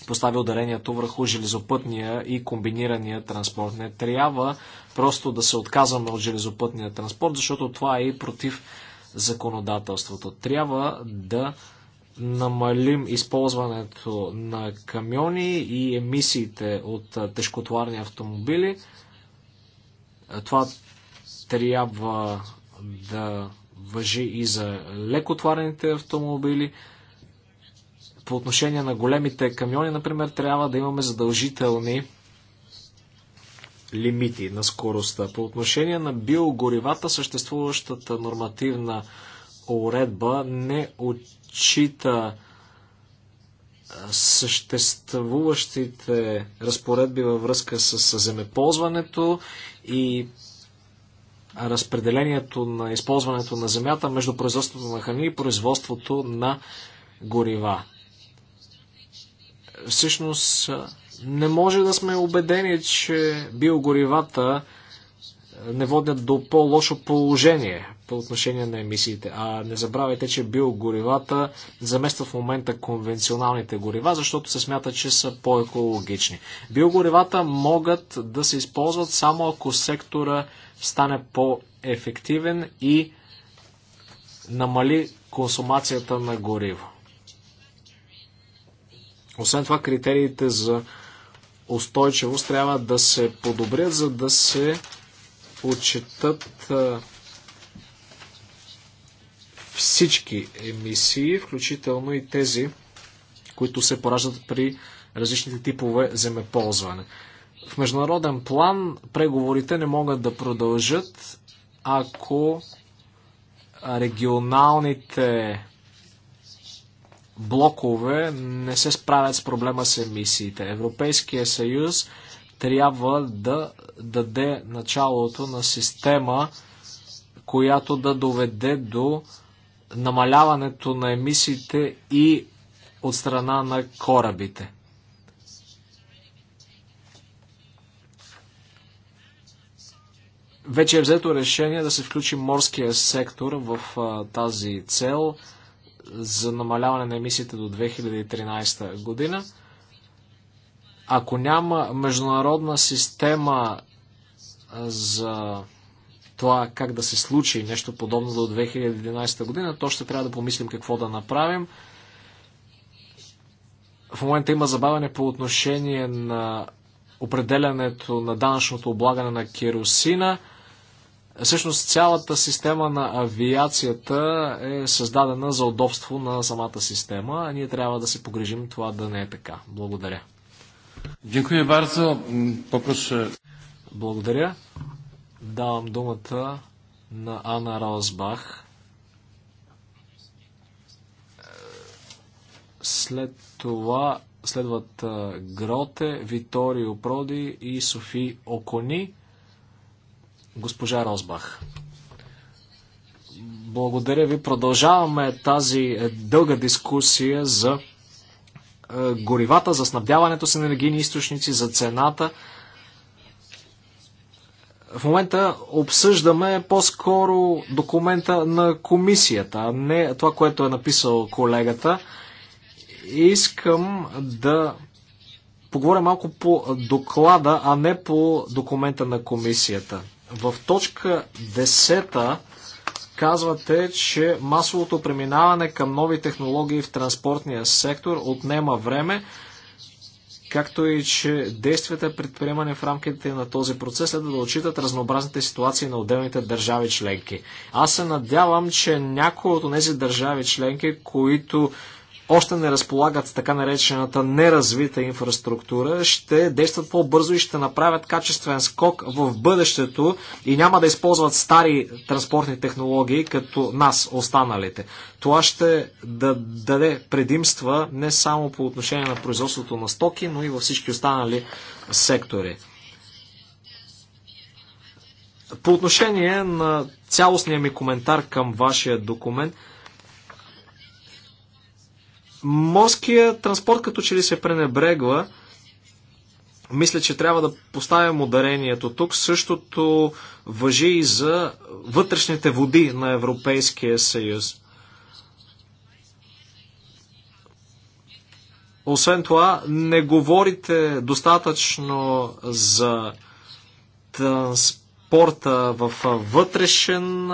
постави ударението върху железопътния и комбинирания транспорт. Не трябва просто да се отказваме от железопътния транспорт, защото това е и против законодателството. Трябва да намалим използването на камиони и емисиите от тежкотоварни автомобили. Това трябва да въжи и за лекотварените автомобили. По отношение на големите камиони, например, трябва да имаме задължителни лимити на скоростта. По отношение на биогоривата, съществуващата нормативна уредба не отчита съществуващите разпоредби във връзка с земеползването и разпределението на използването на земята между производството на храни и производството на горива. Всъщност, не може да сме убедени, че биогоривата е, не водят до по-лошо положение по отношение на емисиите. А не забравяйте, че биогоривата заместват в момента конвенционалните горива, защото се смята, че са по-екологични. Биогоривата могат да се използват само ако сектора стане по-ефективен и намали консумацията на гориво. Освен това, критериите за устойчивост трябва да се подобрят, за да се отчетат всички емисии, включително и тези, които се пораждат при различните типове земеползване в международен план преговорите не могат да продължат, ако регионалните блокове не се справят с проблема с емисиите. Европейския съюз трябва да даде началото на система, която да доведе до намаляването на емисиите и от страна на корабите. Вече е взето решение да се включи морския сектор в а, тази цел за намаляване на емисиите до 2013 година. Ако няма международна система за това как да се случи нещо подобно до 2011 година, то ще трябва да помислим какво да направим. В момента има забавяне по отношение на определянето на данъчното облагане на керосина. Всъщност цялата система на авиацията е създадена за удобство на самата система, а ние трябва да се погрежим това да не е така. Благодаря. Дякую бързо. Попрошу. Благодаря. Давам думата на Ана Розбах. След това следват Гроте, Виторио Проди и Софи Окони. Госпожа Розбах. Благодаря ви. Продължаваме тази е, дълга дискусия за е, горивата, за снабдяването с енергийни източници, за цената. В момента обсъждаме по-скоро документа на комисията, а не това, което е написал колегата. Искам да поговоря малко по доклада, а не по документа на комисията. В точка 10 казвате, че масовото преминаване към нови технологии в транспортния сектор отнема време, както и че действията предприемани в рамките на този процес следва да отчитат разнообразните ситуации на отделните държави членки. Аз се надявам, че някои от тези държави членки, които още не разполагат с така наречената неразвита инфраструктура, ще действат по-бързо и ще направят качествен скок в бъдещето и няма да използват стари транспортни технологии като нас, останалите. Това ще да даде предимства не само по отношение на производството на стоки, но и във всички останали сектори. По отношение на цялостния ми коментар към вашия документ – Морския транспорт като че ли се пренебрегва. Мисля, че трябва да поставим ударението тук. Същото въжи и за вътрешните води на Европейския съюз. Освен това, не говорите достатъчно за транспорта в вътрешен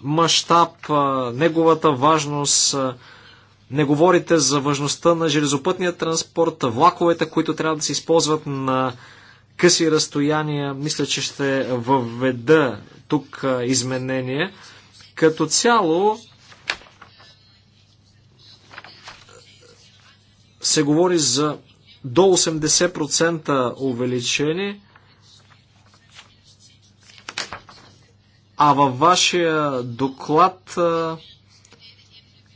мащаб, неговата важност. Не говорите за важността на железопътния транспорт, влаковете, които трябва да се използват на къси разстояния. Мисля, че ще въведа тук изменение. Като цяло се говори за до 80% увеличение, а във вашия доклад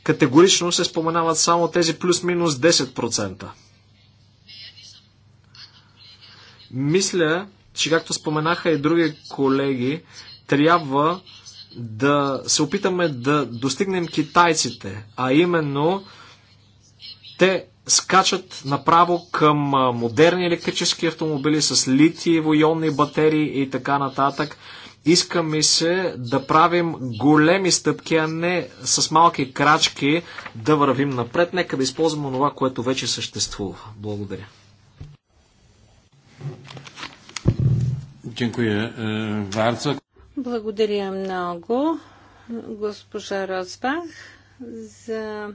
категорично се споменават само тези плюс-минус 10%. Мисля, че както споменаха и други колеги, трябва да се опитаме да достигнем китайците, а именно те скачат направо към модерни електрически автомобили с литиево-ионни батерии и така нататък. Иска ми се да правим големи стъпки, а не с малки крачки да вървим напред. Нека да използваме това, което вече съществува. Благодаря. E, Благодаря много, госпожа Росбах, за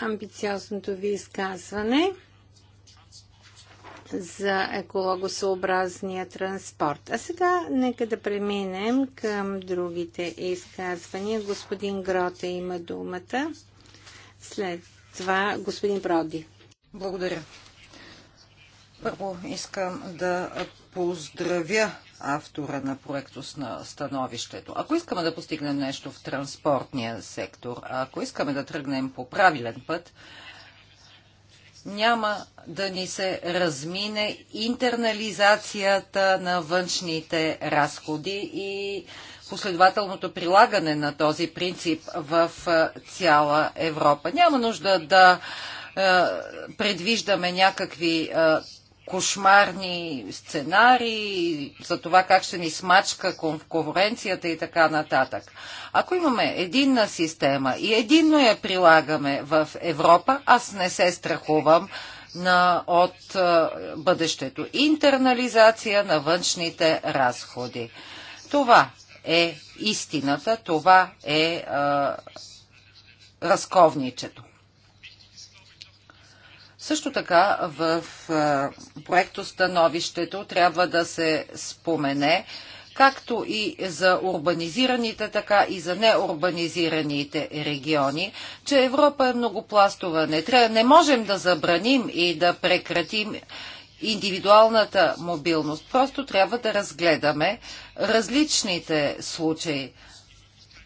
амбициозното ви изказване за екологосъобразния транспорт. А сега нека да преминем към другите изказвания. Господин Гроте има думата. След това господин Броди. Благодаря. Първо искам да поздравя автора на проектос на становището. Ако искаме да постигнем нещо в транспортния сектор, ако искаме да тръгнем по правилен път, няма да ни се размине интернализацията на външните разходи и последователното прилагане на този принцип в цяла Европа. Няма нужда да предвиждаме някакви кошмарни сценарии, за това как ще ни смачка конкуренцията и така нататък. Ако имаме единна система и единно я прилагаме в Европа, аз не се страхувам на, от а, бъдещето. Интернализация на външните разходи. Това е истината, това е а, разковничето. Също така в проекто становището трябва да се спомене, както и за урбанизираните, така и за неурбанизираните региони, че Европа е многопластова. Не, трябва, не можем да забраним и да прекратим индивидуалната мобилност. Просто трябва да разгледаме различните случаи.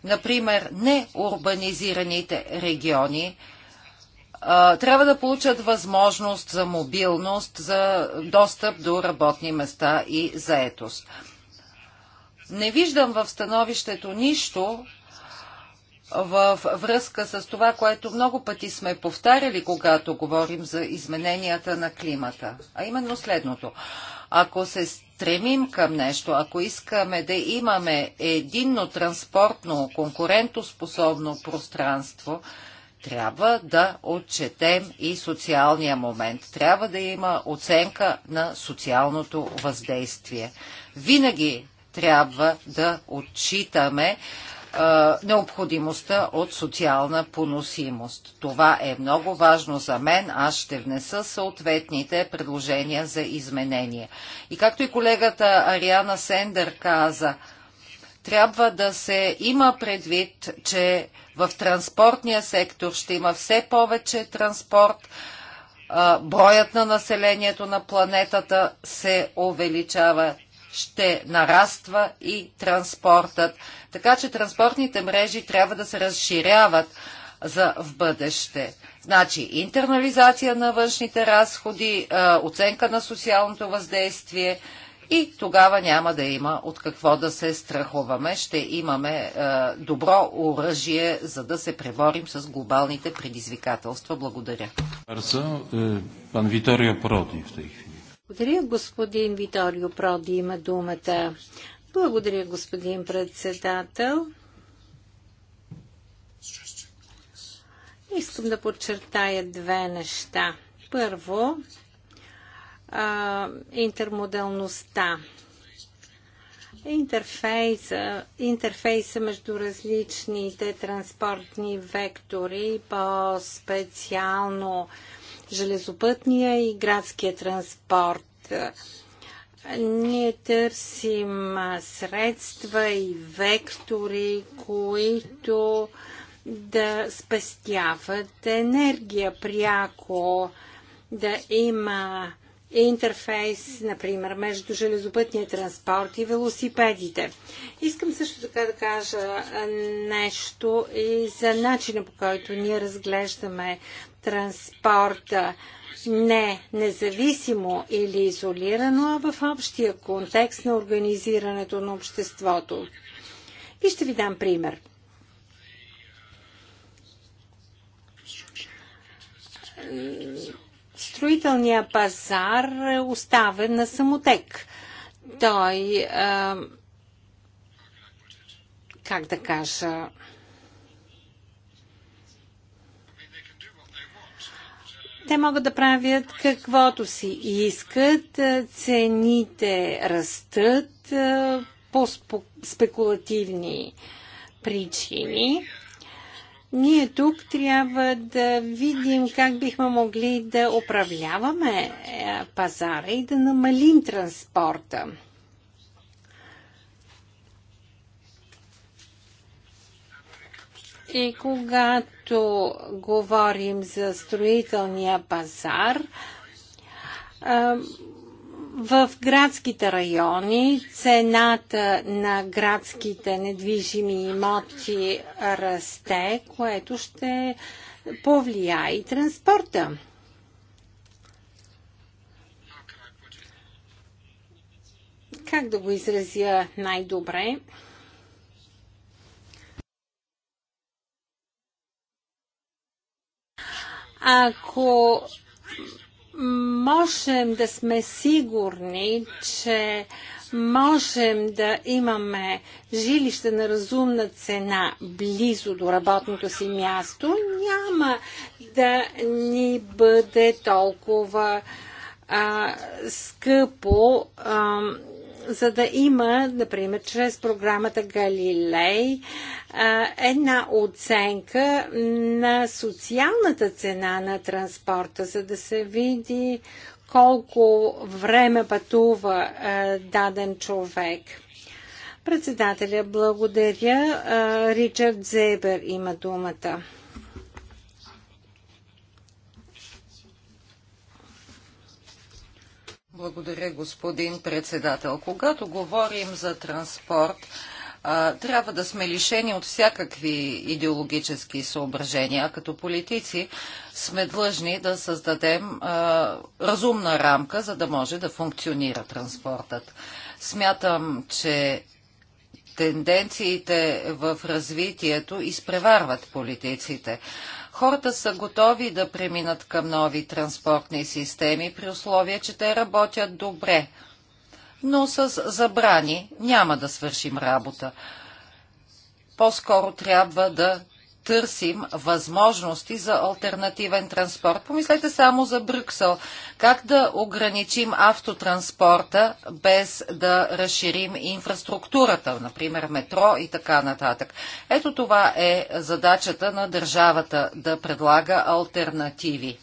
Например, неурбанизираните региони – трябва да получат възможност за мобилност, за достъп до работни места и заетост. Не виждам в становището нищо в връзка с това, което много пъти сме повтаряли, когато говорим за измененията на климата. А именно следното. Ако се стремим към нещо, ако искаме да имаме единно транспортно, конкурентоспособно пространство, трябва да отчетем и социалния момент. Трябва да има оценка на социалното въздействие. Винаги трябва да отчитаме е, необходимостта от социална поносимост. Това е много важно за мен. Аз ще внеса съответните предложения за изменение. И както и колегата Ариана Сендер каза, трябва да се има предвид, че в транспортния сектор ще има все повече транспорт. Броят на населението на планетата се увеличава ще нараства и транспортът. Така че транспортните мрежи трябва да се разширяват за в бъдеще. Значи интернализация на външните разходи, оценка на социалното въздействие, и тогава няма да има от какво да се страхуваме. Ще имаме е, добро оръжие, за да се преборим с глобалните предизвикателства. Благодаря. Е, пан Виторио Проди в хвили. Благодаря, господин Виторио Проди има думата. Благодаря, господин председател. Искам да подчертая две неща. Първо, а, интермодалността. Интерфейса, интерфейса между различните транспортни вектори, по-специално железопътния и градския транспорт. Ние търсим средства и вектори, които да спестяват енергия пряко, да има интерфейс, например, между железопътния транспорт и велосипедите. Искам също така да кажа нещо и за начина по който ние разглеждаме транспорта не независимо или изолирано, а в общия контекст на организирането на обществото. И ще ви дам пример строителния пазар е оставен на самотек. Той, а, как да кажа, Те могат да правят каквото си искат, цените растат по спекулативни причини. Ние тук трябва да видим как бихме могли да управляваме е, пазара и да намалим транспорта. И когато говорим за строителния пазар, е, в градските райони цената на градските недвижими имоти расте, което ще повлия и транспорта. Как да го изразя най-добре? Ако можем да сме сигурни, че можем да имаме жилище на разумна цена близо до работното си място, няма да ни бъде толкова а, скъпо а, за да има, например, чрез програмата Галилей, една оценка на социалната цена на транспорта, за да се види колко време пътува даден човек. Председателя, благодаря. Ричард Зейбер има думата. Благодаря, господин председател. Когато говорим за транспорт, трябва да сме лишени от всякакви идеологически съображения. А като политици сме длъжни да създадем разумна рамка, за да може да функционира транспортът. Смятам, че тенденциите в развитието изпреварват политиците. Хората са готови да преминат към нови транспортни системи при условие, че те работят добре. Но с забрани няма да свършим работа. По-скоро трябва да търсим възможности за альтернативен транспорт. Помислете само за Брюксел. Как да ограничим автотранспорта без да разширим инфраструктурата, например метро и така нататък. Ето това е задачата на държавата да предлага альтернативи.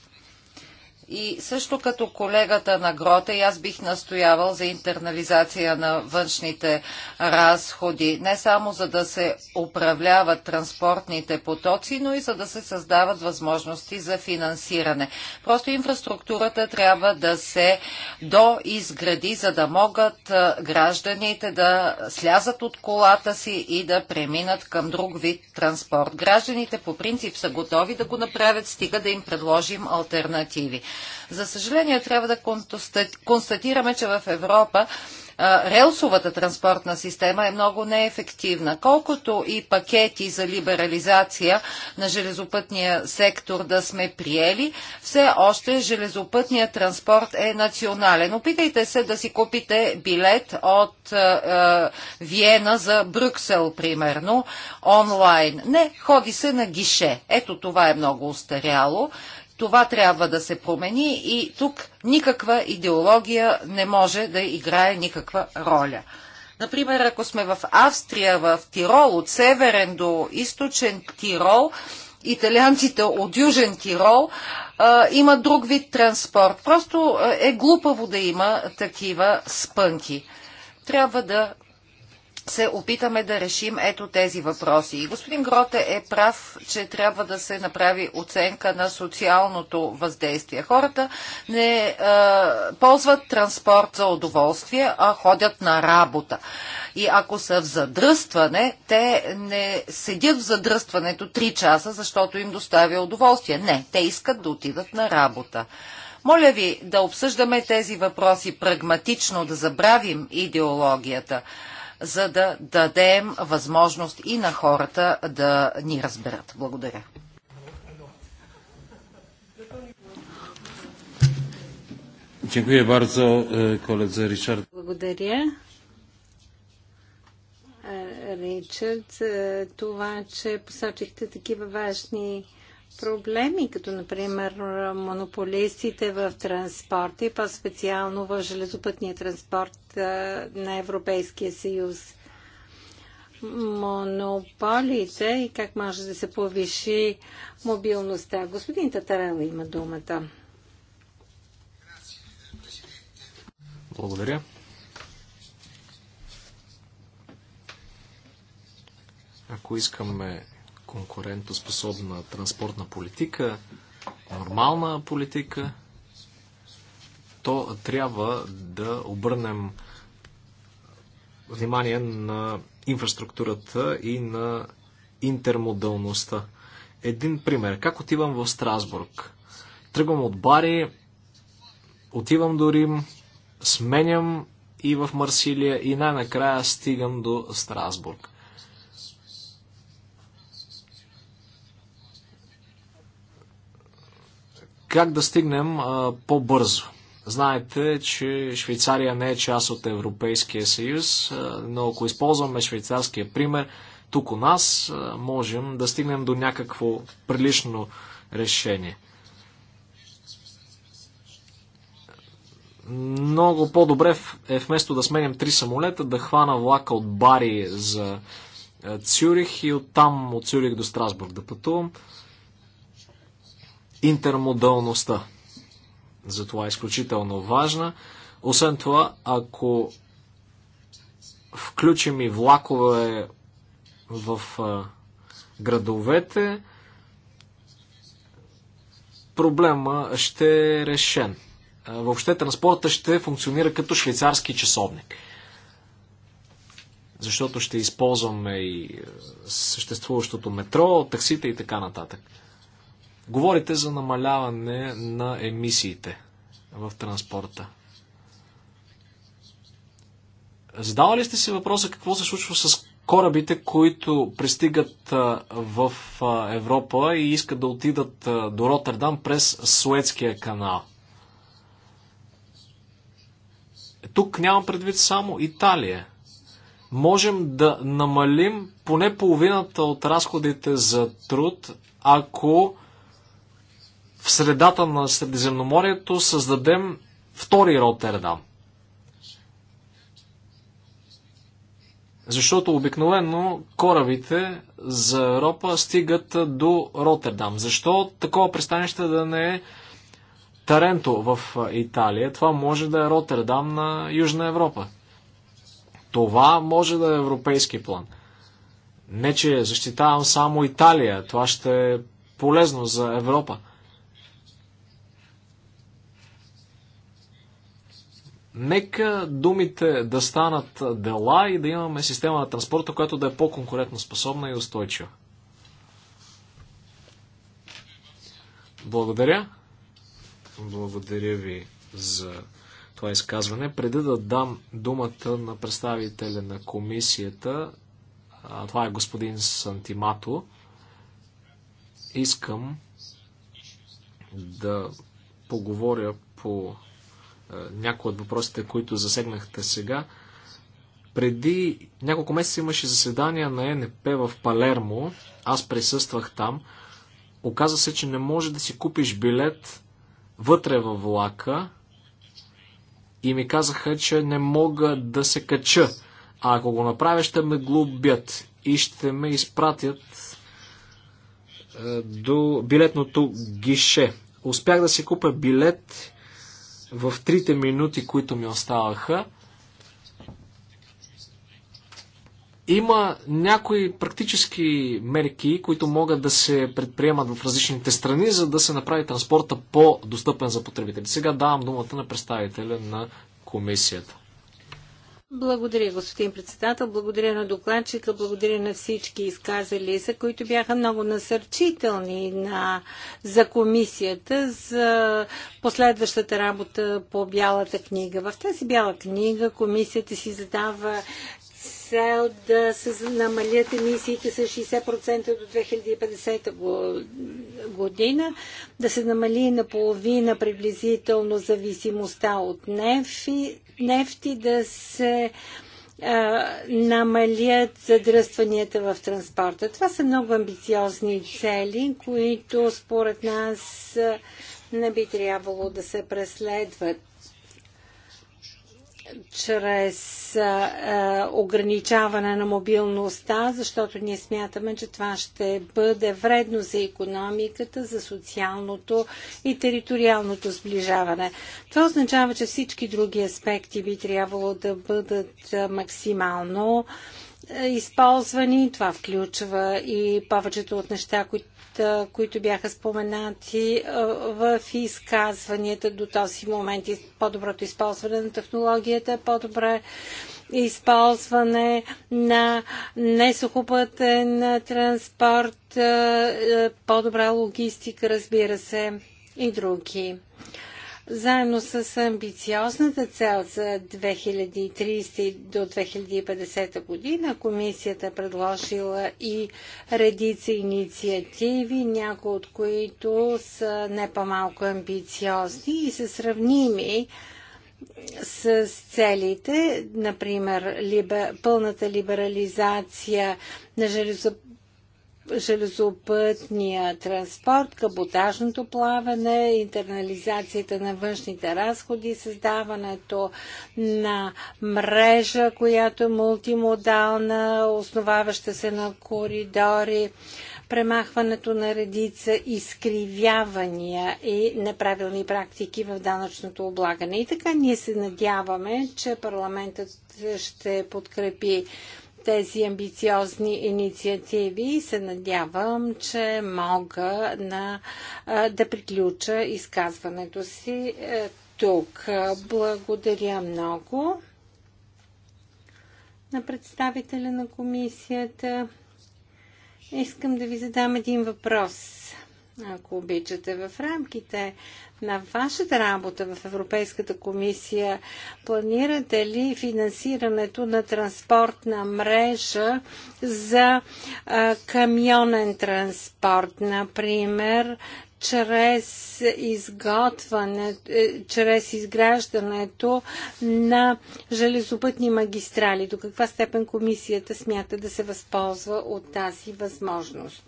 И също като колегата на Грота, аз бих настоявал за интернализация на външните разходи, не само за да се управляват транспортните потоци, но и за да се създават възможности за финансиране. Просто инфраструктурата трябва да се доизгради, за да могат гражданите да слязат от колата си и да преминат към друг вид транспорт. Гражданите по принцип са готови да го направят, стига да им предложим альтернативи. За съжаление, трябва да констатираме, че в Европа релсовата транспортна система е много неефективна. Колкото и пакети за либерализация на железопътния сектор да сме приели, все още железопътният транспорт е национален. Опитайте се да си купите билет от е, Виена за Брюксел, примерно, онлайн. Не, ходи се на гише. Ето това е много устаряло това трябва да се промени и тук никаква идеология не може да играе никаква роля. Например, ако сме в Австрия, в Тирол, от северен до източен Тирол, италианците от Южен Тирол а, имат друг вид транспорт. Просто е глупаво да има такива спънки. Трябва да се опитаме да решим ето тези въпроси. И господин Гроте е прав, че трябва да се направи оценка на социалното въздействие. Хората не е, ползват транспорт за удоволствие, а ходят на работа. И ако са в задръстване, те не седят в задръстването 3 часа, защото им доставя удоволствие. Не, те искат да отидат на работа. Моля ви да обсъждаме тези въпроси прагматично, да забравим идеологията за да дадем възможност и на хората да ни разберат. Благодаря. E, Благодаря. Е, Ричард, е, това, че посочихте такива важни проблеми, като например монополистите в транспорта и по-специално в железопътния транспорт на Европейския съюз. Монополите и как може да се повиши мобилността. Господин Татарела има думата. Благодаря. Ако искаме конкурентоспособна транспортна политика, нормална политика, то трябва да обърнем внимание на инфраструктурата и на интермодалността. Един пример. Как отивам в Страсбург? Тръгвам от Бари, отивам до Рим, сменям и в Марсилия и най-накрая стигам до Страсбург. как да стигнем по-бързо. Знаете, че Швейцария не е част от Европейския съюз, но ако използваме швейцарския пример, тук у нас можем да стигнем до някакво прилично решение. Много по-добре е вместо да сменям три самолета, да хвана влака от Бари за Цюрих и оттам от Цюрих до Страсбург да пътувам интермодалността. Затова е изключително важна. Освен това, ако включим и влакове в градовете, проблема ще е решен. Въобще транспорта ще функционира като швейцарски часовник. Защото ще използваме и съществуващото метро, таксите и така нататък. Говорите за намаляване на емисиите в транспорта. Задавали ли сте си въпроса какво се случва с корабите, които пристигат в Европа и искат да отидат до Роттердам през Суетския канал? Тук нямам предвид само Италия. Можем да намалим поне половината от разходите за труд, ако в средата на Средиземноморието създадем втори Ротердам. Защото обикновено корабите за Европа стигат до Ротердам. Защо такова пристанище да не е Таренто в Италия? Това може да е Ротердам на Южна Европа. Това може да е европейски план. Не, че защитавам само Италия. Това ще е полезно за Европа. Нека думите да станат дела и да имаме система на транспорта, която да е по-конкурентно способна и устойчива. Благодаря. Благодаря ви за това изказване. Преди да дам думата на представителя на комисията, а това е господин Сантимато, искам да поговоря по някои от въпросите, които засегнахте сега. Преди няколко месеца имаше заседание на е НП в Палермо. Аз присъствах там. Оказа се, че не може да си купиш билет вътре във влака и ми казаха, че не мога да се кача. А ако го направя, ще ме глобят и ще ме изпратят до билетното гише. Успях да си купя билет в трите минути, които ми оставаха. Има някои практически мерки, които могат да се предприемат в различните страни, за да се направи транспорта по-достъпен за потребители. Сега давам думата на представителя на комисията. Благодаря, господин председател. Благодаря на докладчика. Благодаря на всички изказали се, които бяха много насърчителни на, за комисията, за последващата работа по Бялата книга. В тази Бяла книга комисията си задава цел да се намалят емисиите с 60% до 2050 година, да се намали наполовина приблизително зависимостта от нефти, нефти да се а, намалят задръстванията в транспорта. Това са много амбициозни цели, които според нас не би трябвало да се преследват чрез а, а, ограничаване на мобилността, защото ние смятаме, че това ще бъде вредно за економиката, за социалното и териториалното сближаване. Това означава, че всички други аспекти би трябвало да бъдат максимално използвани. Това включва и повечето от неща, които които бяха споменати в изказванията до този момент. По-доброто използване на технологията, по-добре използване на несухопътен транспорт, по-добра логистика, разбира се, и други заедно с амбициозната цел за 2030 до 2050 година, комисията предложила и редица инициативи, някои от които са не по-малко амбициозни и са сравними с целите, например, либе, пълната либерализация на железопътната железопътния транспорт, каботажното плаване, интернализацията на външните разходи, създаването на мрежа, която е мултимодална, основаваща се на коридори, премахването на редица изкривявания и неправилни практики в данъчното облагане. И така ние се надяваме, че парламентът ще подкрепи тези амбициозни инициативи и се надявам, че мога на, да приключа изказването си е, тук. Благодаря много на представителя на комисията. Искам да ви задам един въпрос, ако обичате в рамките на вашата работа в Европейската комисия? Планирате ли финансирането на транспортна мрежа за а, камионен транспорт, например, чрез изготвяне, е, чрез изграждането на железопътни магистрали. До каква степен комисията смята да се възползва от тази възможност?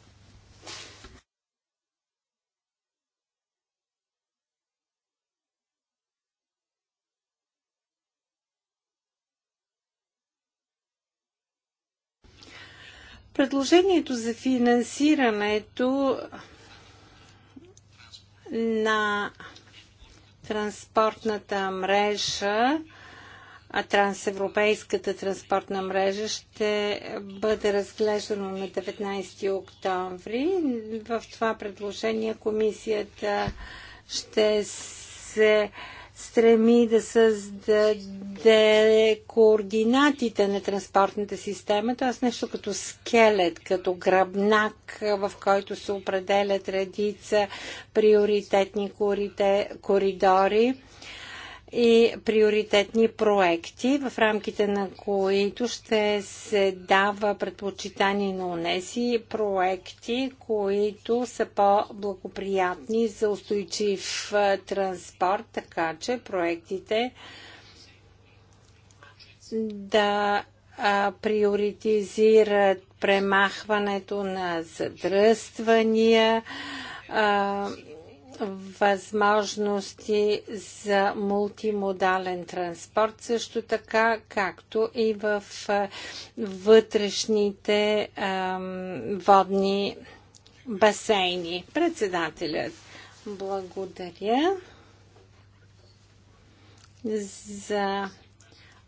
Предложението за финансирането на транспортната мрежа, а трансевропейската транспортна мрежа ще бъде разглеждано на 19 октомври. В това предложение комисията ще се стреми да създаде координатите на транспортната система, т.е. нещо като скелет, като гръбнак, в който се определят редица приоритетни коридори и приоритетни проекти, в рамките на които ще се дава предпочитание на унеси проекти, които са по-благоприятни за устойчив транспорт, така че проектите да приоритизират премахването на задръствания, възможности за мултимодален транспорт, също така както и в вътрешните ем, водни басейни. Председателят, благодаря за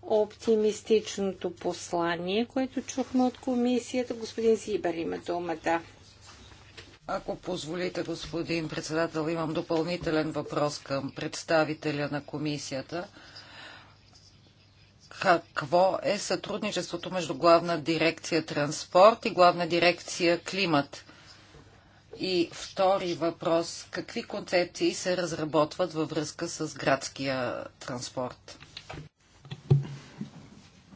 оптимистичното послание, което чухме от комисията. Господин Зибер има думата. Ако позволите, господин председател, имам допълнителен въпрос към представителя на комисията. Какво е сътрудничеството между главна дирекция транспорт и главна дирекция климат? И втори въпрос. Какви концепции се разработват във връзка с градския транспорт?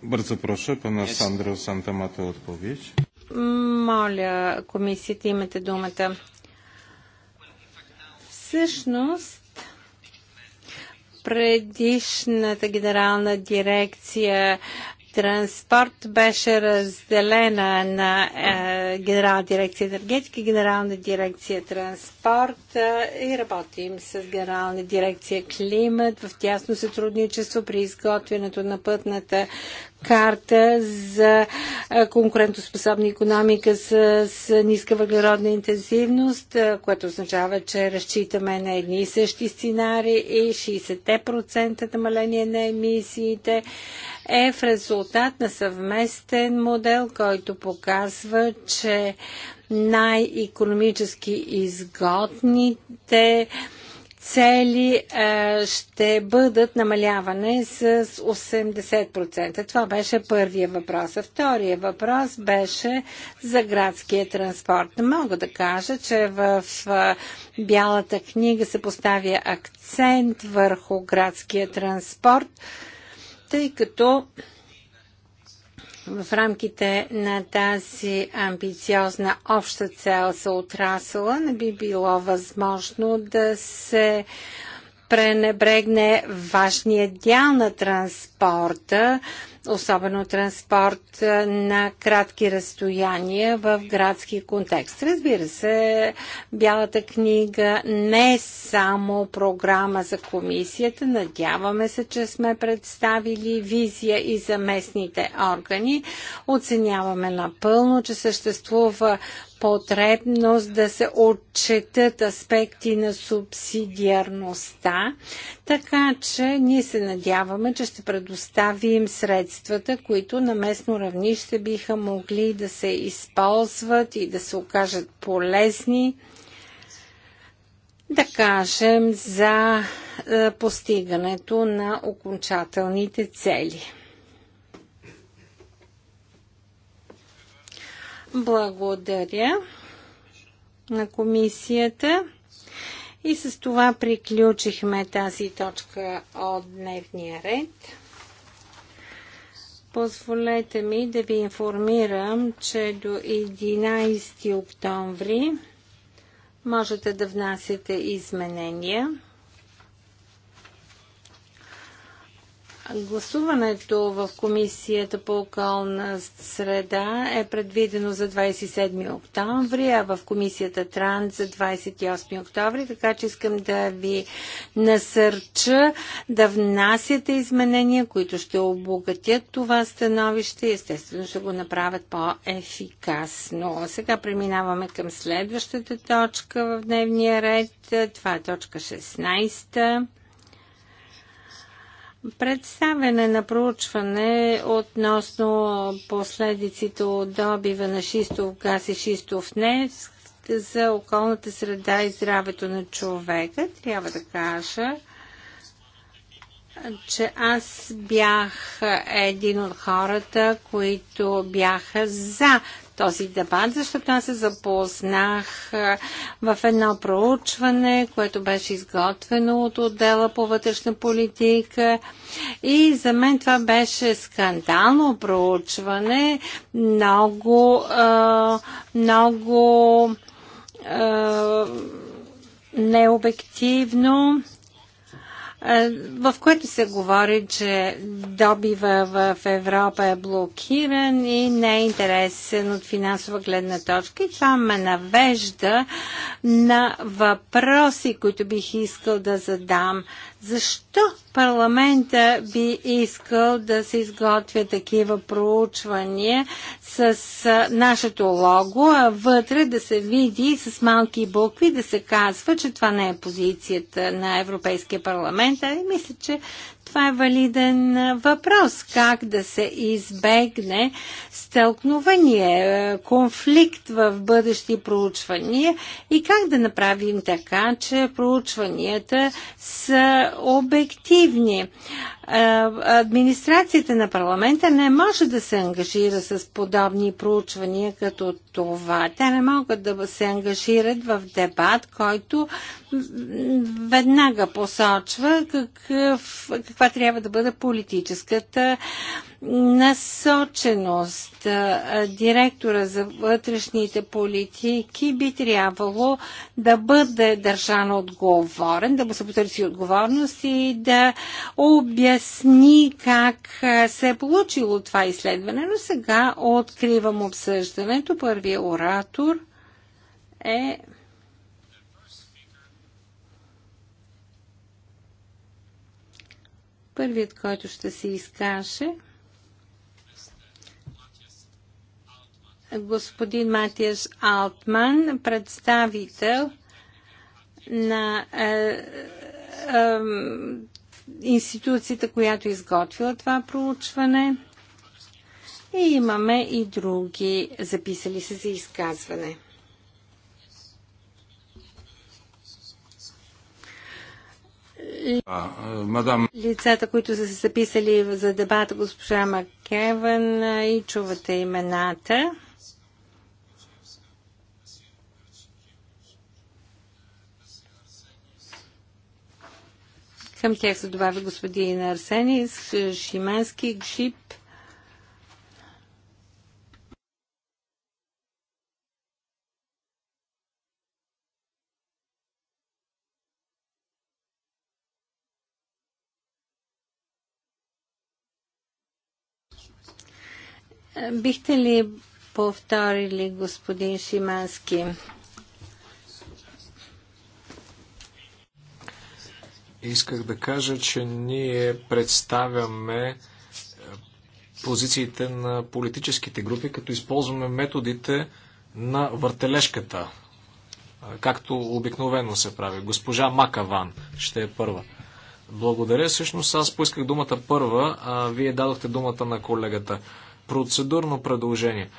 Bardzo пана Сандра Санта Мата отповедь. Моля, комисията, имате думата. Всъщност, предишната генерална дирекция транспорт беше разделена на е, генерална дирекция енергетика и генерална дирекция транспорт е, и работим с генерална дирекция климат в тясно сътрудничество при изготвянето на пътната карта за конкурентоспособна економика с, с ниска въглеродна интензивност, което означава, че разчитаме на едни и същи сценари и 60% намаление на емисиите е в резултат на съвместен модел, който показва, че най-економически изгодните цели е, ще бъдат намаляване с 80%. Това беше първия въпрос. А втория въпрос беше за градския транспорт. Мога да кажа, че в е, Бялата книга се поставя акцент върху градския транспорт, тъй като в рамките на тази амбициозна обща цел за отрасъла не би било възможно да се пренебрегне важния дял на транспорта особено транспорт е, на кратки разстояния в градски контекст. Разбира се, Бялата книга не е само програма за комисията. Надяваме се, че сме представили визия и за местните органи. Оценяваме напълно, че съществува потребност да се отчетат аспекти на субсидиарността, така че ние се надяваме, че ще предоставим средства средствата, които на местно равнище биха могли да се използват и да се окажат полезни, да кажем, за е, постигането на окончателните цели. Благодаря на комисията. И с това приключихме тази точка от дневния ред. Позволете ми да ви информирам, че до 11 октомври можете да внасяте изменения. Гласуването в Комисията по околна среда е предвидено за 27 октомври, а в Комисията Транс за 28 октомври, така че искам да ви насърча да внасяте изменения, които ще обогатят това становище и естествено ще го направят по-ефикасно. Сега преминаваме към следващата точка в дневния ред. Това е точка 16 представяне на проучване относно последиците от добива на шистов газ и шистов нефт за околната среда и здравето на човека. Трябва да кажа, че аз бях един от хората, които бяха за този дебат, защото аз се запознах в едно проучване, което беше изготвено от отдела по вътрешна политика и за мен това беше скандално проучване, много, много необективно е, в което се говори, че добива в Европа е блокиран и не е интересен от финансова гледна точка. И това ме навежда на въпроси, които бих искал да задам защо парламента би искал да се изготвя такива проучвания с нашето лого, а вътре да се види с малки букви да се казва, че това не е позицията на Европейския парламент? А мисля, че това е валиден въпрос. Как да се избегне стълкновение, конфликт в бъдещи проучвания и как да направим така, че проучванията са обективни. Администрацията на парламента не може да се ангажира с подобни проучвания като това. Те не могат да се ангажират в дебат, който веднага посочва какъв, каква трябва да бъде политическата насоченост. Директора за вътрешните политики би трябвало да бъде държан отговорен, да му се потърси отговорност и да обясни как се е получило това изследване. Но сега откривам обсъждането. Първият оратор е Първият, който ще се изкаже, господин Матиаш Алтман, представител на е, е, е, институцията, която изготвила това проучване. И имаме и други записали се за изказване. лицата, които са се записали за дебат, госпожа Макеван и чувате имената. Към тях се добавя господин Арсений, Шимански, Гшип, Бихте ли повторили, господин Шимански? Исках да кажа, че ние представяме е, позициите на политическите групи, като използваме методите на въртележката, е, както обикновено се прави. Госпожа Макаван ще е първа. Благодаря. Всъщност аз поисках думата първа, а вие дадохте думата на колегата процедурно предложение.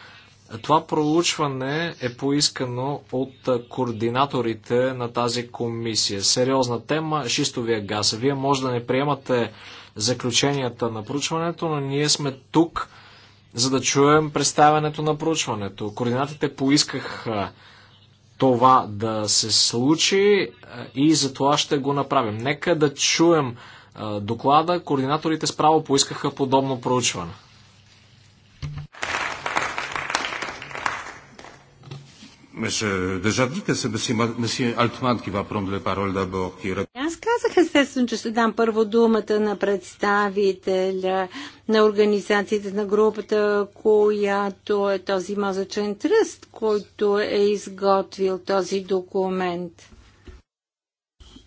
Това проучване е поискано от координаторите на тази комисия. Сериозна тема шистовия газ. Вие може да не приемате заключенията на проучването, но ние сме тук, за да чуем представянето на проучването. Координатите поискаха това да се случи и за това ще го направим. Нека да чуем доклада. Координаторите справо поискаха подобно проучване. Беше държа дика се да бо Аз казах естествено, че ще дам първо думата на представителя на организацията на групата, която е този мозъчен тръст, който е изготвил този документ.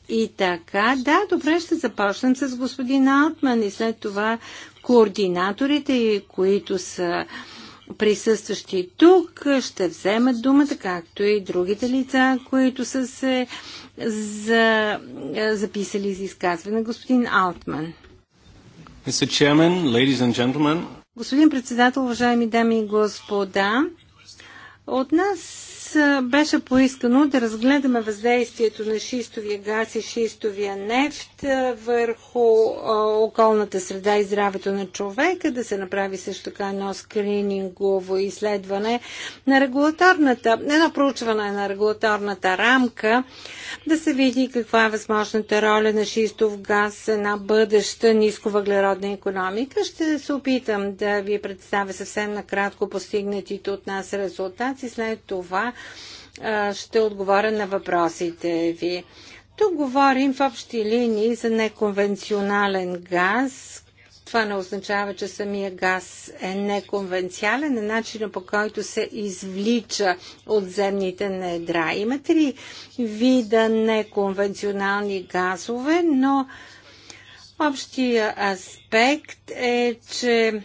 И така, да, добре, ще започнем с господин Алтман и след това координаторите, които са присъстващи тук ще вземат думата, както и другите лица, които са се за, записали за изказване. Господин Алтман. Господин председател, уважаеми дами и господа, от нас беше поискано да разгледаме въздействието на шистовия газ и шистовия нефт върху околната среда и здравето на човека, да се направи също така едно скринингово изследване на регулаторната, едно проучване на регулаторната рамка, да се види каква е възможната роля на шистов газ на бъдеща нисковъглеродна економика. Ще се опитам да ви представя съвсем накратко постигнатите от нас резултати. След това ще отговоря на въпросите ви. Тук говорим в общи линии за неконвенционален газ. Това не означава, че самия газ е неконвенциален, е начинът по който се извлича от земните недра. Има три вида неконвенционални газове, но общия аспект е, че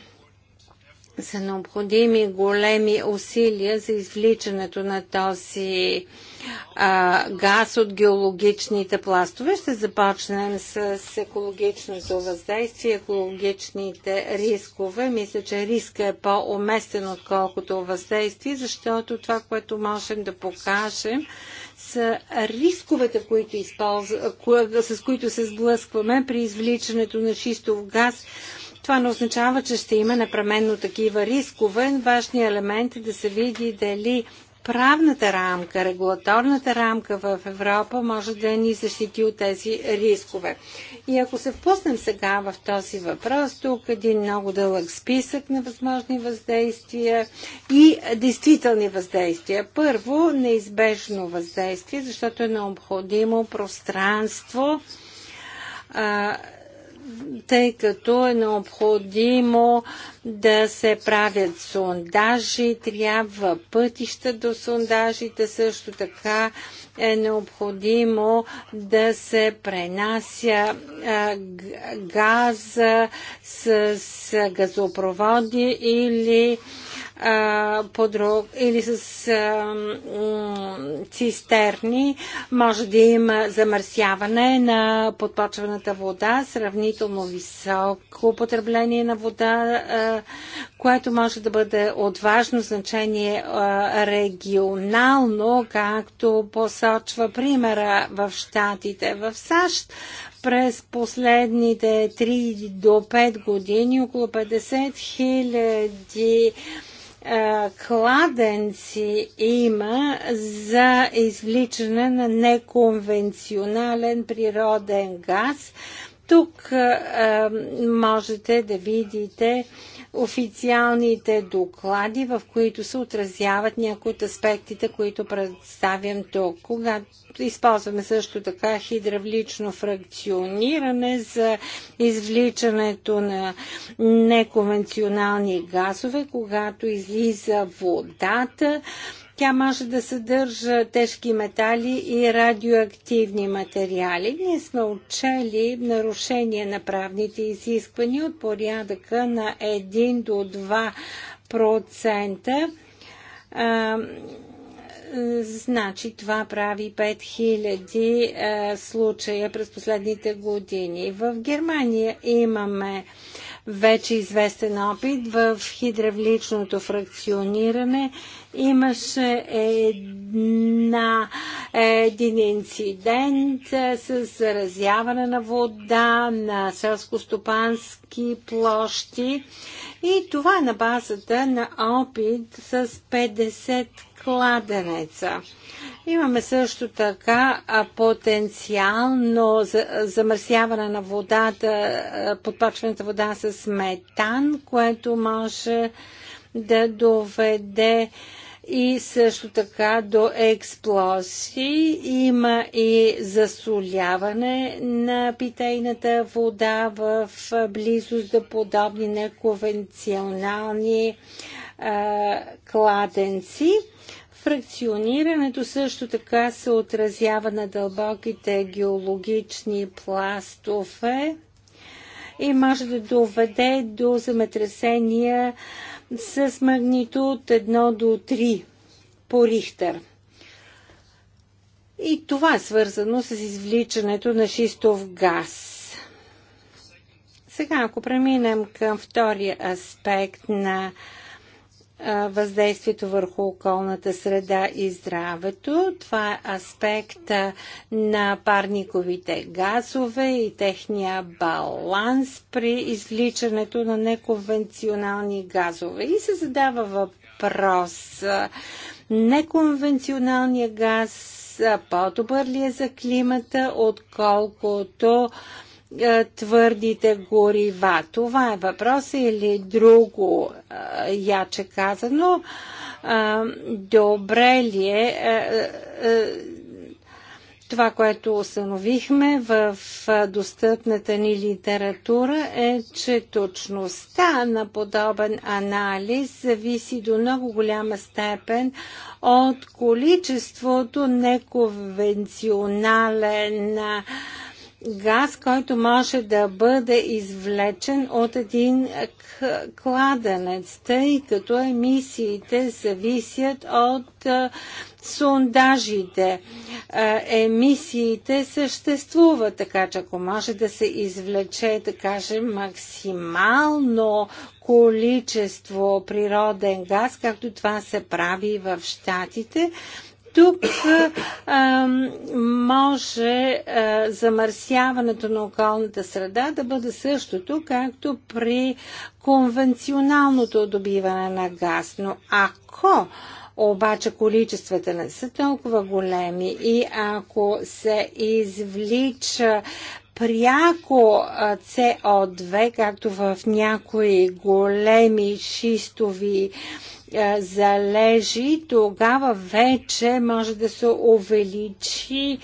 са необходими големи усилия за извличането на този а, газ от геологичните пластове. Ще започнем с, екологичното въздействие, екологичните рискове. Мисля, че риска е по-уместен, отколкото въздействие, защото това, което можем да покажем, са рисковете, които използва, с които се сблъскваме при извличането на шистов газ това не означава, че ще има непременно такива рискове. Важният елемент е да се види дали правната рамка, регулаторната рамка в Европа може да ни защити от тези рискове. И ако се впуснем сега в този въпрос, тук един много дълъг списък на възможни въздействия и действителни въздействия. Първо, неизбежно въздействие, защото е необходимо пространство а, тъй като е необходимо да се правят сондажи, трябва пътища до сондажите, също така е необходимо да се пренася газа с газопроводи или подруг, или с а, цистерни, може да има замърсяване на подпочваната вода, сравнително високо потребление на вода, а, което може да бъде от важно значение а, регионално, както посочва примера в Штатите. В САЩ през последните 3 до 5 години около 50 хиляди 000 е, кладенци има за извличане на неконвенционален природен газ. Тук е, е, можете да видите официалните доклади, в които се отразяват някои от аспектите, които представям тук. Когато използваме също така хидравлично фракциониране за извличането на неконвенционални газове, когато излиза водата, тя може да съдържа тежки метали и радиоактивни материали. Ние сме отчели нарушение на правните изисквания от порядъка на 1 до 2 процента. Значи това прави 5000 случая през последните години. В Германия имаме вече известен опит в хидравличното фракциониране. Имаше една, един инцидент с заразяване на вода на селско-стопански площи и това е на базата на опит с 50 кладенеца. Имаме също така потенциално замърсяване на водата, подпачването вода с метан, което може да доведе и също така до експлосии. Има и засоляване на питейната вода в близост до подобни неконвенционални кладенци. Фракционирането също така се отразява на дълбоките геологични пластове и може да доведе до земетресения с магнитуд 1 до 3 по Рихтер. И това е свързано с извличането на шистов газ. Сега, ако преминем към втория аспект на въздействието върху околната среда и здравето. Това е аспект на парниковите газове и техния баланс при извличането на неконвенционални газове. И се задава въпрос. Неконвенционалния газ по-добър ли е за климата, отколкото е, твърдите горива. Това е въпрос или друго е, яче казано. Е, добре ли е това, което установихме в достъпната ни литература е, че точността на подобен анализ зависи до много голяма степен от количеството неконвенционален газ, който може да бъде извлечен от един кладенец, тъй като емисиите зависят от сондажите. емисиите съществуват, така че ако може да се извлече, да кажем, максимално количество природен газ, както това се прави в Штатите, тук а, може а, замърсяването на околната среда да бъде същото, както при конвенционалното добиване на газ. Но ако обаче количествата не са толкова големи и ако се извлича пряко CO2, както в някои големи шистови е, залежи, тогава вече може да се увеличи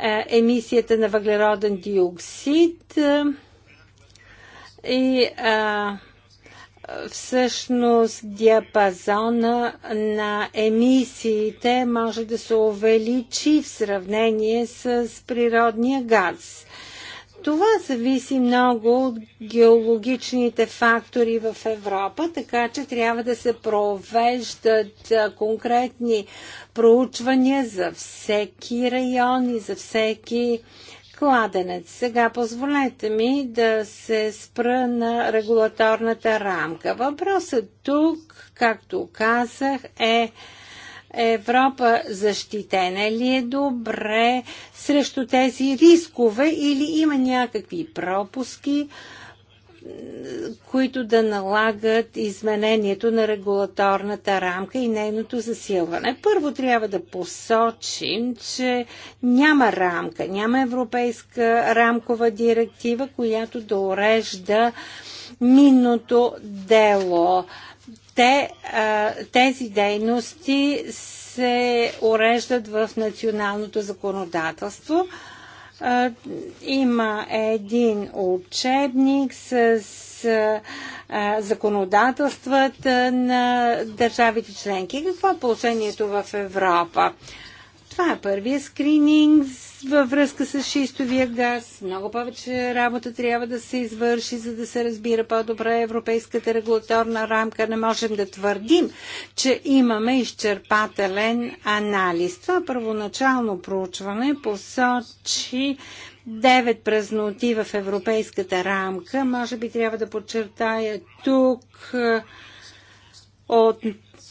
е, емисията на въглероден диоксид и е, всъщност диапазона на емисиите може да се увеличи в сравнение с природния газ. Това зависи много от геологичните фактори в Европа, така че трябва да се провеждат конкретни проучвания за всеки район и за всеки кладенец. Сега позволете ми да се спра на регулаторната рамка. Въпросът тук, както казах, е Европа защитена ли е добре срещу тези рискове или има някакви пропуски, които да налагат изменението на регулаторната рамка и нейното засилване. Първо трябва да посочим, че няма рамка, няма европейска рамкова директива, която да урежда минното дело те, тези дейности се уреждат в националното законодателство. Има един учебник с законодателствата на държавите членки. Какво е положението в Европа? Това е първия скрининг във връзка с шистовия газ. Много повече работа трябва да се извърши, за да се разбира по-добре европейската регулаторна рамка. Не можем да твърдим, че имаме изчерпателен анализ. Това първоначално проучване посочи девет празноти в европейската рамка. Може би трябва да подчертая тук от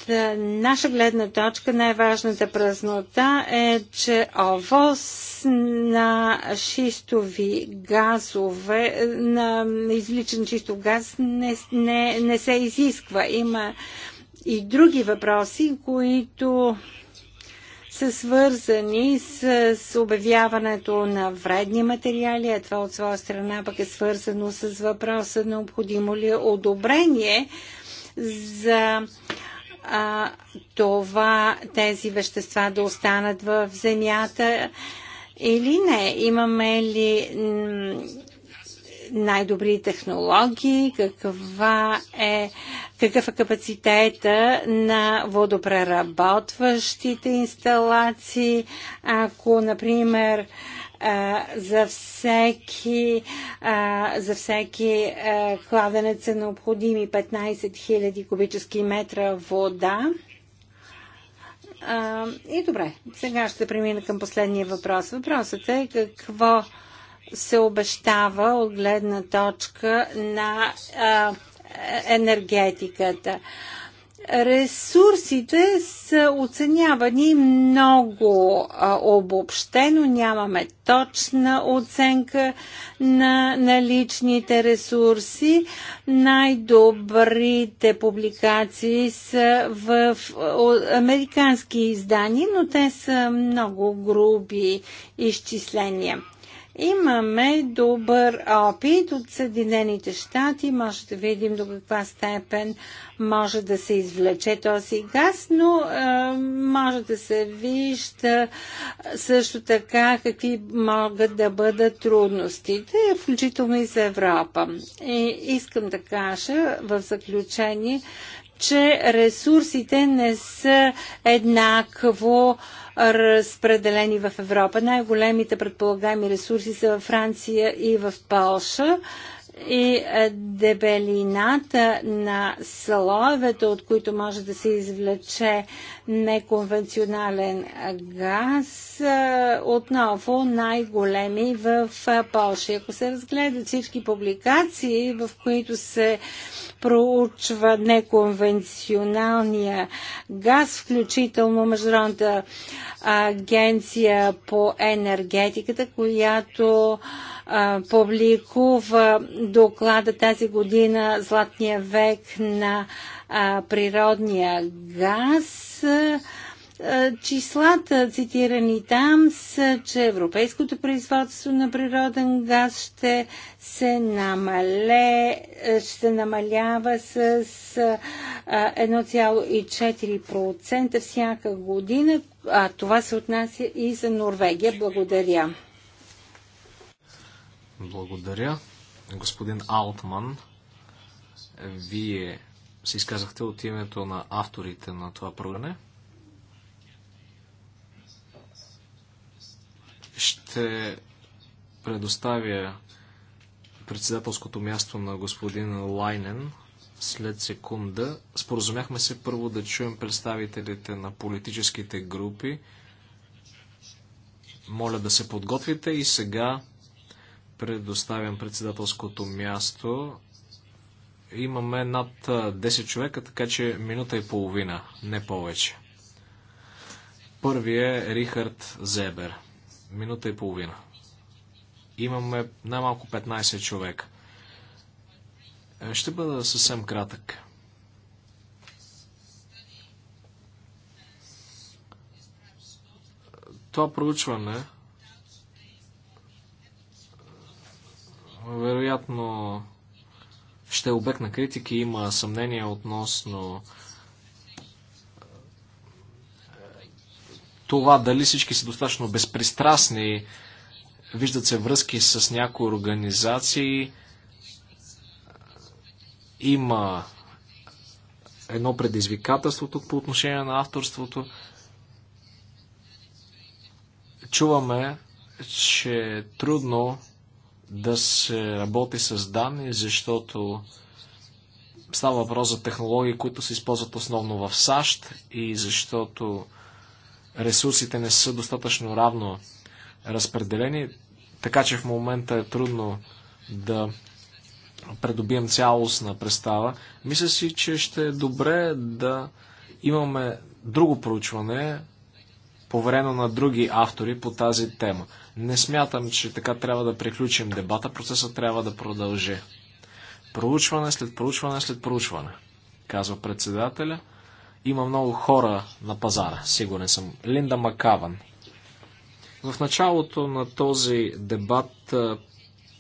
е, наша гледна точка най-важната празнота е, че овоз на шистови газове, е, на изличен чистов газ не, не, не се изисква. Има и други въпроси, които са свързани с, с обявяването на вредни материали, а това от своя страна пък е свързано с въпроса необходимо ли е одобрение за а, това, тези вещества да останат в земята или не? Имаме ли най-добри технологии, каква е, какъв е капацитета на водопреработващите инсталации, ако, например, за всеки, а, за всеки а, кладенец са необходими 15 000 кубически метра вода. А, и добре, сега ще премина към последния въпрос. Въпросът е какво се обещава от гледна точка на а, енергетиката. А, Ресурсите са оценявани много а, обобщено, нямаме точна оценка на наличните ресурси. Най-добрите публикации са в американски издания, но те са много груби изчисления. Имаме добър опит от Съединените щати, може да видим до каква степен може да се извлече този газ, но е, може да се вижда също така какви могат да бъдат трудностите, включително и за Европа. И искам да кажа в заключение, че ресурсите не са еднакво е, разпределени в Европа. Най-големите предполагаеми ресурси са във Франция и в Полша и е, дебелината на слоевете, от които може да се извлече неконвенционален газ, е, отново най-големи в е, Польша. Ако се разгледат всички публикации, в които се проучва неконвенционалния газ, включително Международната агенция по енергетиката, която публикува доклада тази година Златния век на природния газ. числата, цитирани там, са, че европейското производство на природен газ ще се, намале, ще намалява с 1,4% всяка година. А това се отнася и за Норвегия. Благодаря. Благодаря. Господин Алтман, вие се изказахте от името на авторите на това програне. Ще предоставя председателското място на господин Лайнен след секунда. Споразумяхме се първо да чуем представителите на политическите групи. Моля да се подготвите и сега предоставям председателското място. Имаме над 10 човека, така че минута и половина, не повече. Първият е Рихард Зебер. Минута и половина. Имаме най-малко 15 човека. Е, ще бъда съвсем кратък. Това проучване вероятно ще е обект на критики. Има съмнение относно е, това дали всички са достатъчно безпристрастни, виждат се връзки с някои организации, има едно предизвикателство тук по отношение на авторството. Чуваме, че трудно да се работи с данни, защото става въпрос за технологии, които се използват основно в САЩ и защото ресурсите не са достатъчно равно разпределени, така че в момента е трудно да предобием цялостна представа. Мисля си, че ще е добре да имаме друго проучване, поверено на други автори по тази тема. Не смятам, че така трябва да приключим дебата. Процесът трябва да продължи. Проучване след проучване след проучване, казва председателя. Има много хора на пазара, сигурен съм. Линда Макаван. В началото на този дебат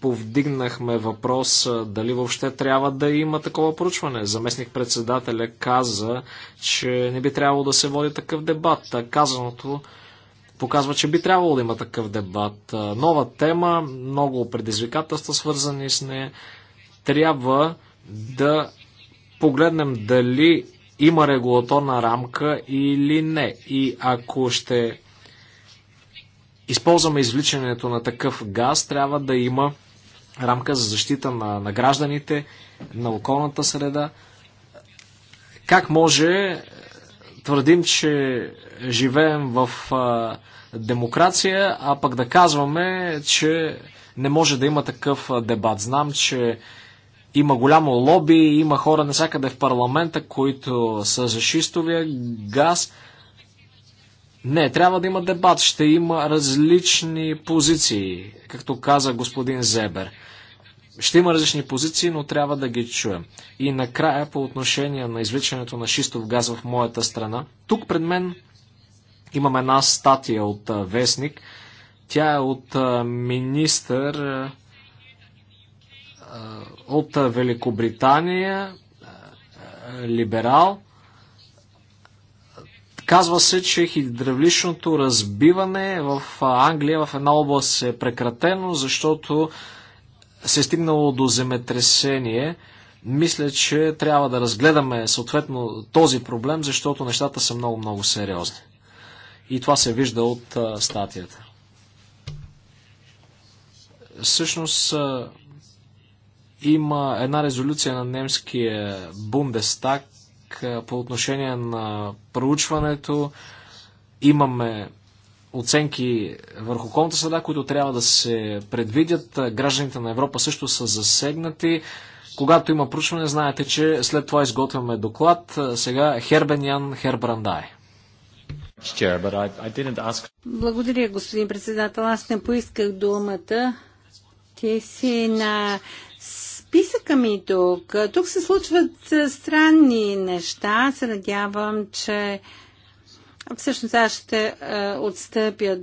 повдигнахме въпрос дали въобще трябва да има такова проучване. Заместник председателя каза, че не би трябвало да се води такъв дебат. Казаното показва, че би трябвало да има такъв дебат. Нова тема, много предизвикателства свързани с нея. Трябва да погледнем дали има регулаторна рамка или не. И ако ще използваме извличането на такъв газ, трябва да има рамка за защита на, на гражданите, на околната среда. Как може твърдим, че живеем в а, демокрация, а пък да казваме, че не може да има такъв дебат. Знам, че има голямо лоби, има хора насякъде в парламента, които са за шистовия газ. Не, трябва да има дебат. Ще има различни позиции, както каза господин Зебер. Ще има различни позиции, но трябва да ги чуем. И накрая, по отношение на извличането на шистов газ в моята страна, тук пред мен имам една статия от Вестник. Тя е от министър от Великобритания, либерал. Казва се, че хидравличното разбиване в Англия в една област е прекратено, защото се е стигнало до земетресение, мисля, че трябва да разгледаме съответно този проблем, защото нещата са много-много сериозни. И това се вижда от а, статията. Всъщност а, има една резолюция на немския Бундестаг а, по отношение на проучването. Имаме оценки върху околната среда, които трябва да се предвидят. Гражданите на Европа също са засегнати. Когато има проучване, знаете, че след това изготвяме доклад. Сега Хербен Ян Хербрандай. Благодаря, господин председател. Аз не поисках думата. Ти си на списъка ми тук. Тук се случват странни неща. Се надявам, че Всъщност аз ще е, отстъпя е,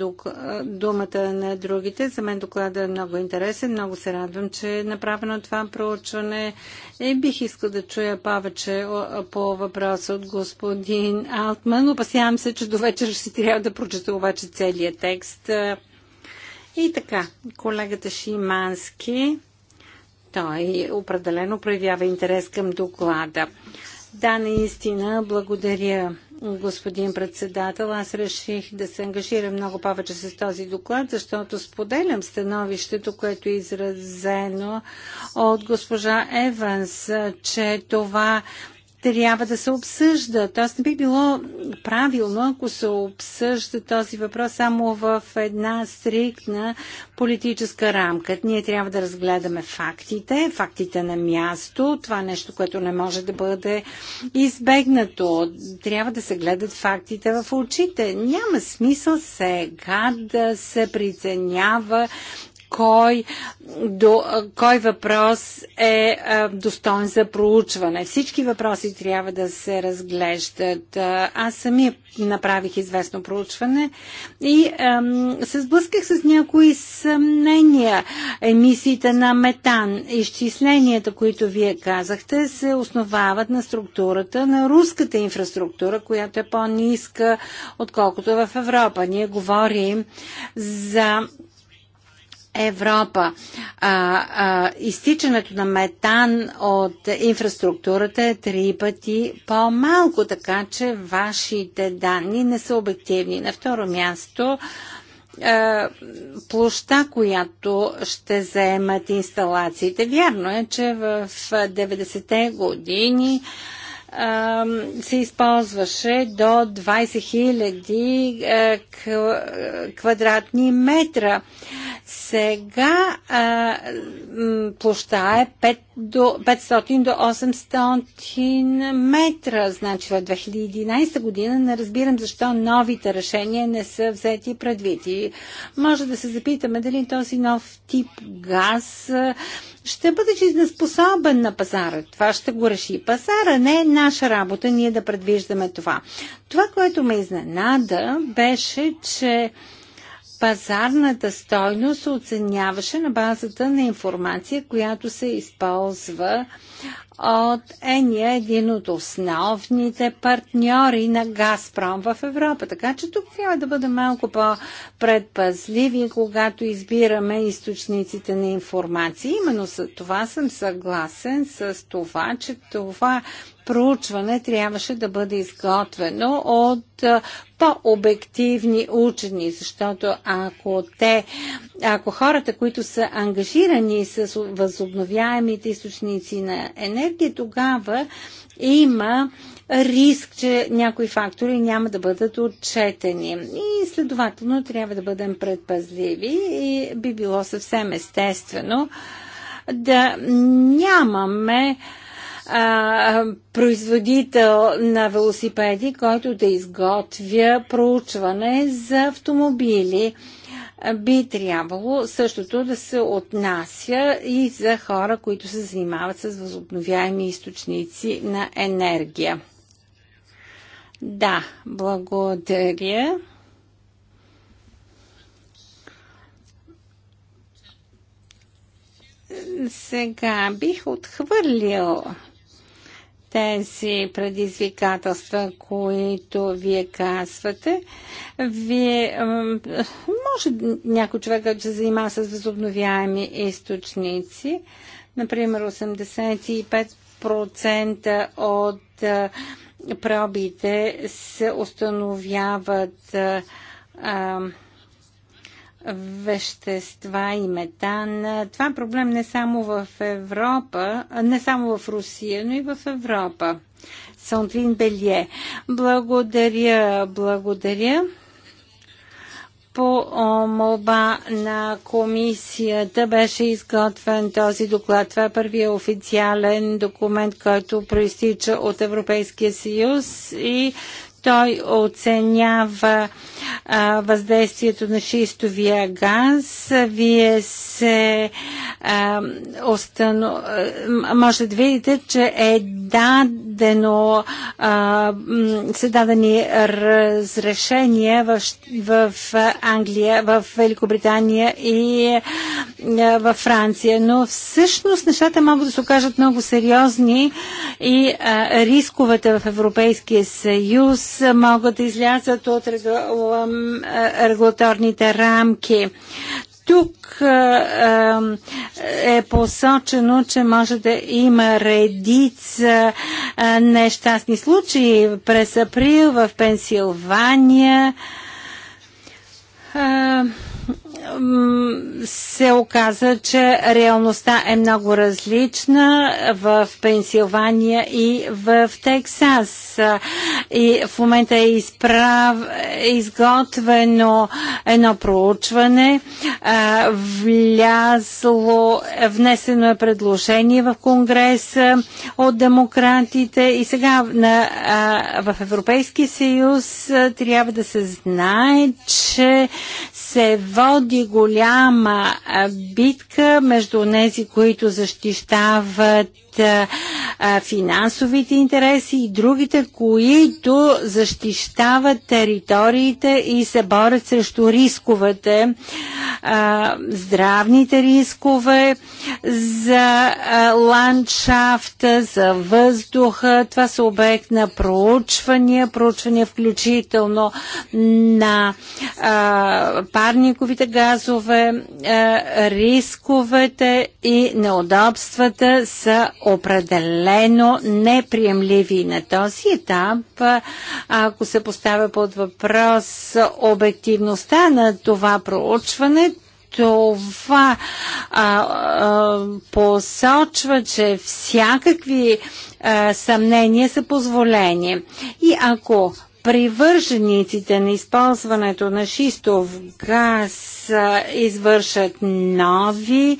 думата на другите. За мен докладът е много интересен. Много се радвам, че е направено това проучване. И бих искал да чуя повече е, по въпроса от господин Алтман. Опасявам се, че до вечер ще трябва да прочета обаче целият текст. И така, колегата Шимански, той определено проявява интерес към доклада. Да, наистина, благодаря господин председател. Аз реших да се ангажирам много повече с този доклад, защото споделям становището, което е изразено от госпожа Еванс, че това трябва да се обсъжда. Тоест не би било правилно, ако се обсъжда този въпрос само в една стриктна политическа рамка. Ние трябва да разгледаме фактите, фактите на място, това е нещо, което не може да бъде избегнато. Трябва да се гледат фактите в очите. Няма смисъл сега да се приценява кой, до, кой въпрос е достоен за проучване. Всички въпроси трябва да се разглеждат. Аз сами направих известно проучване и ам, се сблъсках с някои съмнения. Емисиите на метан, изчисленията, които вие казахте, се основават на структурата на руската инфраструктура, която е по-ниска, отколкото в Европа. Ние говорим за Европа. А, а, изтичането на метан от инфраструктурата е три пъти по-малко, така че вашите данни не са обективни. На второ място, площа, която ще заемат инсталациите. Вярно е, че в 90-те години се използваше до 20 000 квадратни метра сега а, площа е 5 до, 500 до 800 метра. Значи в 2011 година не разбирам защо новите решения не са взети предвид. И може да се запитаме дали този нов тип газ ще бъде жизнеспособен на пазара. Това ще го реши пазара. Не е наша работа ние да предвиждаме това. Това, което ме изненада, беше, че пазарната стойност се оценяваше на базата на информация, която се използва от Ения, един от основните партньори на Газпром в Европа. Така че тук трябва да бъдем малко по-предпазливи, когато избираме източниците на информация. Именно за това съм съгласен с това, че това проучване трябваше да бъде изготвено от по-обективни учени, защото ако те, ако хората, които са ангажирани с възобновяемите източници на енергия, проект и значи, тогава има риск, че някои фактори няма да бъдат отчетени. И следователно трябва да бъдем предпазливи и би било съвсем естествено да нямаме а, производител на велосипеди, който да изготвя проучване за автомобили би трябвало същото да се отнася и за хора, които се занимават с възобновяеми източници на енергия. Да, благодаря. Сега бих отхвърлил тези предизвикателства, които вие казвате. Вие, може някой човек, да се занимава с възобновяеми източници, например 85% от пробите се установяват а, вещества и метан. Това е проблем не само в Европа, не само в Русия, но и в Европа. Сонтвин Белие. Благодаря, благодаря по молба на комисията беше изготвен този доклад. Това е първия официален документ, който проистича от Европейския съюз и той оценява а, въздействието на шистовия газ. Вие се а, остано... може да видите, че е дадено а, са дадени разрешения в, в Англия, в Великобритания и а, във Франция. Но всъщност нещата могат да се окажат много сериозни и а, рисковете в Европейския съюз съюз могат да излязат от регулаторните рамки. Тук е посочено, че може да има редица нещастни случаи. През април в Пенсилвания се оказа, че реалността е много различна в Пенсилвания и в Тексас. И в момента е изправ, изготвено едно проучване, влязло, внесено е предложение в Конгреса от демократите и сега на, в Европейския съюз трябва да се знае, че се води голяма битка между нези, които защищават финансовите интереси и другите, които защищават териториите и се борят срещу рисковете, здравните рискове за ландшафта, за въздуха. Това са обект на проучвания, проучвания включително на парниковите газове, рисковете и неудобствата са определено неприемливи на този етап, ако се поставя под въпрос обективността на това проучване, това а, а, посочва, че всякакви а, съмнения са позволени. И ако привържениците на използването на шистов газ извършат нови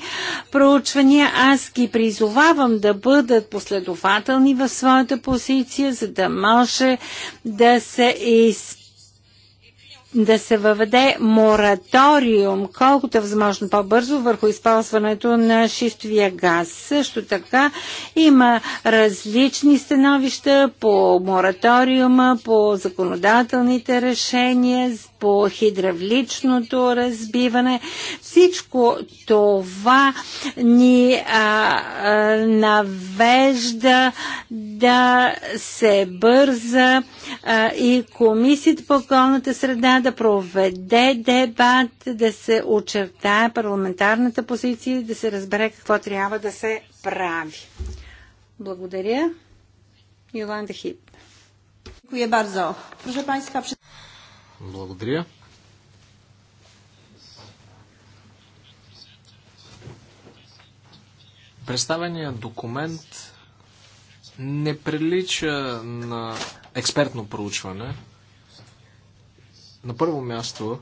проучвания, аз ги призовавам да бъдат последователни в своята позиция, за да може да се използват да се въведе мораториум, колкото е възможно по-бързо, върху използването на шистовия газ. Също така има различни становища по мораториума, по законодателните решения по хидравличното разбиване. Всичко това ни а, а, навежда да се бърза а, и Комисията по околната среда да проведе дебат, да се очертае парламентарната позиция и да се разбере какво трябва да се прави. Благодаря. Jolanda Hip. Dziękuję bardzo. Proszę Państwa, благодаря. Представеният документ не прилича на експертно проучване. На първо място,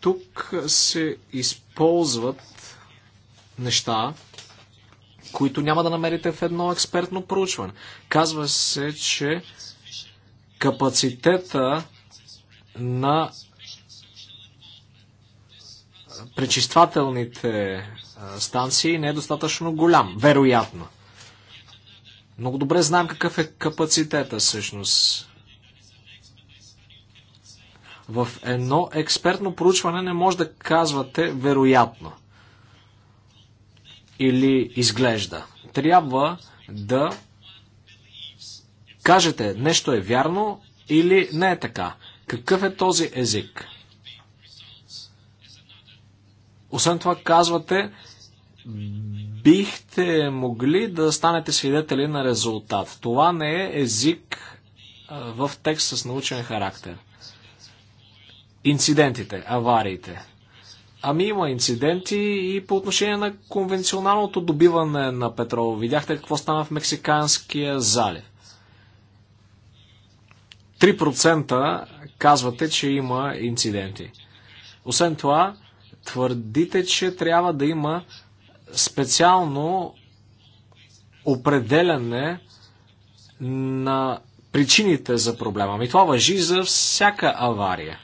тук се използват неща, които няма да намерите в едно експертно проучване. Казва се, че капацитета на пречиствателните станции не е достатъчно голям, вероятно. Много добре знаем какъв е капацитета всъщност. В едно експертно проучване не може да казвате вероятно или изглежда. Трябва да кажете нещо е вярно или не е така. Какъв е този език? Освен това казвате, бихте могли да станете свидетели на резултат. Това не е език в текст с научен характер. Инцидентите, авариите. Ами има инциденти и по отношение на конвенционалното добиване на петрол. Видяхте какво стана в Мексиканския залив. 3% казвате, че има инциденти. Освен това, твърдите, че трябва да има специално определяне на причините за проблема. И ами това въжи за всяка авария.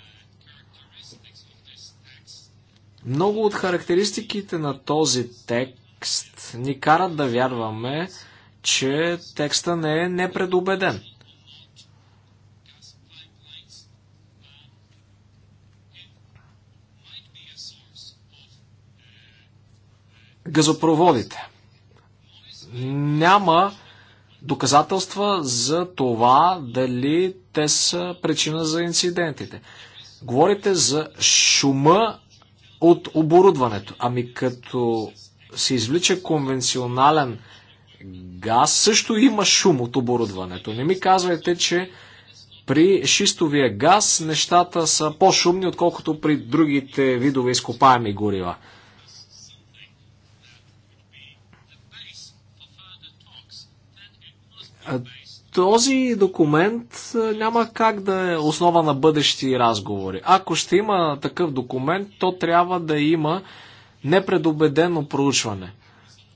Много от характеристиките на този текст ни карат да вярваме, че текста не е непредобеден. газопроводите. Няма доказателства за това дали те са причина за инцидентите. Говорите за шума от оборудването. Ами като се извлича конвенционален газ, също има шум от оборудването. Не ми казвайте, че при шистовия газ нещата са по-шумни, отколкото при другите видове изкопаеми горива. Този документ няма как да е основа на бъдещи разговори. Ако ще има такъв документ, то трябва да има непредобедено проучване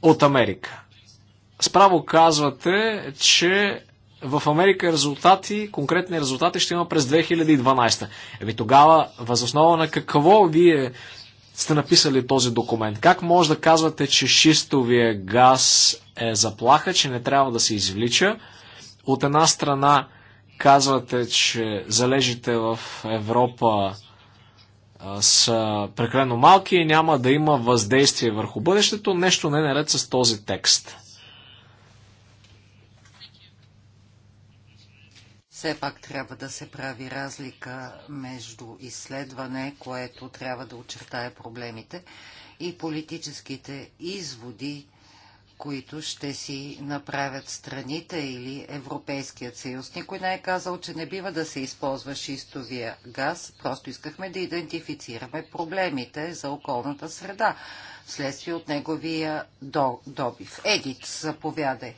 от Америка. Справо казвате, че в Америка резултати, конкретни резултати ще има през 2012. Еми тогава, възоснова на какво вие сте написали този документ? Как може да казвате, че шистовия газ е заплаха, че не трябва да се извлича? От една страна казвате, че залежите в Европа са прекалено малки и няма да има въздействие върху бъдещето. Нещо не е наред с този текст. Все пак трябва да се прави разлика между изследване, което трябва да очертае проблемите, и политическите изводи, които ще си направят страните или Европейският съюз. Никой не е казал, че не бива да се използва шистовия газ. Просто искахме да идентифицираме проблемите за околната среда вследствие от неговия добив. Егит, заповядай.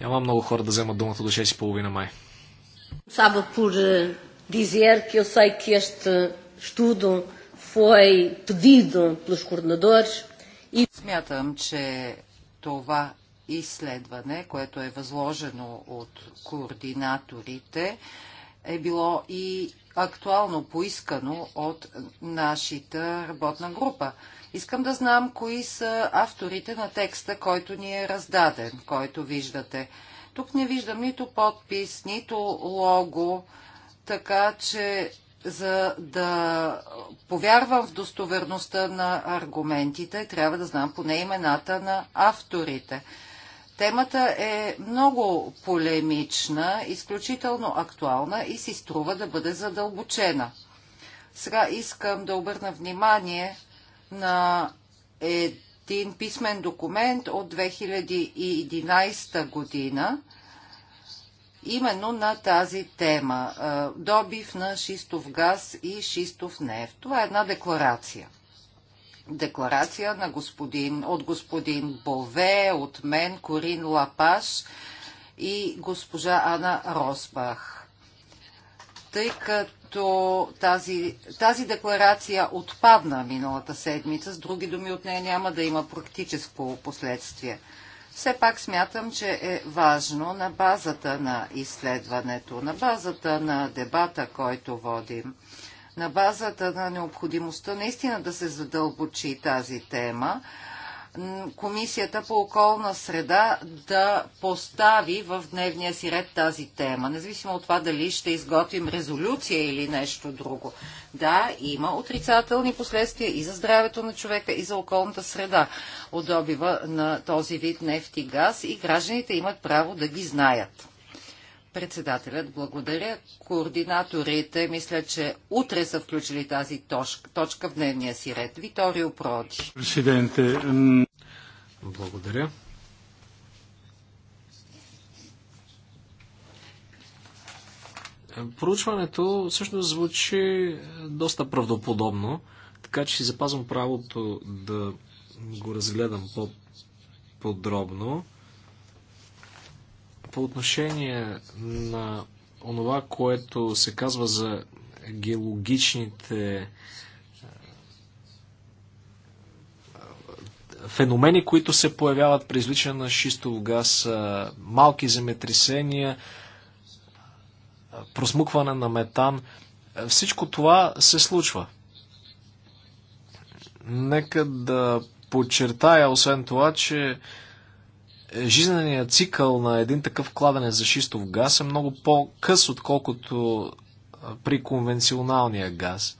Няма много хора да вземат думата до 6.30 май. Sabe por dizer que eu sei que este estudo foi pedido pelos coordenadores и... Смятам, че това изследване, което е възложено от координаторите, е било и актуално поискано от нашата работна група. Искам да знам кои са авторите на текста, който ни е раздаден, който виждате. Тук не виждам нито подпис, нито лого, така че за да повярвам в достоверността на аргументите, трябва да знам поне имената на авторите. Темата е много полемична, изключително актуална и си струва да бъде задълбочена. Сега искам да обърна внимание на един писмен документ от 2011 година, именно на тази тема – добив на шистов газ и шистов нефт. Това е една декларация. Декларация на господин, от господин Бове, от мен, Корин Лапаш и госпожа Ана Росбах. Тъй като като тази, тази декларация отпадна миналата седмица, с други думи от нея няма да има практическо последствие. Все пак смятам, че е важно на базата на изследването, на базата на дебата, който водим, на базата на необходимостта наистина да се задълбочи тази тема, Комисията по околна среда да постави в дневния си ред тази тема, независимо от това дали ще изготвим резолюция или нещо друго. Да, има отрицателни последствия и за здравето на човека, и за околната среда от добива на този вид нефт и газ и гражданите имат право да ги знаят. Председателят, благодаря. Координаторите, мисля, че утре са включили тази точка, в дневния си ред. Виторио Проди. Президенте. Благодаря. Проучването всъщност звучи е, доста правдоподобно, така че си запазвам правото да го разгледам по-подробно. По отношение на онова, което се казва за геологичните е, феномени, които се появяват при изличане на шистов газ, е, малки земетресения, е, просмукване на метан. Всичко това се случва. Нека да подчертая, освен това, че жизненият цикъл на един такъв кладенец за шистов газ е много по-къс, отколкото при конвенционалния газ.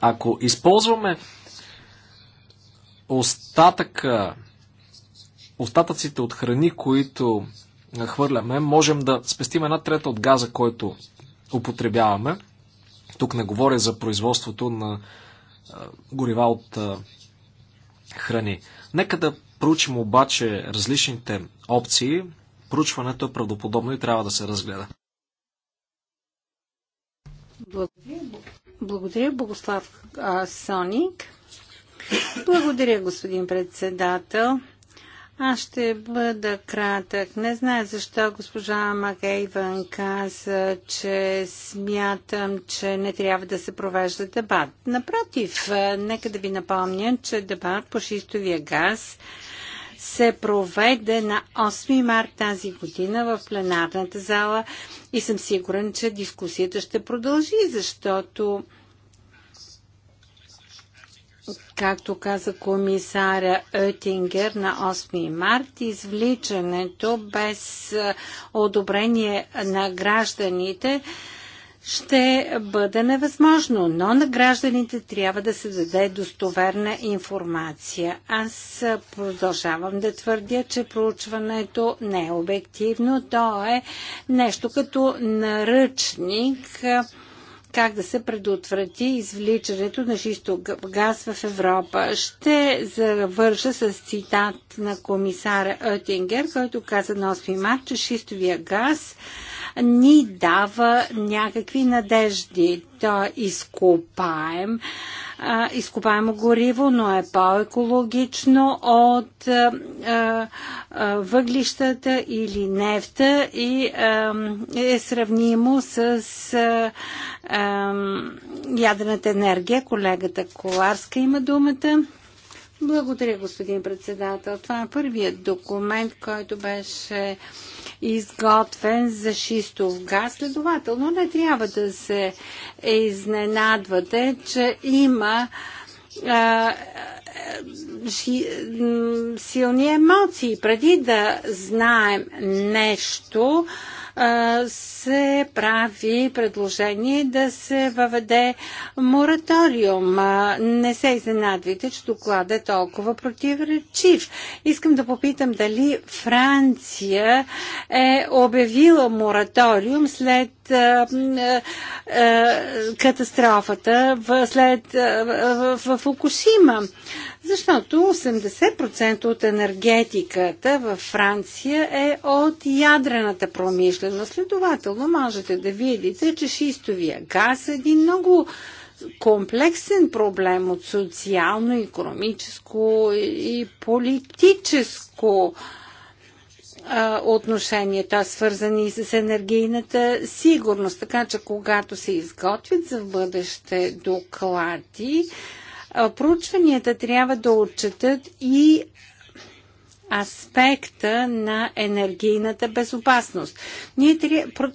Ако използваме остатъка, остатъците от храни, които хвърляме, можем да спестим една трета от газа, който употребяваме. Тук не говоря за производството на горива от храни. Нека да проучим обаче различните опции. Проучването е правдоподобно и трябва да се разгледа. Благодаря, Богослав а, Соник. Благодаря, господин председател. Аз ще бъда кратък. Не знае защо госпожа Макейвън каза, че смятам, че не трябва да се провежда дебат. Напротив, нека да ви напомня, че дебат по шистовия газ се проведе на 8 март тази година в пленарната зала и съм сигурен, че дискусията ще продължи, защото както каза комисаря Оетингер на 8 март, извличането без е, одобрение на гражданите ще бъде невъзможно, но на гражданите трябва да се даде достоверна информация. Аз продължавам да твърдя, че проучването не е обективно, то е нещо като наръчник как да се предотврати извличането на шисто газ в Европа. Ще завърша с цитат на комисара Оттингер, който каза на 8 марта, че шистовия газ ни дава някакви надежди. То е изкопаем, изкопаемо гориво, но е по-екологично от въглищата или нефта и е сравнимо с ядрената енергия. Колегата Коларска има думата. Благодаря, господин председател. Това е първият документ, който беше изготвен за шистов газ. Следователно не трябва да се изненадвате, че има а, ши, силни емоции. Преди да знаем нещо, се прави предложение да се въведе мораториум. Не се изненадвайте, че доклада е толкова противоречив. Искам да попитам дали Франция е обявила мораториум след катастрофата в, след, в, в Фукушима. Защото 80% от енергетиката във Франция е от ядрената промишленост. Следователно можете да видите, че шистовия газ е един много комплексен проблем от социално, економическо и политическо а, а, свързани и с енергийната сигурност. Така че, когато се изготвят за бъдеще доклади, а, проучванията трябва да отчитат и аспекта на енергийната безопасност. Ние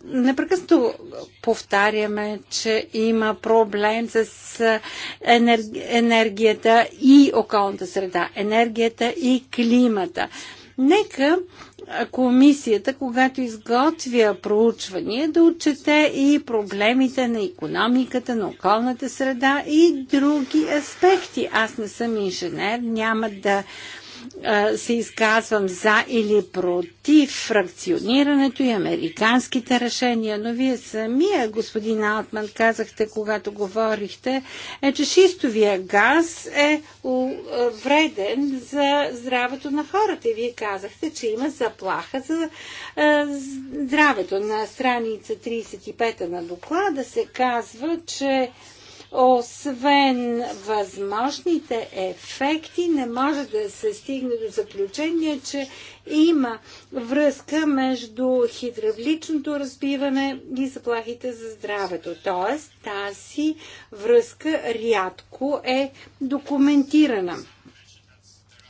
непрекъснато повтаряме, че има проблем с енергията и околната среда, енергията и климата. Нека комисията, когато изготвя проучвания, да отчете и проблемите на економиката, на околната среда и други аспекти. Аз не съм инженер, няма да се изказвам за или против фракционирането и американските решения, но вие самия, господин Алтман, казахте, когато говорихте, е, че шистовия газ е, е вреден за здравето на хората. И вие казахте, че има заплаха за е, здравето. На страница 35 на доклада се казва, че освен възможните ефекти, не може да се стигне до заключение, че има връзка между хидравличното разбиване и заплахите за здравето. Тоест, тази връзка рядко е документирана.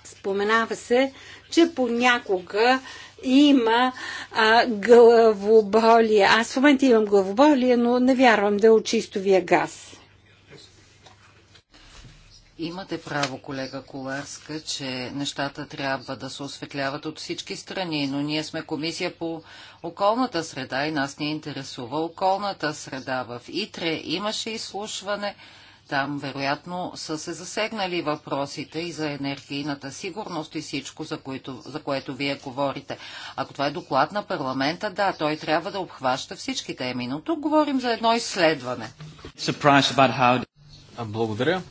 Споменава се, че понякога има а, главоболие. Аз в момента имам главоболие, но не вярвам да е от чистовия газ. Имате право, колега Коларска, че нещата трябва да се осветляват от всички страни, но ние сме комисия по околната среда и нас ни интересува околната среда. В Итре имаше изслушване, там вероятно са се засегнали въпросите и за енергийната сигурност и всичко, за, които, за което вие говорите. Ако това е доклад на парламента, да, той трябва да обхваща всички теми, но тук говорим за едно изследване. Благодаря.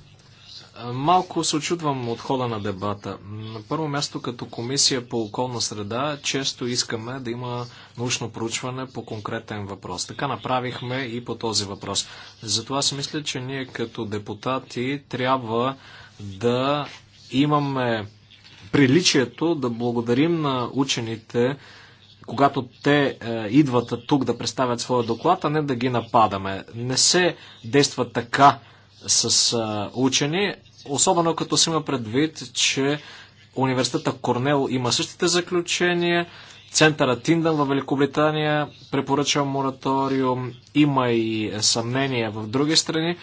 Малко се очудвам от хода на дебата. На първо място, като комисия по околна среда, често искаме да има научно проучване по конкретен въпрос. Така направихме и по този въпрос. Затова си мисля, че ние като депутати трябва да имаме приличието да благодарим на учените, когато те е, идват тук да представят своя доклад, а не да ги нападаме. Не се действа така с е, учени, Особено като си има предвид, че университета Корнел има същите заключения, Центъра Тиндън в Великобритания препоръчва мораториум, има и съмнения в други страни.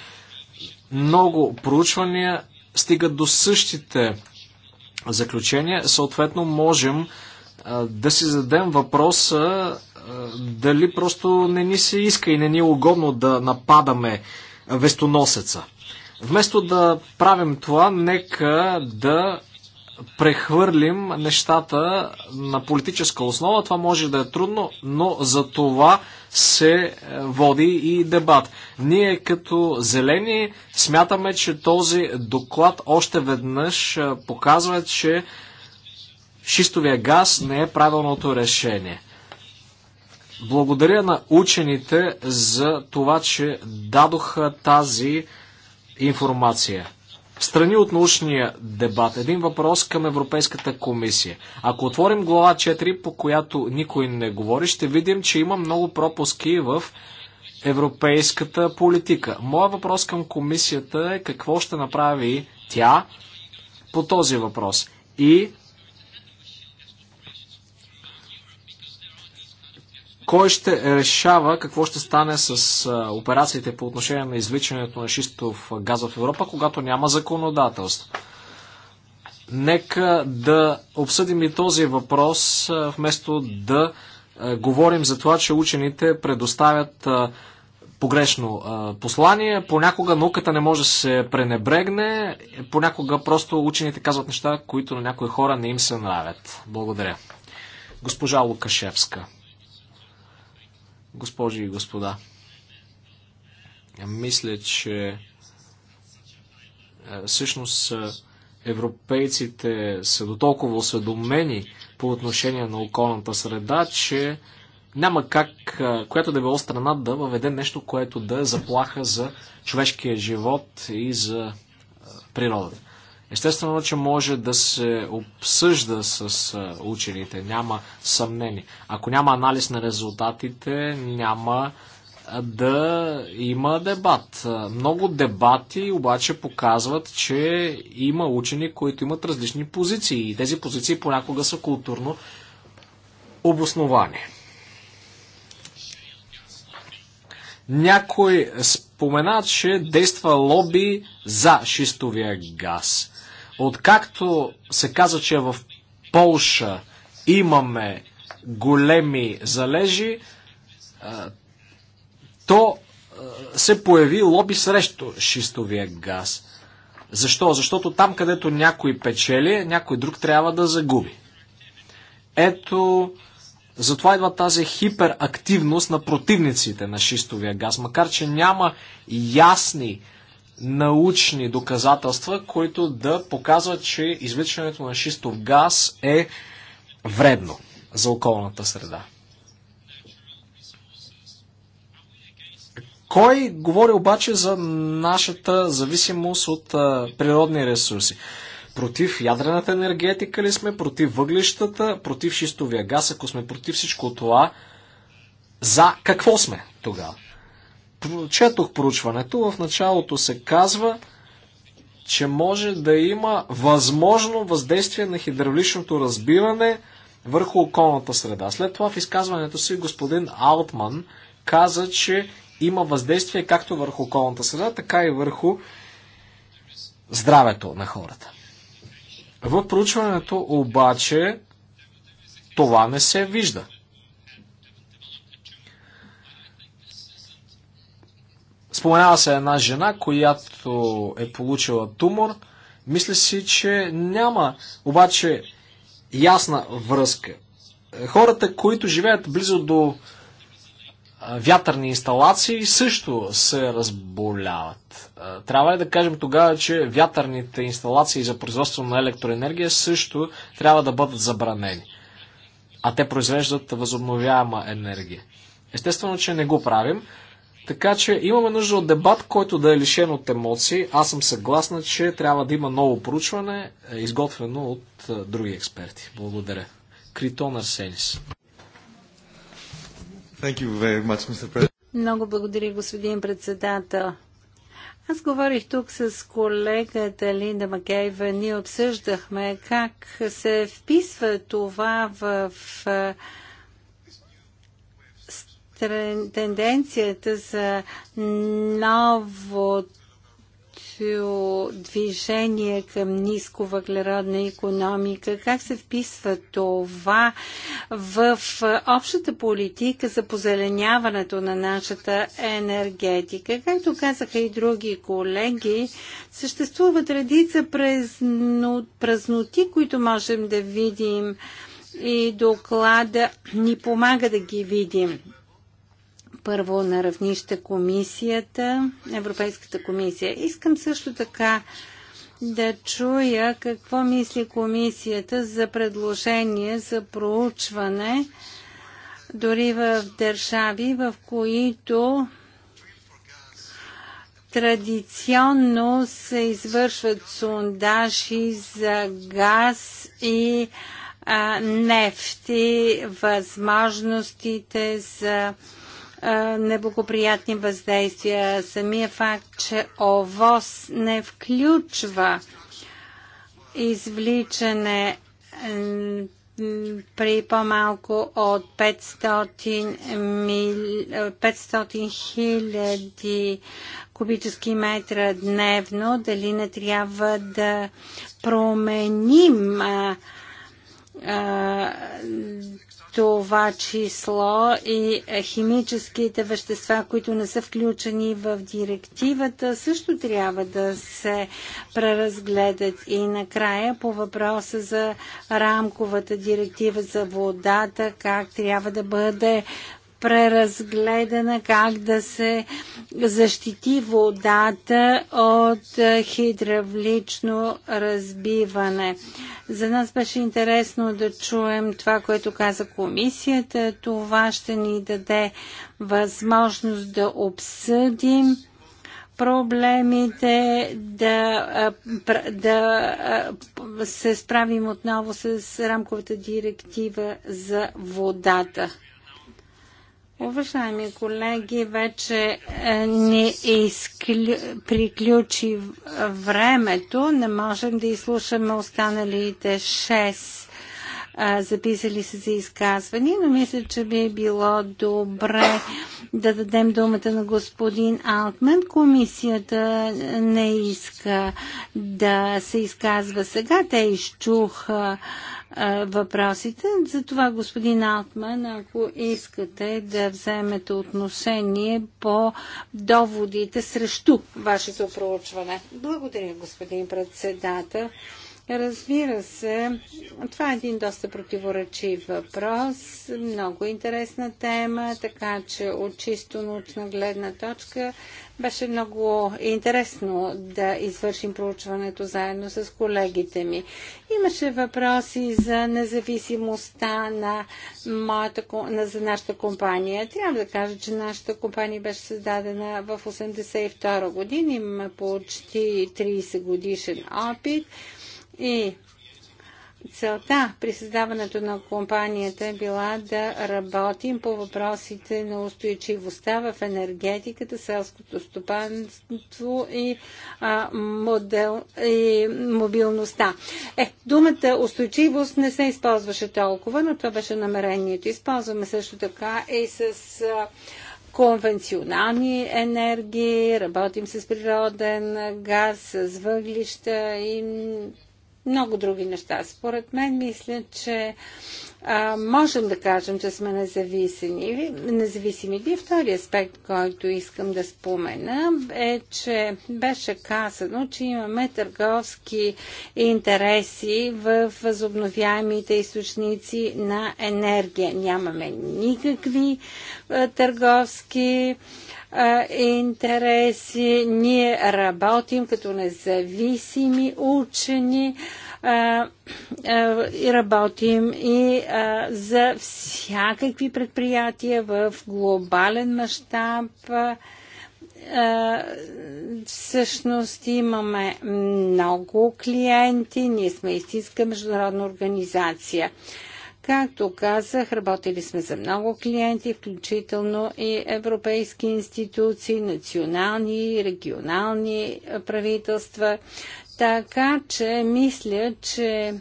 Много проучвания стигат до същите заключения. Съответно, можем да си зададем въпроса дали просто не ни се иска и не ни е угодно да нападаме вестоносеца Вместо да правим това, нека да прехвърлим нещата на политическа основа. Това може да е трудно, но за това се е, води и дебат. Ние като зелени смятаме, че този доклад още веднъж е, показва, че шистовия газ не е правилното решение. Благодаря на учените за това, че дадоха тази информация. Страни от научния дебат. Един въпрос към Европейската комисия. Ако отворим глава 4, по която никой не говори, ще видим, че има много пропуски в европейската политика. Моя въпрос към комисията е какво ще направи тя по този въпрос. И Кой ще решава какво ще стане с операциите по отношение на извличането на шистов газ в Европа, когато няма законодателство? Нека да обсъдим и този въпрос, вместо да говорим за това, че учените предоставят погрешно послание. Понякога науката не може да се пренебрегне, понякога просто учените казват неща, които на някои хора не им се нравят. Благодаря. Госпожа Лукашевска. Госпожи и господа, мисля, че е, всъщност е, европейците са до толкова осведомени по отношение на околната среда, че няма как е, която да било страна да въведе нещо, което да е заплаха за човешкия живот и за природата. Естествено, че може да се обсъжда с учените, няма съмнение. Ако няма анализ на резултатите, няма да има дебат. Много дебати обаче показват, че има учени, които имат различни позиции и тези позиции понякога са културно обосновани. Някой спомена, че действа лоби за шистовия газ. Откакто се каза, че в Полша имаме големи залежи, то се появи лоби срещу шистовия газ. Защо? Защото там, където някой печели, някой друг трябва да загуби. Ето, затова идва тази хиперактивност на противниците на шистовия газ. Макар, че няма ясни научни доказателства, които да показват, че извличането на шистов газ е вредно за околната среда. Кой говори обаче за нашата зависимост от природни ресурси? Против ядрената енергетика ли сме? Против въглищата? Против шистовия газ? Ако сме против всичко това, за какво сме тогава? Четох проучването. В началото се казва, че може да има възможно въздействие на хидравличното разбиване върху околната среда. След това в изказването си господин Алтман каза, че има въздействие както върху околната среда, така и върху здравето на хората. В проучването обаче това не се вижда. Споменава се една жена, която е получила тумор. Мисля си, че няма обаче ясна връзка. Хората, които живеят близо до вятърни инсталации, също се разболяват. Трябва ли да кажем тогава, че вятърните инсталации за производство на електроенергия също трябва да бъдат забранени? А те произвеждат възобновяема енергия. Естествено, че не го правим. Така че имаме нужда от дебат, който да е лишен от емоции. Аз съм съгласна, че трябва да има ново проучване, е, изготвено от е, други експерти. Благодаря. Критон Арсенис. Much, Много благодаря, господин председател. Аз говорих тук с колегата Линда Макеева. Ние обсъждахме как се вписва това в, в е, тенденцията за новото движение към ниско въглеродна економика, как се вписва това в общата политика за позеленяването на нашата енергетика. Както казаха и други колеги, съществуват редица празно, празноти, които можем да видим и доклада ни помага да ги видим първо на равнище комисията, Европейската комисия. Искам също така да чуя какво мисли комисията за предложение за проучване дори в държави, в които традиционно се извършват сондажи за газ и а, нефти, възможностите за неблагоприятни въздействия. Самия факт, че ОВОС не включва извличане при по-малко от 500, 500 хиляди кубически метра дневно, дали не трябва да променим а, а, това число и химическите вещества, които не са включени в директивата, също трябва да се преразгледат. И накрая по въпроса за рамковата директива за водата, как трябва да бъде преразгледана как да се защити водата от е, хидравлично разбиване. За нас беше интересно да чуем това, което каза комисията. Това ще ни даде възможност да обсъдим проблемите, да, е, да е, се справим отново с рамковата директива за водата. Уважаеми колеги, вече е, ни изклю... приключи времето. Не можем да изслушаме останалите 6 а, записали се за изказвания, но мисля, че би било добре да дадем думата на господин Алтман. Комисията не иска да се изказва сега. Те изчуха въпросите. Затова, господин Алтман, ако искате да вземете отношение по доводите срещу вашето проучване. Благодаря, господин председател. Разбира се, това е един доста противоречив въпрос, много интересна тема, така че от чисто научна гледна точка беше много интересно да извършим проучването заедно с колегите ми. Имаше въпроси за независимостта на, моята, на за нашата компания. Трябва да кажа, че нашата компания беше създадена в 1982 година. Имаме почти 30 годишен опит. И целта при създаването на компанията е била да работим по въпросите на устойчивостта в енергетиката, селското стопанство и, а, модел, и мобилността. Е, думата устойчивост не се използваше толкова, но това беше намерението. Използваме също така и с. А, конвенционални енергии, работим с природен газ, с въглища и много други неща. Според мен мисля, че а, можем да кажем, че сме независими. независими. И втори аспект, който искам да спомена, е, че беше казано, че имаме търговски интереси в възобновяемите източници на енергия. Нямаме никакви а, търговски а, интереси. Ние работим като независими учени. А, и работим и за всякакви предприятия в глобален мащаб. Всъщност имаме много клиенти, ние сме истинска международна организация. Както казах, работили сме за много клиенти, включително и европейски институции, национални, регионални правителства. Така че мисля, че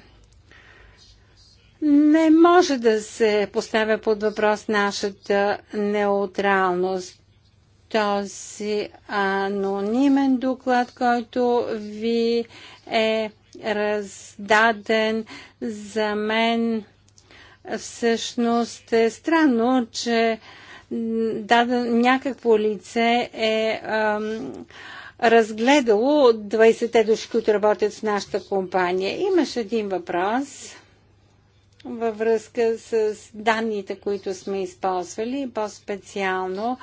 не може да се поставя под въпрос нашата неутралност. Този анонимен доклад, който ви е раздаден за мен, всъщност е странно, че даден някакво лице е ам, разгледало 20-те души, които работят в нашата компания. Имаш един въпрос във връзка с данните, които сме използвали, по-специално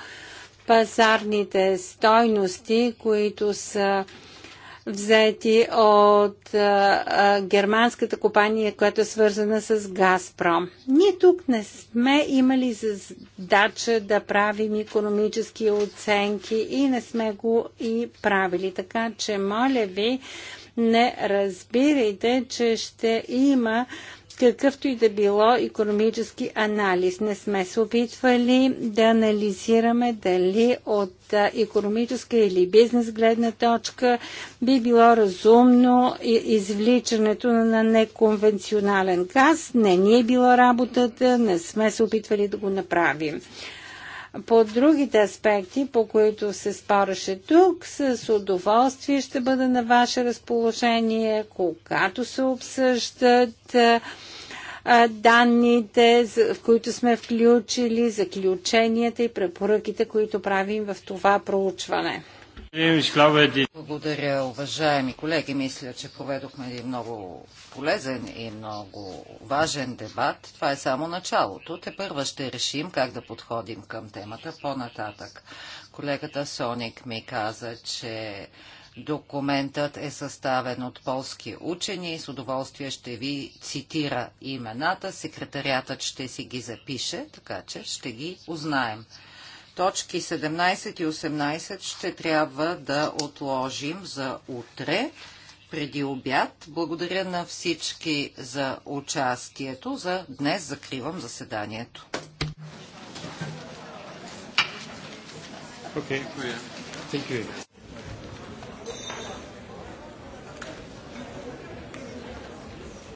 пазарните стойности, които са взети от а, а, германската компания, която е свързана с Газпром. Ние тук не сме имали задача да правим економически оценки и не сме го и правили. Така че, моля ви, не разбирайте, че ще има какъвто и да било економически анализ. Не сме се опитвали да анализираме дали от економическа или бизнес гледна точка би било разумно извличането на неконвенционален газ. Не ни е било работата, не сме се опитвали да го направим. По другите аспекти, по които се спореше тук, с удоволствие ще бъда на ваше разположение, когато се обсъждат данните, в които сме включили, заключенията и препоръките, които правим в това проучване. Благодаря, уважаеми колеги. Мисля, че проведохме един много полезен и много важен дебат. Това е само началото. Те първа ще решим как да подходим към темата по-нататък. Колегата Соник ми каза, че Документът е съставен от полски учени и с удоволствие ще ви цитира имената. Секретариатът ще си ги запише, така че ще ги узнаем. Точки 17 и 18 ще трябва да отложим за утре преди обяд. Благодаря на всички за участието. За днес закривам заседанието. Okay. Thank you.